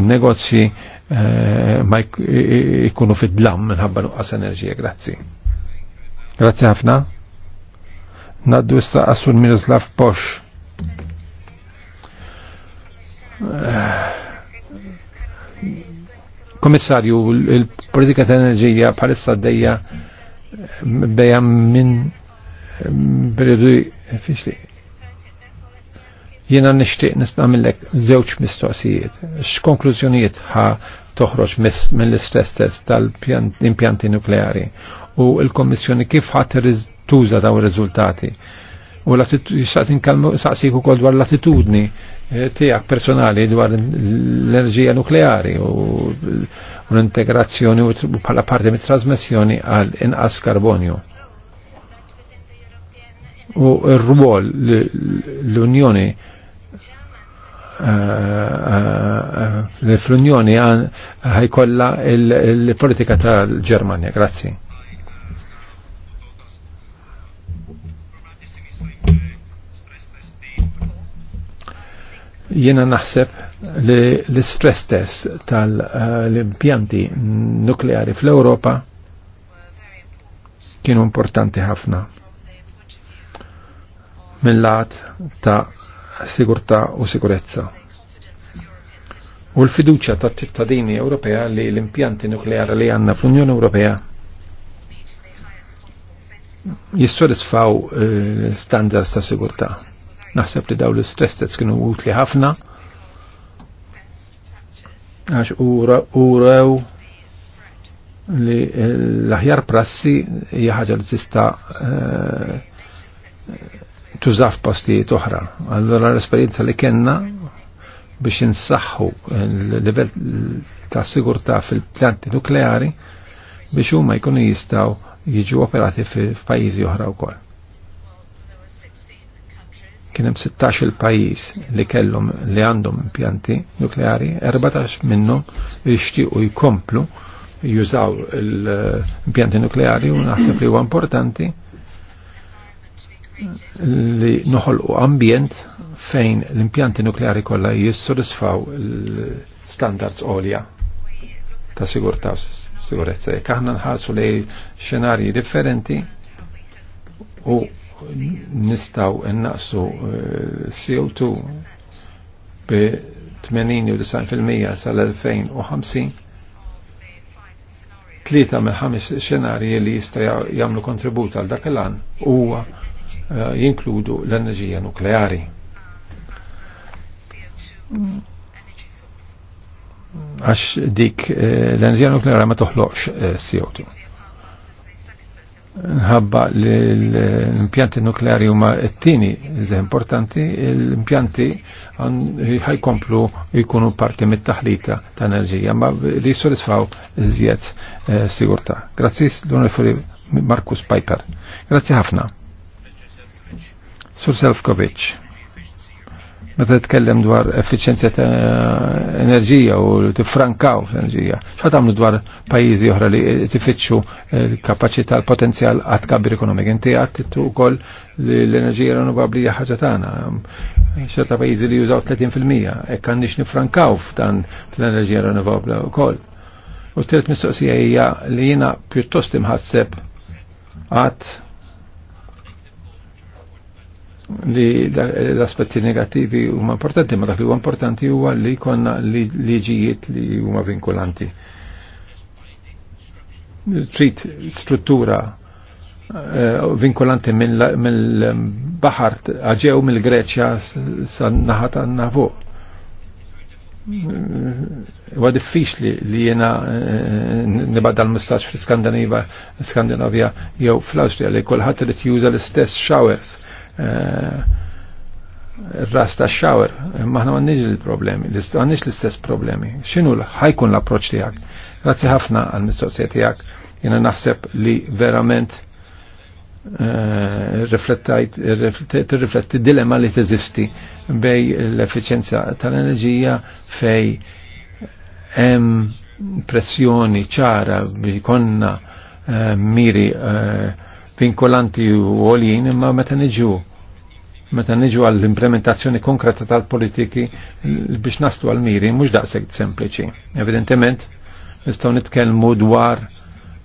negozji eh, ma jkunu fid-dlam minħabba nuqqas enerġija. Grazzi. Grazzi ħafna. Naddu issa Assun Miroslav Posh. Eh, Komissarju, il-politika tal-enerġija bħalissa d-dejja bejam minn beridu fisli. Jena nishtiq millek zewċ mistoqsijiet. X'konklużjonijiet ħa toħroġ mill-istress test tal-impjanti nukleari u l-Kommissjoni kif ħadd tuża daw ir-riżultati. U saqsik ukoll dwar l-attitudni eh, tiegħek personali dwar l-enerġija nukleari u un-integrazzjoni u bħala parti mit-trasmissjoni għal inqas karbonju. U r-rwol l-Unjoni eh, eh, eh, l-Unjoni ħajkolla l politika tal-Germania. Grazzi. Jena naħseb l-stress test tal-impjanti nukleari fl-Europa kienu importanti ħafna mill-lat ta' sigurtà u sikurezza. U l-fiduċa ta' ċittadini Ewropea li l-impjanti nukleari li għanna fl-Unjoni Ewropea jissodisfaw eh, standards ta' sigurtà. Naħseb li daw l stress test kienu utli ħafna għax urew li l-aħjar prassi hija li tista' eh, tużaf postijiet oħra. Allora l-esperjenza li kellna biex insaħħu l-livell ta' sigurtà fil-pjanti nukleari biex huma jkunu jistgħu jiġu operati f'pajjiżi oħra wkoll kien hemm 16 il-pajjiż li kellhom li għandhom impjanti nukleari, 14 minnhom jixtiequ jkomplu jużaw l-impjanti nukleari u naħseb li huwa importanti li noħolqu ambjent fejn l-impjanti nukleari kollha jissodisfaw l-standards għolja ta' sigurtà sigurezza. Jekk aħna nħarsu lej xenarji differenti u nistaw innaqsu eh, CO2 bi 89% sal-2050 tlieta mill ħames xenarji li jista' jagħmlu kontribut għal dak il-għan huwa eh, jinkludu l-enerġija nukleari. Għax dik eh, l-enerġija nukleari ma toħloqx CO2 nħabba li l-impjanti nukleari huma t-tini iżda importanti, l-impjanti ħajkomplu jkunu parti mit-taħlita ta' enerġija, ma li jissodisfaw iżjed eh, sigurta. Grazzi l-Unifuri Markus Piper. Grazzi ħafna. Sur Selfkovic. Meta tkellem dwar efficienza ta' enerġija u tifrankaw l-enerġija, xa tagħmlu dwar pajjiżi oħra li tifittxu l-kapaċità l-potenzjal għad kabir ekonomik. Inti għad ukoll li l-enerġija rinnovabbli hija ħaġa tagħna. ta' pajjiżi li jużaw 30% hekk għandix nifrankaw f'dan l enerġija rinnovabbli wkoll. U t-tiret mistoqsija hija li jiena pjuttost imħasseb għad li l-aspetti negativi huma importanti, ma dak li huwa importanti huwa li konna liġijiet li huma vinkulanti. Trid struttura eh, vinkolanti mill-baħar eh, għaġew mill-Greċja sa naħat tan fuq. Huwa diffiċli li jiena eh, nibadda l-messaġġ fl-Skandinavja jew fl-Awstrija li kulħadd irid juża l-istess showers Eh, ras ta' xawer, maħna għannix il-problemi, għannix l-istess problemi. Xinu ħajkun l-approċ tijak? Grazzi ħafna għal-mistoqsija tijak, jena naħseb li verament eh, rifletti dilemma li teżisti bej l-efficienza tal-enerġija fej hemm pressjoni ċara bi konna eh, miri uh, vinkolanti u għolin imma meta niġu meta niġu għall-implementazzjoni konkreta tal-politiki biex nastu għal-miri mhux daqshekk sempliċi. Evidentement nistgħu nitkellmu dwar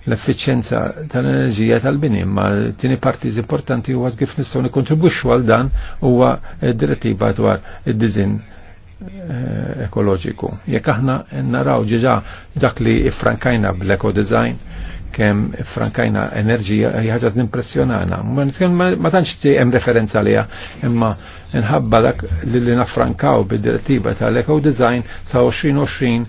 l efficienza tal-enerġija tal-bini, ma tini partiz importanti u kif nistgħu nikkontribwixxu għal dan huwa direttiva dwar id-dizin eh, ekoloġiku. Jekk aħna naraw ġiġa dak li ifrankajna bl-eco design, kem frankajna enerġija jħagġa t-impressjonana. Ma tanċ ti jem referenza liha, imma nħabba dak li li nafrankaw bid-direttiva tal-eco design sa' 2020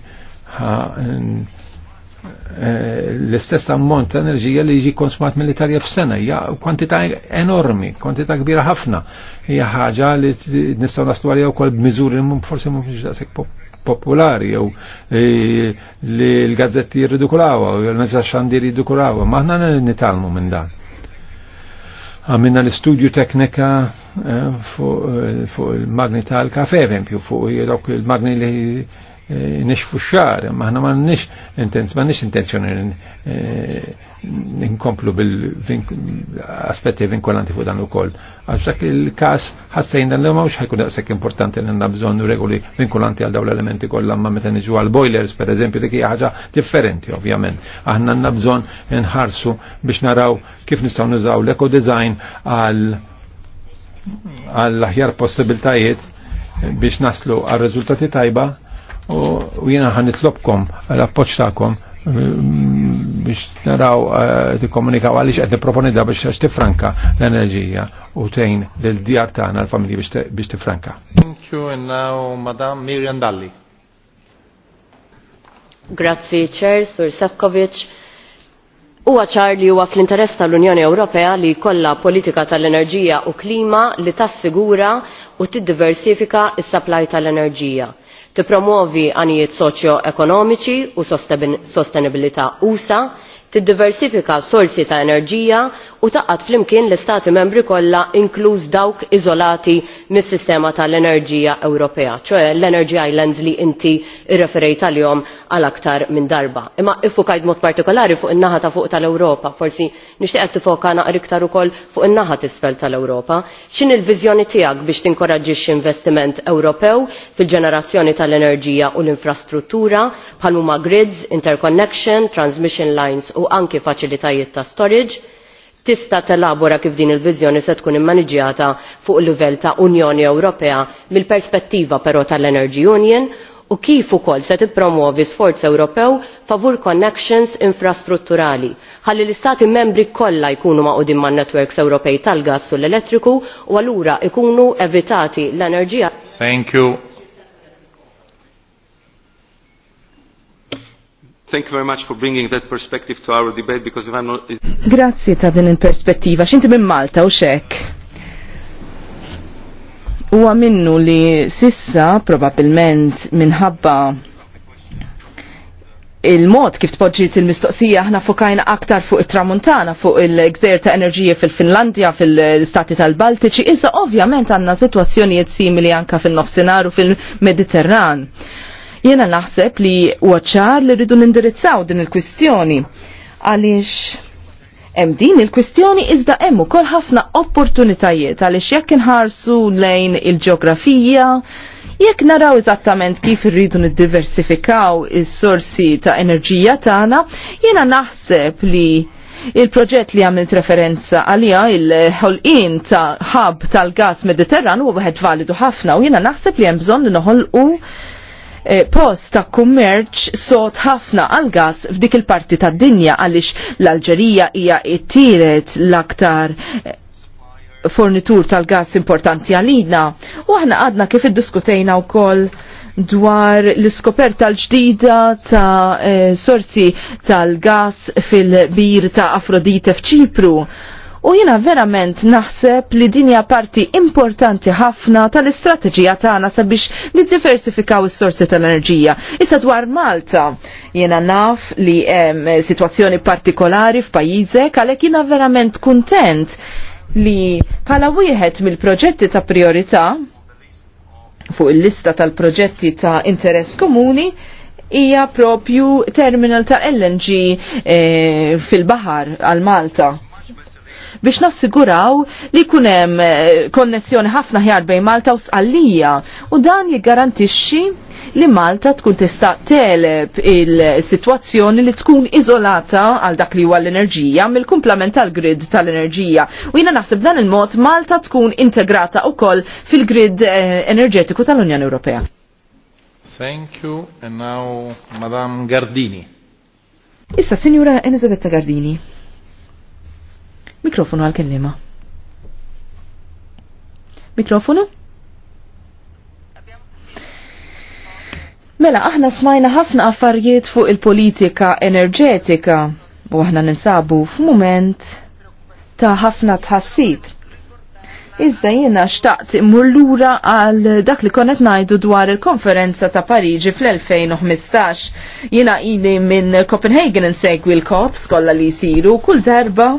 eh, l-istess ammont ta' enerġija li jiġi konsumat militarja f'sena hija kwantità enormi, kwantità kbira ħafna. Hija ħaġa li nistaw nastu għalija u wkoll b'miżuri forsi mhumiex daqshekk popolari jew e, li l-gazzetti jirridikulawa u l-mezza xandir jirridikulawa. Maħna nitalmu minn dan. Għamilna l studio teknika e, e, fuq il-magni tal-kafe, eżempju, fuq il-magni li nix xar, maħna ma nix intenzjoni nkomplu bil-aspetti vinkolanti fuq dan ukoll. Għax dak il-każ ħassejn dan li mhux ħajkun daqshekk importanti li għandna bżonn regoli vinkolanti għal dawn l-elementi kollha ma meta niġu għal boilers pereżempju dik hija ħaġa differenti ovvjament. Aħna għandna bżonn inħarsu biex naraw kif nistgħu nużaw l-eco design għal għall aħjar possibiltajiet biex naslu għal riżultati tajba u jena għan nitlobkom l-appoċ ta'kom mm, biex naraw eh, t-komunikaw għalix għed proponi da biex tifranka l-enerġija u tejn l-djar għana l-familji biex franka. Thank you and now Madam Miriam Dalli. Grazzi, Chair, Sur Sefkovic. Huwa ċar li huwa fl-interess tal-Unjoni Ewropea li jkollha politika tal-enerġija u klima li tassigura u tiddiversifika s-supply tal-enerġija tippromovi għanijiet soċjo ekonomiċi u sostenibilità usa tiddiversifika sorsi ta' enerġija u taqgħod flimkien l-istati membri kollha inkluż dawk iżolati mis-sistema tal-enerġija Ewropea, ċoħe l-Energy Islands li inti irreferejt għal-jom għal aktar minn darba. Imma iffukajt mod partikolari fuq in-naħa ta' fuq tal-Ewropa, forsi nixtieq tifoka naqra iktar ukoll fuq in-naħa t'isfel tal-Ewropa. X'in il-viżjoni tiegħek biex tinkoraġġix investiment Ewropew fil-ġenerazzjoni tal-enerġija u l-infrastruttura bħal huma grids, interconnection, transmission lines u anki faċilitajiet ta' storage tista' telabora kif din il-viżjoni se tkun immaniġjata fuq livell ta' Unjoni Ewropea mill-perspettiva però tal-Energy Union u kif ukoll se tippromuovi sforz Ewropew favur connections infrastrutturali ħalli l-istati membri kollha jkunu maqudin man-netwerks Ewropej tal-gass u l-elettriku u allura jkunu evitati l-enerġija. Thank you. Thank you very much for bringing that perspective to our debate because if I'm not... Grazie ta' din il-perspettiva. Xinti minn Malta u xek? Huwa minnu li sissa probabilment minħabba il-mod kif tpoġġiet il-mistoqsija aħna fokajna aktar fuq it-tramuntana, fuq il-gżejjer ta' enerġija fil-Finlandja, fil-Stati tal-Baltiċi, iżda ovvjament għandna sitwazzjonijiet simili anka fin-nofsinhar u fil-Mediterran. Jena naħseb li uħċar li rridu nindirizzaw din il-kwistjoni. Għalix hemm din il-kwistjoni iżda hemm ukoll ħafna opportunitajiet għaliex jekk inħarsu lejn il-ġeografija, jekk naraw eżattament kif irridu niddiversifikaw is-sorsi ta' enerġija tagħna, jiena naħseb li il-proġett li għamilt referenza għalija il-ħolqin ta' ħab tal-gas mediterran u għed validu ħafna u jiena naħseb li hemm bżonn li noħolqu Eh, post ta' kummerċ sot ħafna għal gas f'dik il-parti tad dinja għaliex l-Alġerija hija it-tielet l-aktar eh, fornitur tal-gas importanti għalina. U aħna għadna kif iddiskutejna wkoll dwar l-iskoperta l-ġdida ta' eh, sorsi tal-gas fil-bir ta' Afrodite f'Ċipru U jina verament naħseb li dinja parti importanti ħafna tal-istrateġija tagħna sabiex niddiversifikaw is-sorsi tal-enerġija. Issa dwar Malta, jina naf li hemm eh, sitwazzjoni partikolari f'pajjiżek għalhekk jiena verament kuntent li bħala wieħed mill-proġetti ta' priorità fuq il-lista tal-proġetti ta' interess komuni hija propju terminal ta' LNG eh, fil-baħar għal Malta biex nassiguraw li kunem eh, konnessjoni ħafna ħjar bejn Malta u Sqallija u dan jiggarantixxi li Malta tkun tista' teleb il-sitwazzjoni li tkun iżolata għal dak li huwa l-enerġija mill-kumplament tal-grid tal-enerġija. U jiena naħseb dan il-mod Malta tkun integrata wkoll fil-grid eh, enerġetiku tal-Unjoni Ewropea. Thank you, and now Madame Gardini. Issa, Signora Elisabetta Gardini. Mikrofonu għal-kellima. Mikrofonu? Mela, aħna smajna ħafna affarijiet fuq il-politika enerġetika u aħna ninsabu f'mument ta' ħafna tħassib. Iżda jiena xtaqt immur lura għal dak li konet najdu dwar il-konferenza ta' Pariġi fl-2015. Jena jini minn Copenhagen insegwi l-kops kolla li jisiru kull darba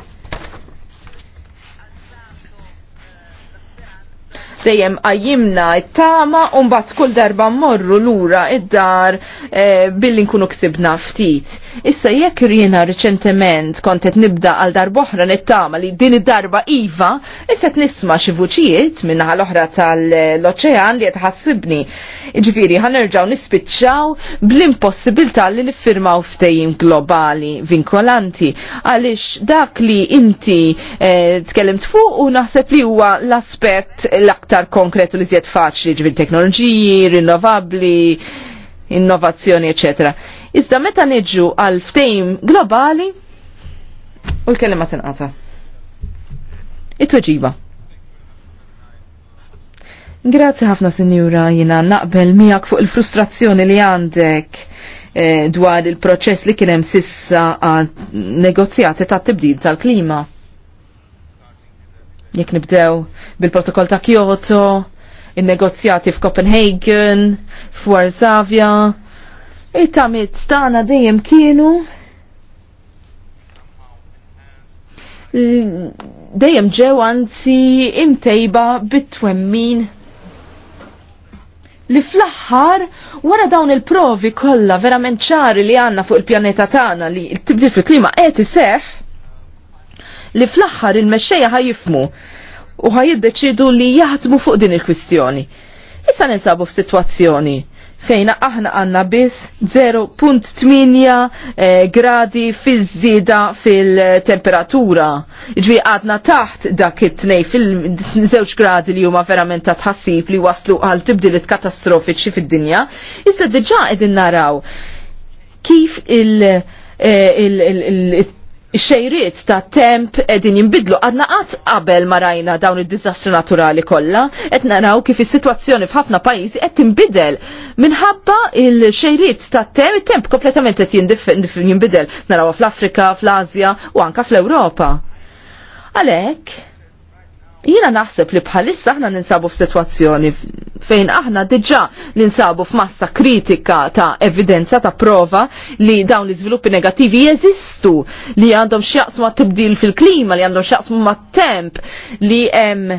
dejjem għajimna it-tama u mbagħad kull darba mmorru lura id-dar eh, billi nkunu ksibna ftit. Issa jekk jiena riċentement kont qed nibda għal darba oħra nittama li din id-darba iva, issa t nisma' xi vuċijiet minnaħa l-oħra tal-oċean li qed ħassibni. Ġifieri ħanerġgħu nispiċċaw bl impossibilta li niffirmaw ftejim globali vinkolanti għaliex dak li inti eh, tkellimt fuq u naħseb li huwa l-aspett l-aktar aktar konkretu li zjed faċli ġvil teknoloġiji, rinnovabli, innovazzjoni, eccetera. Iżda meta niġu għal ftejm globali u l-kelima tinqata. It-tweġiba. Grazzi ħafna sinjura jina naqbel miegħek fuq il-frustrazzjoni li għandek eh, dwar il-proċess li kienem sissa għal negozjati ta' tibdil tal-klima. Jek nibdew bil-protokoll ta' Kyoto, il-negozjati f'Copenhagen, f'Warsavia, it-tamit stana dejjem kienu dejjem ġew anzi imtejba bit-twemmin li fl-aħħar wara dawn il-provi kollha verament ċari li għandna fuq il-pjaneta tagħna li t-tibdil fil-klima qed iseħħ li fl-aħħar il-mexxejja ħajifmu u ħajiddeċidu li jaħdmu fuq din il-kwistjoni. Issa ninsabu f'sitwazzjoni fejna aħna għanna biss 0.8 eh, gradi fiż-żieda fil-temperatura. Ġvi għadna taħt dak it-tnej fil 0 gradi li huma verament ta' tħassib li waslu għal tibdilit katastrofiċi fid-dinja. Issa diġà qegħdin naraw kif il- eh, xejriet ta' temp edin jimbidlu għadna qatt qabel marajna dawn id-dizastru naturali kollha et naraw kif is-sitwazzjoni f'ħafna pajjiżi qed tinbidel minħabba il-xejriet ta' temp temp kompletament qed jinbidel narawha fl-Afrika, fl azja u anka fl-Ewropa. Għalhekk Jina naħseb li bħalissa aħna ninsabu f'sitwazzjoni fejn aħna diġà ninsabu f'massa kritika ta' evidenza ta' prova li dawn l iżviluppi negattivi jeżistu li għandhom x'jaqsmu ma' tibdil fil-klima, li għandhom x'jaqsmu ma' temp li hemm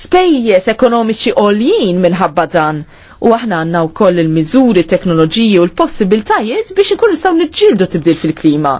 spejjeż ekonomiċi għoljin minħabba dan u aħna għanna u koll il-mizuri, teknoloġiji u l-possibiltajiet biex nkun nistaw nġildu tibdil fil-klima.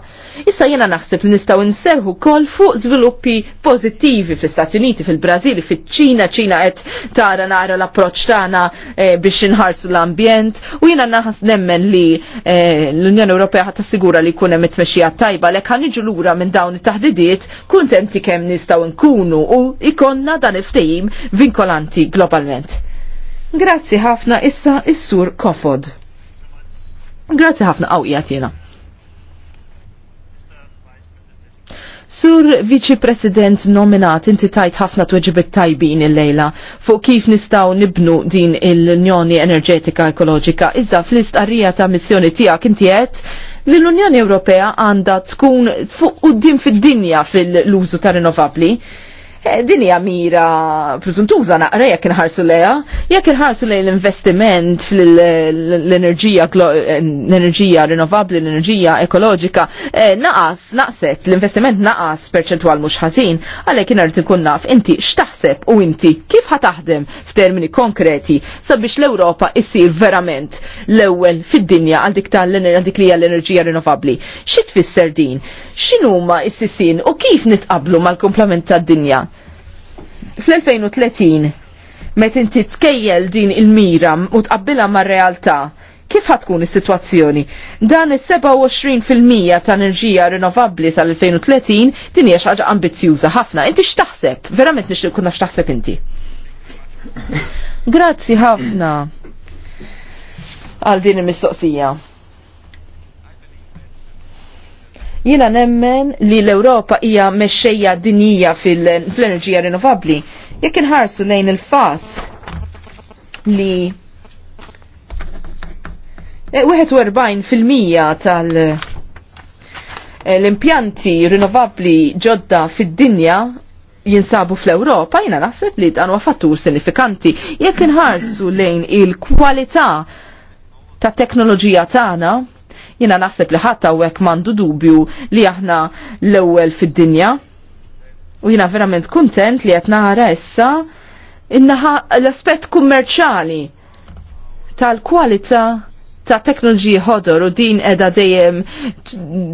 Issa jena naħseb li nistaw nserħu koll fuq sviluppi pozittivi fil stati Uniti, fil-Brazil, fil-ċina, ċina qed tara nara l-approċ tagħna eh, biex inħarsu l-ambjent u jena naħas nemmen li eh, l-Unjoni Ewropea ħat tassigura li jkun hemm it-tmexxija tajba lek ħaniġu lura minn dawn it-taħdidiet kuntenti kemm nistgħu nkunu u ikonna dan il ftejim vinkolanti globalment. Grazzi ħafna issa is-sur Kofod. Grazzi ħafna qawqijat jiena. Sur Viċi President nominat inti tajt ħafna tweġibet tajbin il-lejla fuq kif nistaw nibnu din il-Unjoni Enerġetika Ekoloġika. Iżda fl istarrija ta' missjoni tiegħek inti qed li l-Unjoni Ewropea għandha tkun fuq quddiem fid-dinja fil-użu ta' rinnovabbli Eh, din hija mira preżuntuża naqra jekk inħarsu leha, jekk inħarsu lejn l-investiment fl-enerġija l-enerġija eh, rinnovabbli, l-enerġija ekoloġika, eh, naqas, naqset, l-investiment naqas perċentwal mhux ħażin, għalhekk inher ikun naf inti x'taħseb u inti kif ħataħdem f'termini konkreti sabiex l-Ewropa issir verament l-ewwel fid-dinja għal dik tal-enerġija dik li l-enerġija rinnovabbli. X'tfisser din? X'inhuma s u kif nitqablu mal-komplement tad-dinja? fl-2030 met inti tkejjel din il-mira u tqabbilha mar-realtà kif ħatkun is-sitwazzjoni? Dan is-27% ta' enerġija rinnovabbli tal-2030 din hija xaġa ambizzjuża ħafna. Inti x'taħseb? Verament nixtieq kunna x'taħseb inti. Grazzi ħafna għal din il-mistoqsija. Jiena nemmen li l-Ewropa hija mexxejja dinija fil-enerġija rinnovabbli. Jekk inħarsu lejn il-fatt li 41% e, tal- e, l-impjanti rinnovabbli ġodda fid-dinja jinsabu fl-Europa, jina naħseb li dan fattur sinifikanti. Jekk inħarsu lejn il-kwalità ta' teknoloġija tagħna, jina naħseb li ħatta u għek m'għandu dubju li aħna l-ewwel fid-dinja. U jina verament kuntent li qed naħara issa innaħa l-aspett kummerċali tal-kwalità ta' teknoloġiji ħodor u din edha dejjem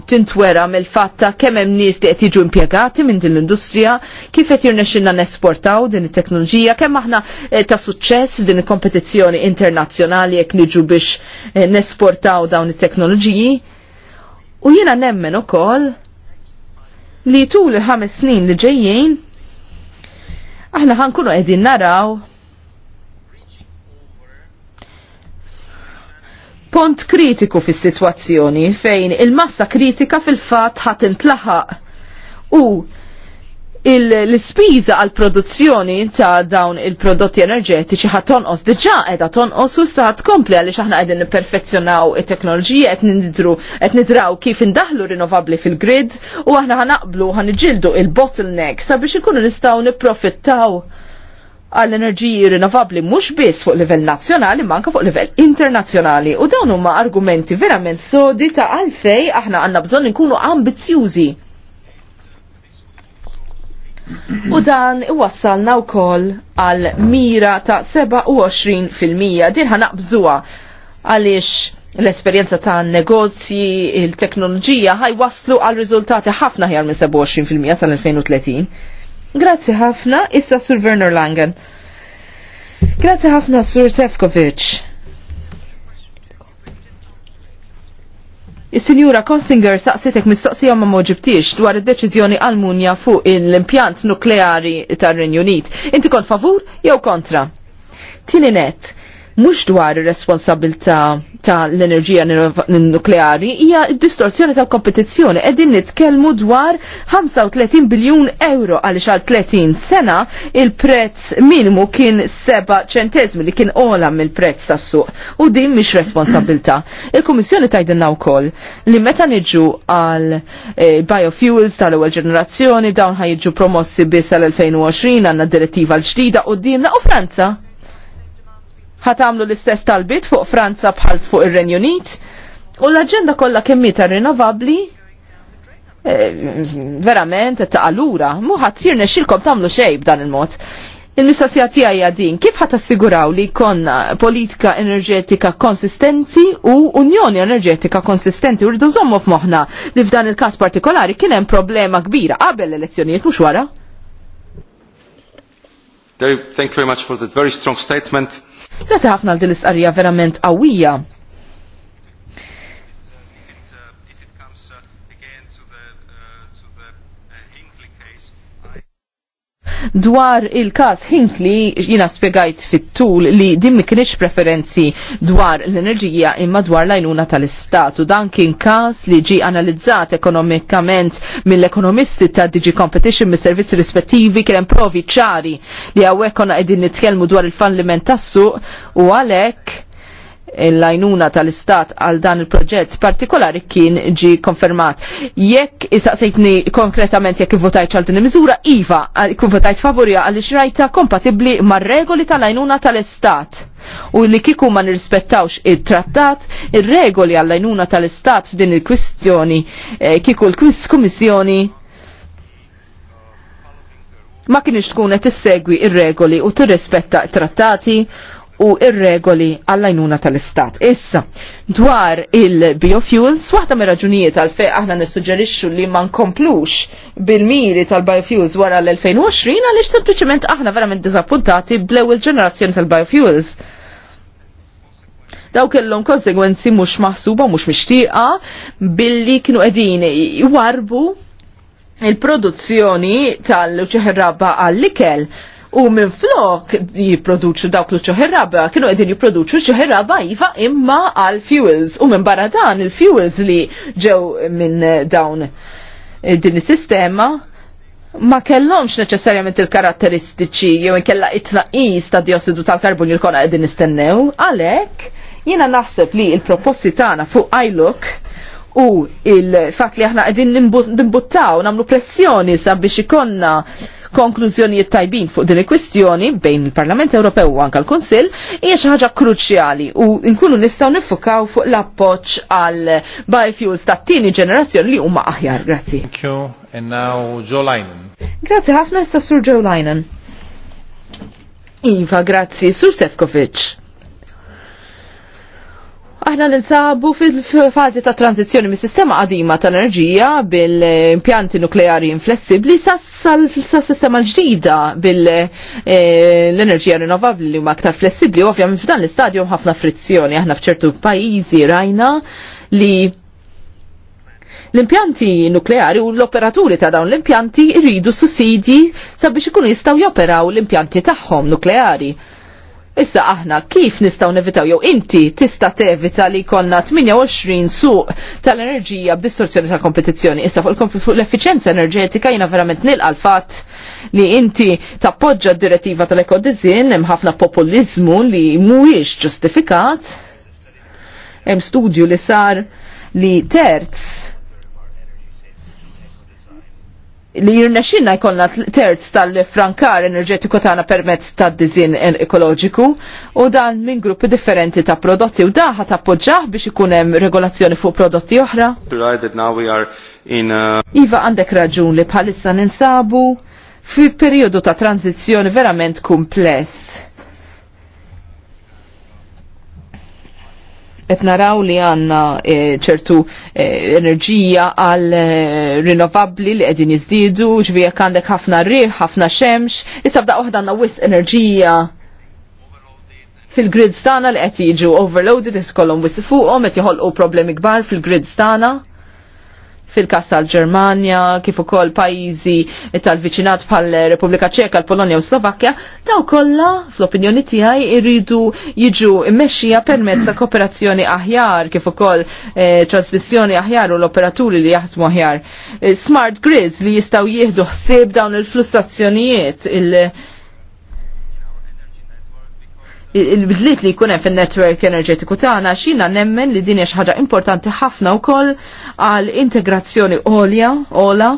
tintwera mill fatta ta' kemm hemm nies li qed jiġu impjegati minn din l-industrija, kif qed jirnexxilna nesportaw din it-teknoloġija, kemm aħna eh, ta' suċċess f'din il-kompetizzjoni internazzjonali jekk niġu biex eh, nesportaw dawn it-teknoloġiji. U jiena nemmen ukoll li tul il-ħames snin li ġejjin aħna ħankunu qegħdin naraw pont kritiku fis-sitwazzjoni fejn il-massa kritika fil-fatt ħat intlaħaq u l-spiża għal produzzjoni ta' dawn il-prodotti enerġetiċi ħat tonqos diġà qiegħda tonqos u sta' tkompli għaliex aħna qegħdin nipperfezzjonaw it-teknoloġija qed nidru nidraw kif indaħlu rinnovabbli fil-grid u aħna ħanaqblu ħanġildu il-bottleneck sabiex ikunu nistgħu nipprofittaw għall enerġiji rinnovabli mhux biss fuq livell nazzjonali ma anke fuq livell internazzjonali u dawn huma argumenti verament sodi ta' għalfej aħna għandna bżonn inkunu ambizzjużi. U dan iwassalna wkoll għal mira ta' 27% din naqbżuha għaliex l-esperjenza ta' negozji, il-teknoloġija ħaj waslu għal riżultati ħafna ħjar minn 27% sal-2030. Grazzi ħafna, issa Sur Werner Langen. Grazzi ħafna Sur Sefkovic. Is-Sinjura Kostinger saqsitek mistoqsija ma moġibtix dwar id-deċiżjoni Almunja fuq l-impjant nukleari tar-Renju Unit. Inti kont favur jew kontra? Tini net, mhux dwar ir-responsabilità tal-enerġija nukleari hija d-distorzjoni tal-kompetizzjoni. Qegħdin nitkellmu dwar 35 biljun euro għaliex għal 30 sena il-prezz minimu kien 7 ċentesmi li kien ola mill-prezz tas-suq u din mhix responsabilità. Il-Kummissjoni tajdinna wkoll li meta niġu għal eh, biofuels tal-ewwel ġenerazzjoni dawn ħajġu promossi biss għal 2020 għandna direttiva l-ġdida u u Franza ħatamlu l-istess tal-bit fuq Franza bħal fuq ir-Renju Unit u l-aġenda kollha kemm ta' rinnovabbli eh, verament ta' allura mu ħadd jirnexxilkom tagħmlu xejn b'dan il-mod. Il-mistoqsija tiegħi din kif ħadd assiguraw li jkollna politika enerġetika konsistenti u unjoni enerġetika konsistenti u rridu żommu f'moħħna li f'dan il-każ partikolari kien hemm problema kbira qabel l-elezzjonijiet mhux wara. Thank you very much for that very strong statement Grazie ħafna għal din l-istqarrija verament qawwija. Dwar il-kas Hinkli jina spiegajt fit-tul li din mi kienx preferenzi dwar l-enerġija imma dwar l-għajnuna tal-istat u dan kien kas li ġi analizzat ekonomikament mill-ekonomisti ta' Digi Competition mis servizzi rispettivi kien provi ċari li għawekon għedin nitkelmu dwar il fallimentassu tas-suq u għalek l-lajnuna tal-istat għal dan il-proġett partikolari kien ġi konfermat. Jekk isaqsejtni konkretament jekk votajt għal din il-miżura, iva, kun votajt favori għal xrajta kompatibli mar regoli tal-lajnuna tal-istat. U li kiku ma nirrispettawx il-trattat, il-regoli għall-lajnuna tal-istat f'din il-kwistjoni, eh, kiku l-kwistjoni ma kienx tkun qed issegwi ir-regoli u tirrispetta t-trattati u irregoli regoli għall-għajnuna tal-istat. Issa, dwar il-biofuels, waħda me raġunijiet għal fej aħna nissuġġerixxu li ma nkomplux bil-miri tal-biofuels wara l-2020 għaliex sempliċement aħna verament diżappuntati bl-ewwel ġenerazzjoni tal-biofuels. Daw kellhom konsegwenzi mhux maħsuba mhux mixtieqa billi kienu qegħdin warbu il-produzzjoni tal-ċeħraba għall-ikel U minn flok jiproduċu dawk l ċoħirraba, kienu għedin jiproduċu ċoħirraba jiva imma għal fuels. U minn barra dan il-fuels li ġew minn dawn eh, din is-sistema ma kellhomx neċessarjament il-karatteristiċi jew inkella it-tnaqis ta' diossidu tal-karbonju l-kona qegħdin nistennew, għalhekk jiena naħseb li il-proposti tagħna fuq iLook u il-fatt li aħna qegħdin nimbuttaw nagħmlu pressjoni sabiex ikonna konklużjonijiet tajbin fuq din il-kwistjoni bejn il-Parlament Ewropew u anka l konsil hija xi ħaġa kruċjali u nkunu nistgħu nifukaw fuq l-appoġġ għal biofuels ta' tieni ġenerazzjoni li huma aħjar. Grazzi. Thank you and now Joe Linen. Grazzi ħafna issa Sur Joe Linen. Iva, grazzi, Sur Sefkovic. Aħna ninsabu fil-fazi ta' tranzizjoni mis sistema qadima ta' enerġija bil-impjanti nukleari inflessibli sa' sistema l-ġdida bil-enerġija eh, rinnovabli li huma aktar flessibli. Ovvjament f'dan l-istadju ħafna frizzjoni aħna f'ċertu pajjiżi rajna li l-impjanti nukleari u l-operaturi ta' dawn l-impjanti rridu sussidji sabiex ikunu jistgħu joperaw l-impjanti tagħhom nukleari Issa aħna kif nistaw nevitaw jew inti tista tevita li konna 28 suq tal-enerġija b'distorzjoni tal-kompetizzjoni. Issa fuq l-effiċenza enerġetika jina verament nilqa l-fatt li inti tappoġġa d-direttiva tal-ekodizin hemm ħafna populizmu li mhuwiex ġustifikat. Hemm studju li sar li terz li jirna xinna jkollna terz tal-frankar enerġetiku tagħna permezz tad-dizin ekoloġiku u dan minn gruppi differenti ta' prodotti u ta' poġġaħ biex ikun hemm regolazzjoni fuq prodotti oħra. Iva għandek raġun li bħalissa ninsabu fi periodu ta' tranzizzjoni verament kumpless qed naraw li għandna eh, ċertu e, enerġija għal eh, rinnovabbli li qegħdin jizdidu, ġvi jekk għandek ħafna riħ, ħafna xemx, issa bda waħda għandna wis enerġija fil-grid stana li qed jiġu overloaded, iskollhom wis fuqhom qed joħolqu problemi kbar fil-grid stana fil-kas tal-Ġermanja, kif ukoll pajjiżi tal-viċinat bħal Repubblika Ċeka, l-Polonja u Slovakkja, daw kollha fl-opinjoni tiegħi jridu jiġu mmexxija permezz ta' kooperazzjoni aħjar kif ukoll eh, trasmissjoni aħjar u l-operaturi li jaħdmu aħjar. Eh, smart grids li jistgħu jieħdu ħsieb dawn il-flussazzjonijiet il-, -flussazzjonijiet, il il-bidliet li jkun hemm fin-netwerk enerġetiku tagħna xina nemmen li din hija xi ħaġa importanti ħafna wkoll għal integrazzjoni olja ola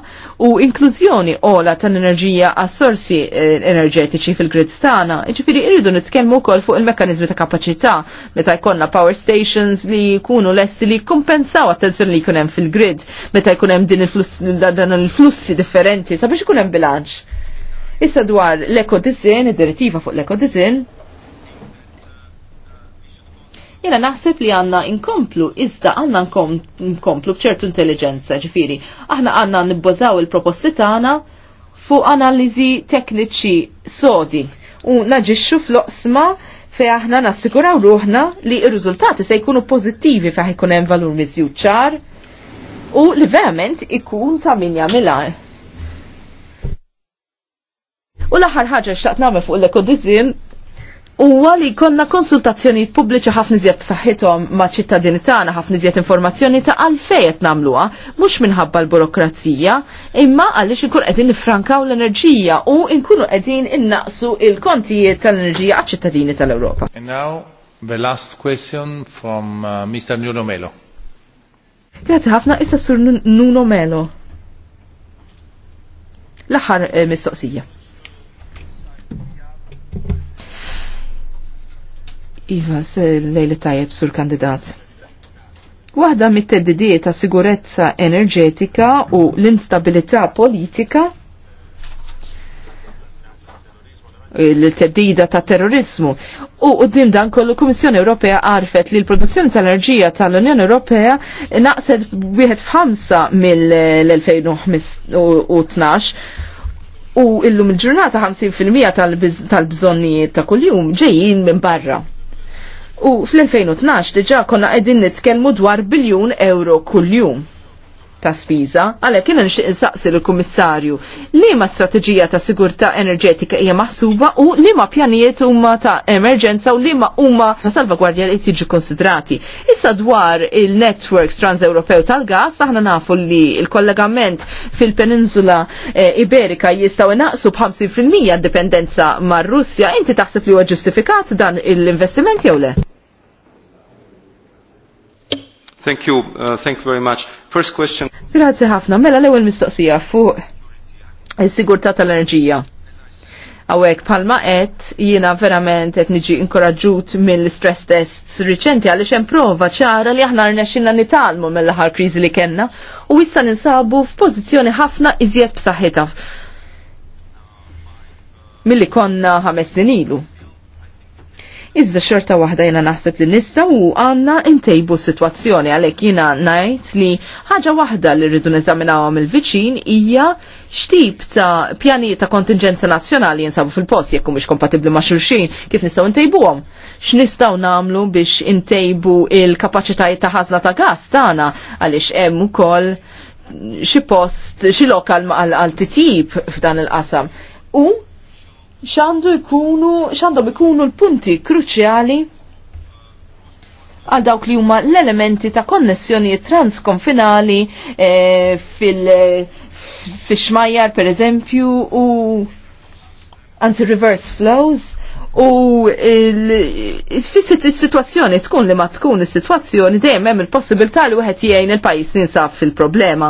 u inklużjoni ola tal-enerġija għas sorsi eh, enerġetiċi fil-grid tagħna. Jiġifieri irridu nitkellmu wkoll fuq il-mekkaniżmi ta' kapaċità meta jkollna power stations li jkunu lesti li jkompensaw attenzjoni li jkun hemm fil-grid meta jkun hemm din il-flussi differenti sabiex ikun hemm bilanċ. Issa dwar l-ekodizin, id-direttiva fuq l-ekodizin, Jena naħseb li għanna inkomplu, iżda għanna inkomplu bċertu intelligenza ġifiri. Aħna għanna nibbazaw il-proposti tagħna fuq analizi tekniċi sodi u naġixxu fl-oqsma fej aħna nassiguraw ruħna li r-riżultati se jkunu pożittivi fejn ikun hemm valur miżjud ċar u li verament ikun ta' min jagħmilha. U l-aħħar ħaġa xtaqt nagħmel fuq l-ekodizim huwa li konna konsultazzjoni pubbliċi ħafna iżjed b'saħħithom ma' ċittadini tagħna ħafna iżjed informazzjoni ta' għalfejn qed nagħmluha, mhux minħabba l-burokrazija, imma għaliex inkun qegħdin nifrankaw l-enerġija u nkunu qegħdin innaqsu il-kontijiet tal-enerġija għaċ-ċittadini tal-Ewropa. And now the last question from uh, Mr. Nuno Melo. Grazie ħafna issa sur Nuno Melo. L-aħħar eh, mistoqsija. Iva, se lejli tajjeb sur kandidat. Waħda mit-teddidiet ta' sigurezza enerġetika u l-instabilità politika il-teddida ta' terrorizmu. U għoddim dan kollu Kummissjoni Ewropea għarfet li l-produzzjoni tal-enerġija tal-Unjoni Ewropea naqset wieħed f'ħamsa mill-2012 u illum il-ġurnata 50% tal-bżonnijiet ta' kuljum ġejjin minn barra. U fl-2012 diġa konna qegħdin nitkellmu dwar biljun euro kuljum ta' spiża, għalhekk kien nixtieq insaqsi l-Kummissarju li ma' strateġija ta' sigurtà enerġetika hija maħsuba u li ma' pjanijiet huma ta' emerġenza u li ma' huma ta' salvagwardja li tiġi konsidrati. Issa dwar il-networks transeuropew tal-gas aħna nafu li l-kollegament fil-peninsula eh, Iberika jistgħu inaqsu b'50% dipendenza mar-Russja, inti taħseb li huwa ġustifikat dan l-investiment jew le? Thank you, uh, thank you very much. First question. Grazie ħafna, mela l-ewel mistoqsija fuq il-sigurta tal-enerġija. Awek, palma et, jina verament et niġi inkoraġut mill-stress tests riċenti għaliex hemm prova ċara li aħna rnexxinna nitalmu mill-aħħar kriżi li kellna u issa ninsabu f'pożizzjoni ħafna iżjed b'saħħitha milli konna ħames ilu. Iżda xorta waħda jena naħseb li nista u għanna intejbu situazzjoni għalek jena najt li ħaġa waħda li rridu nizamina għam il-vicin ija xtib ta' pjani ta' kontingenza nazjonali jinsabu fil-post jekku mux kompatibli ma' xulxin kif nistaw intejbu għom. X'nistgħu namlu biex intejbu il-kapaċitajiet ta' ħażla ta' gas tagħna għaliex hemm ukoll xi post xi lokal għal titjib f'dan il-qasam. U xandu ikunu, xandu ikunu l-punti kruċjali għal dawk li huma l-elementi ta' konnessjoni transkonfinali e, eh, fil-xmajjar per eżempju u anti-reverse flows u il-situazzjoni tkun li ma tkun il-situazzjoni dejjem hemm il-possibilità li wieħed jgħin il-pajjiż ninsab fil-problema.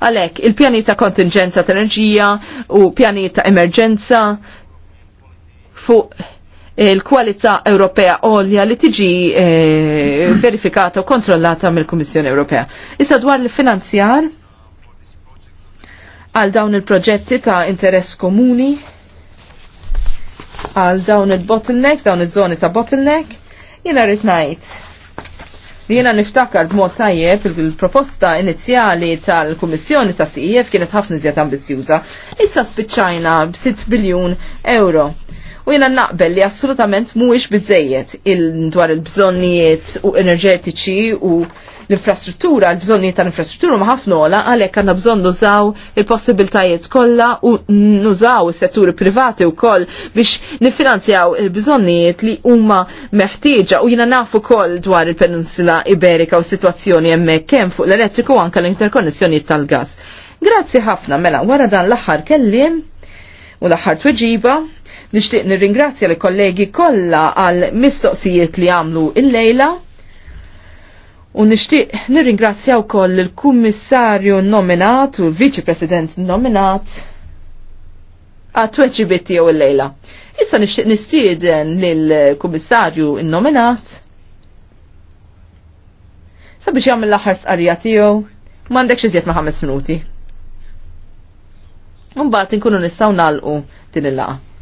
Għalhekk il-pjani ta' kontingenza tal enerġija u pjani ta' emerġenza fuq il-kwalità Ewropea għolja li tiġi eh, verifikata u kontrollata mill-Kummissjoni Ewropea. Issa dwar l-finanzjar għal dawn il-proġetti ta' interess komuni, għal dawn il-bottleneck, dawn il-żoni ta' bottleneck, jiena rrit najt li jiena niftakar b'mod tajjeb il-proposta inizjali tal-Kummissjoni ta' CIF e kienet ħafna iżjed ambizjuża, issa spiċċajna b'6 biljun euro u jena naqbel li assolutament mhuwiex bizzejiet il dwar il-bżonnijiet u enerġetiċi u l-infrastruttura, l-bżonnijiet tal-infrastruttura ma ħafna ola għalhekk għandna bżonn nużaw il-possibiltajiet kollha u nużaw is-setturi privati wkoll biex niffinanzjaw il-bżonnijiet li huma meħtieġa u jiena nafu koll dwar il-Peninsula Iberika u sitwazzjoni hemmhekk kem fuq l-elettriku anke l interkonnessjoni tal-gas. Grazzi ħafna mela wara dan l-aħħar kellim u l-aħħar tweġiba Nixtieq nirringrazzja li kollegi kollha għal mistoqsijiet li għamlu il-lejla. U nixtieq nirringrazzja wkoll il-kummissarju nominat u l-viċi president nominat għat tweċibit tiegħu il-lejla. Issa nixtieq nistieden lill-kummissarju nominat sabiex jagħmel l-aħħar s tiegħu m'għandekx iżjed ma' ħames minuti. Mbagħad inkunu nistgħu nagħlqu din il-laqgħa.